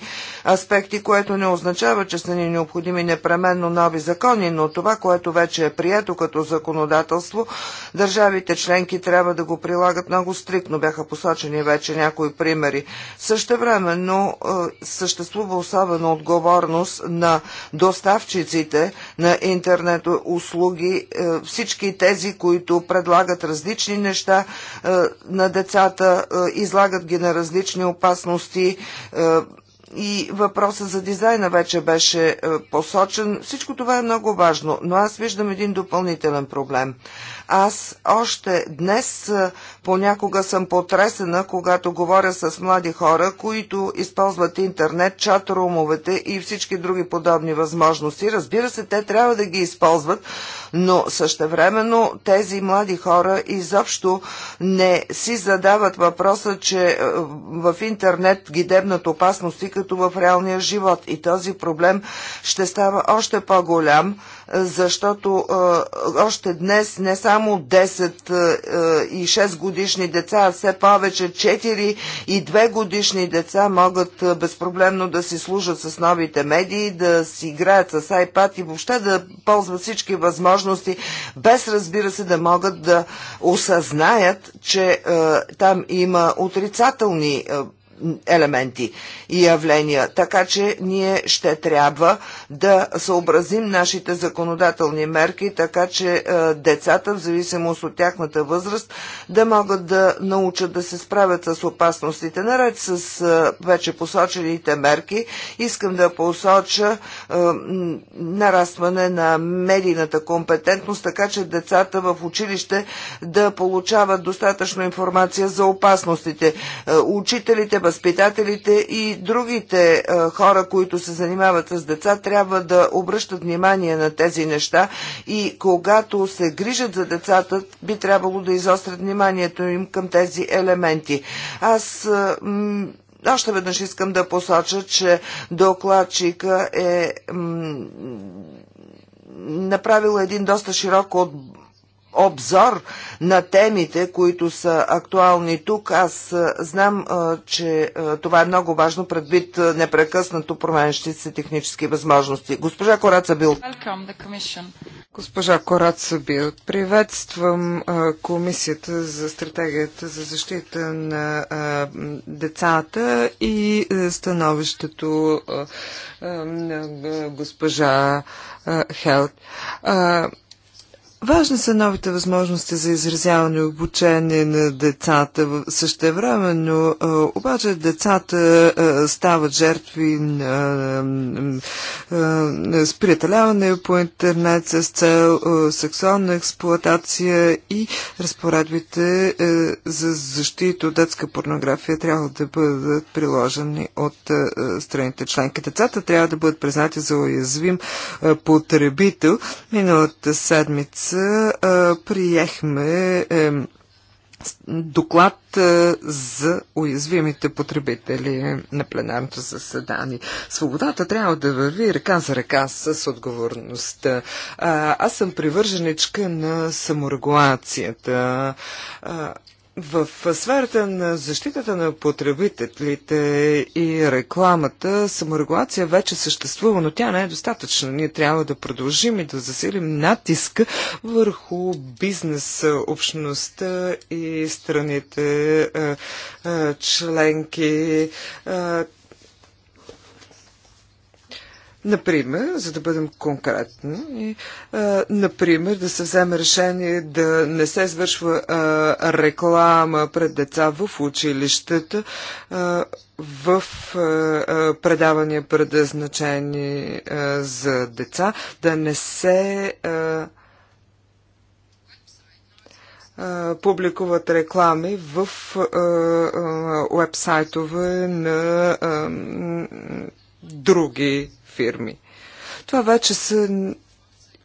аспекти, което не означава, че са ни необходими непременно нови закони, но това, което вече е прието като законодателство, държавите членки трябва да го прилагат много стриктно. Бяха посочени вече някои примери. Същевременно е, съществува особена отговорност на доставчиците на интернет услуги е, всички тези, които предлагат различни неща е, на децата, е, излагат ги на различни опасности. Е, и въпросът за дизайна вече беше посочен. Всичко това е много важно, но аз виждам един допълнителен проблем. Аз още днес Понякога съм потресена, когато говоря с млади хора, които използват интернет, чат-румовете и всички други подобни възможности. Разбира се, те трябва да ги използват, но същевременно тези млади хора изобщо не си задават въпроса, че е, в интернет ги дебнат опасности като в реалния живот. И този проблем ще става още по-голям, защото още днес не само 10 и 6 годишни деца, а все повече 4 и 2 годишни деца могат безпроблемно да си служат с новите медии, да си играят с iPad и въобще да ползват всички възможности, без разбира се да могат да осъзнаят, че там има отрицателни елементи и явления. Така че ние ще трябва да съобразим нашите законодателни мерки, така че е, децата, в зависимост от тяхната възраст, да могат да научат да се справят с опасностите. Наред с е, вече посочените мерки, искам да посоча е, нарастване на медийната компетентност, така че децата в училище да получават достатъчно информация за опасностите. Учителите, възпитателите и другите хора, които се занимават с деца, трябва да обръщат внимание на тези неща и когато се грижат за децата, би трябвало да изострят вниманието им към тези елементи. Аз още веднъж искам да посоча, че докладчика е направила един доста широк от обзор на темите, които са актуални тук. Аз знам, че това е много важно предвид непрекъснато променящи се технически възможности. Госпожа Кораца Бил. Госпожа Кораца Бил, приветствам Комисията за стратегията за защита на децата и становището на госпожа Хелт. Важни са новите възможности за изразяване и обучение на децата. Същевременно обаче децата стават жертви на сприятеляване по интернет с цел сексуална експлоатация и разпоредбите за защита от детска порнография трябва да бъдат приложени от страните членки. Децата трябва да бъдат признати за уязвим потребител. Миналата седмица седмица приехме е, доклад е, за уязвимите потребители на пленарното заседание. Свободата трябва да върви ръка за ръка с отговорността. Аз съм привърженичка на саморегулацията. В сферата на защитата на потребителите и рекламата саморегулация вече съществува, но тя не е достатъчна. Ние трябва да продължим и да засилим натиска върху бизнес, общността и страните членки. Например, за да бъдем конкретни, е, например, да се вземе решение да не се извършва е, реклама пред деца в училищата, е, в предавания предназначени за деца, да не се публикуват реклами в уебсайтове на други фирми. Това вече са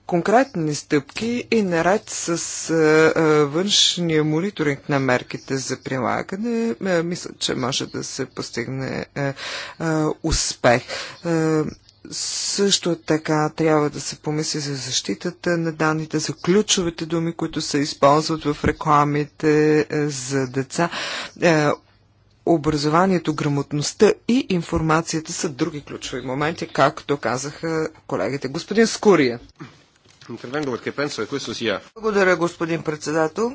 конкретни стъпки и наред с е, е, външния мониторинг на мерките за прилагане, е, мисля, че може да се постигне успех. Също така трябва да се помисли за защитата на данните, за ключовите думи, които се използват в рекламите за деца образованието, грамотността и информацията са други ключови моменти, както казаха колегите. Господин Скурия. Благодаря, господин председател.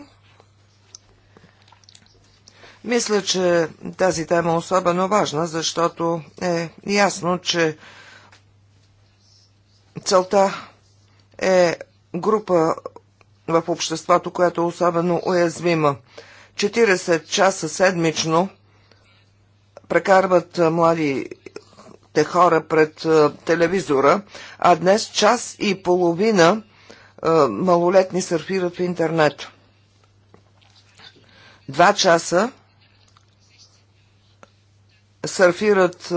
Мисля, че тази тема е особено важна, защото е ясно, че целта е група в обществото, която е особено уязвима. 40 часа седмично – прекарват млади те хора пред телевизора, а днес час и половина малолетни сърфират в интернет. Два часа сърфират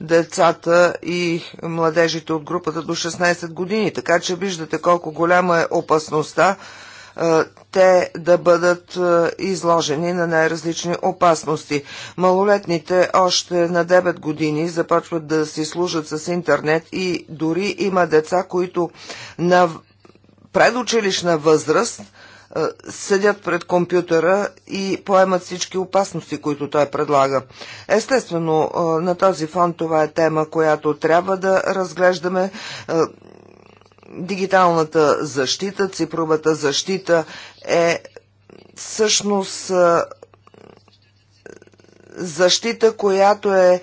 децата и младежите от групата до 16 години. Така че виждате колко голяма е опасността те да бъдат изложени на най-различни опасности. Малолетните още на 9 години започват да си служат с интернет и дори има деца, които на предучилищна възраст седят пред компютъра и поемат всички опасности, които той предлага. Естествено, на този фон това е тема, която трябва да разглеждаме дигиталната защита, цифровата защита е всъщност защита, която е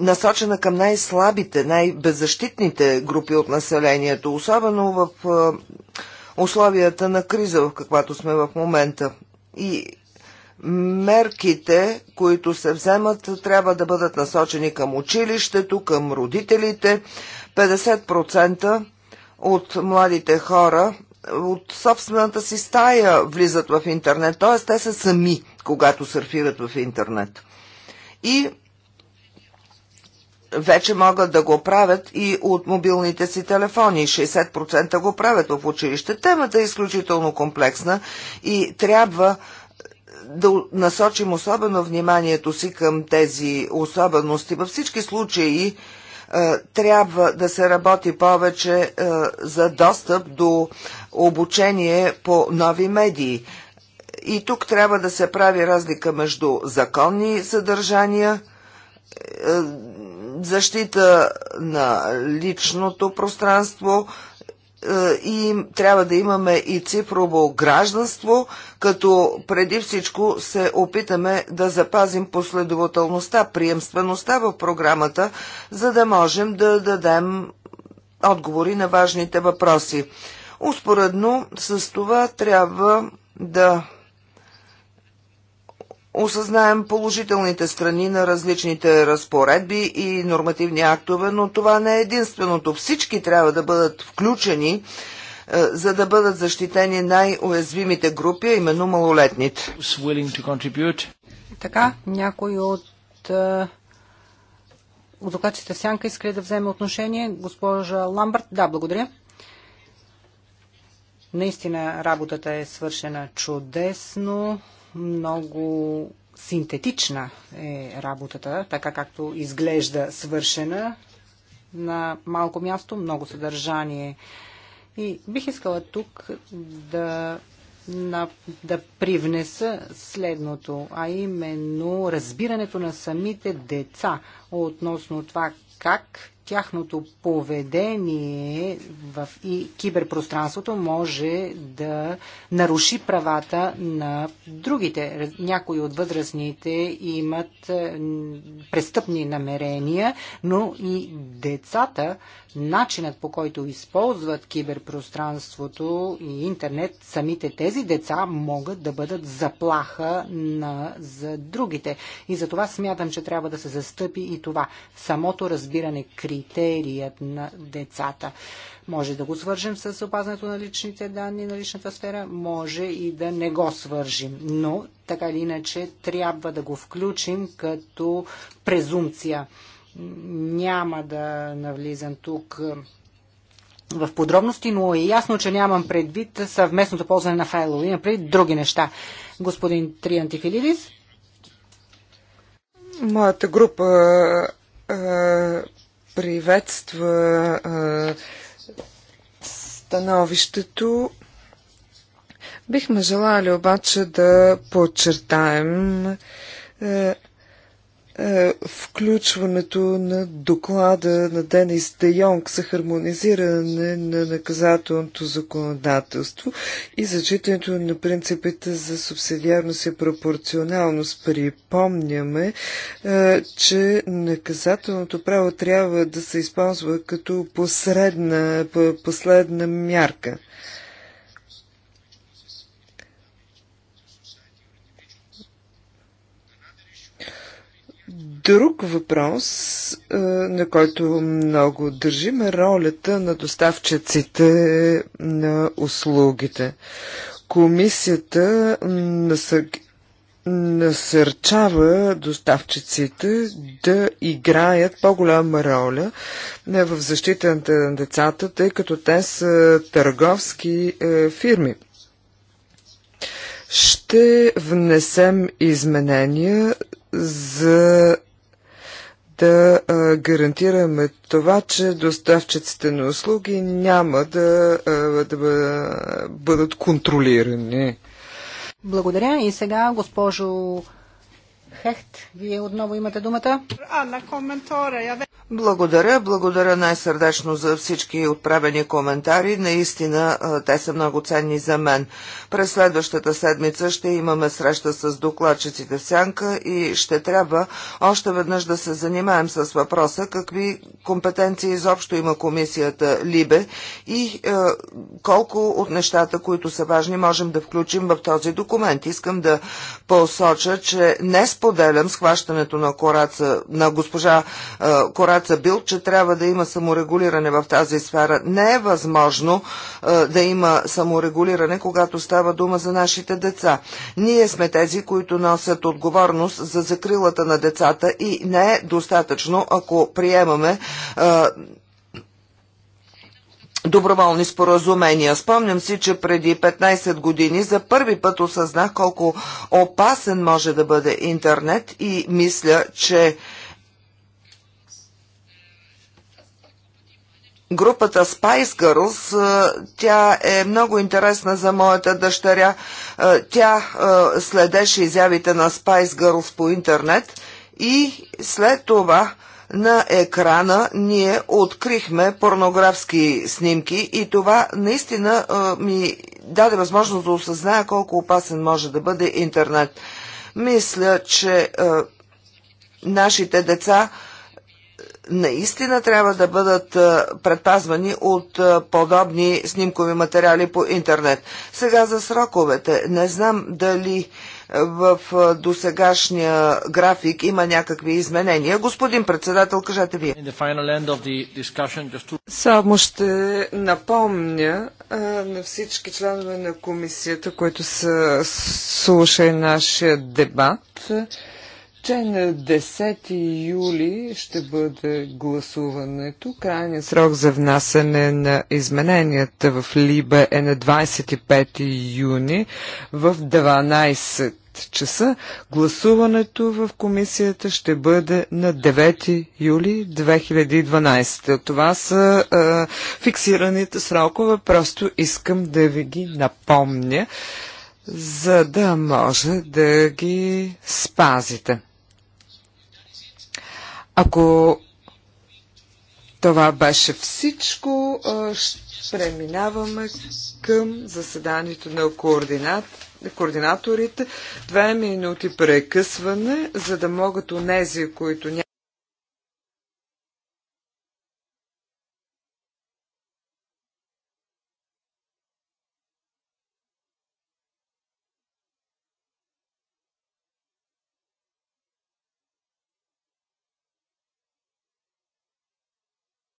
насочена към най-слабите, най-беззащитните групи от населението, особено в условията на криза, в каквато сме в момента. И мерките, които се вземат, трябва да бъдат насочени към училището, към родителите. 50% от младите хора от собствената си стая влизат в интернет, т.е. те са сами, когато сърфират в интернет. И вече могат да го правят и от мобилните си телефони. 60% го правят в училище. Темата е изключително комплексна и трябва да насочим особено вниманието си към тези особености. Във всички случаи е, трябва да се работи повече е, за достъп до обучение по нови медии. И тук трябва да се прави разлика между законни съдържания, е, защита на личното пространство, е, и трябва да имаме и цифрово гражданство, като преди всичко се опитаме да запазим последователността, приемствеността в програмата, за да можем да дадем отговори на важните въпроси. Успоредно с това трябва да осъзнаем положителните страни на различните разпоредби и нормативни актове, но това не е единственото. Всички трябва да бъдат включени, е, за да бъдат защитени най-уязвимите групи, а именно малолетните. Така, някой от е, от Сянка искали да вземе отношение. Госпожа Ламбърт, да, благодаря. Наистина работата е свършена чудесно. Много синтетична е работата, така както изглежда свършена на малко място, много съдържание. И бих искала тук да, на, да привнеса следното, а именно разбирането на самите деца относно това как тяхното поведение в и киберпространството може да наруши правата на другите. Някои от възрастните имат престъпни намерения, но и децата начинът по който използват киберпространството и интернет, самите тези деца могат да бъдат заплаха на, за другите. И за това смятам, че трябва да се застъпи и това. Самото разбиране, критерият на децата. Може да го свържем с опазването на личните данни, на личната сфера, може и да не го свържим. Но, така или иначе, трябва да го включим като презумпция. Няма да навлизам тук е, в подробности, но е ясно, че нямам предвид съвместното ползване на файлове. Има предвид други неща. Господин Триантифилидис? Моята група а, е, приветства а, е, становището. Бихме желали обаче да подчертаем, а, е, включването на доклада на Денис Де Йонг за хармонизиране на наказателното законодателство и зачитането на принципите за субсидиарност и пропорционалност. Припомняме, е, че наказателното право трябва да се използва като посредна, последна мярка. Друг въпрос, е, на който много държим, е ролята на доставчиците на услугите. Комисията насърчава доставчиците да играят по-голяма роля е, в защита на децата, тъй като те са търговски е, фирми ще внесем изменения за да гарантираме това, че доставчиците на услуги няма да, да бъдат контролирани. Благодаря и сега, госпожо Хехт, вие отново имате думата. Благодаря, благодаря най-сърдечно за всички отправени коментари. Наистина те са много ценни за мен. През следващата седмица ще имаме среща с докладчиците в Сянка и ще трябва още веднъж да се занимаем с въпроса какви компетенции изобщо има комисията Либе и е, колко от нещата, които са важни, можем да включим в този документ. Искам да посоча, че не споделям схващането на, Кораца, на госпожа е, Кораца Бил, че трябва да има саморегулиране в тази сфера. Не е възможно е, да има саморегулиране, когато става дума за нашите деца. Ние сме тези, които носят отговорност за закрилата на децата и не е достатъчно, ако приемаме е, доброволни споразумения. Спомням си, че преди 15 години за първи път осъзнах колко опасен може да бъде интернет и мисля, че Групата Spice Girls, тя е много интересна за моята дъщеря. Тя следеше изявите на Spice Girls по интернет и след това на екрана ние открихме порнографски снимки и това наистина ми даде възможност да осъзная колко опасен може да бъде интернет. Мисля, че нашите деца наистина трябва да бъдат предпазвани от подобни снимкови материали по интернет. Сега за сроковете. Не знам дали в досегашния график има някакви изменения. Господин председател, кажете ви. Само ще напомня а, на всички членове на комисията, които са слушали нашия дебат, че на 10 юли ще бъде гласуването. Крайният срок за внасене на измененията в Либе е на 25 юни в 12 часа. Гласуването в комисията ще бъде на 9 юли 2012. Това са а, фиксираните срокове. Просто искам да ви ги напомня, за да може да ги спазите. Ако това беше всичко, ще преминаваме към заседанието на координат координаторите две минути прекъсване, за да могат онези, които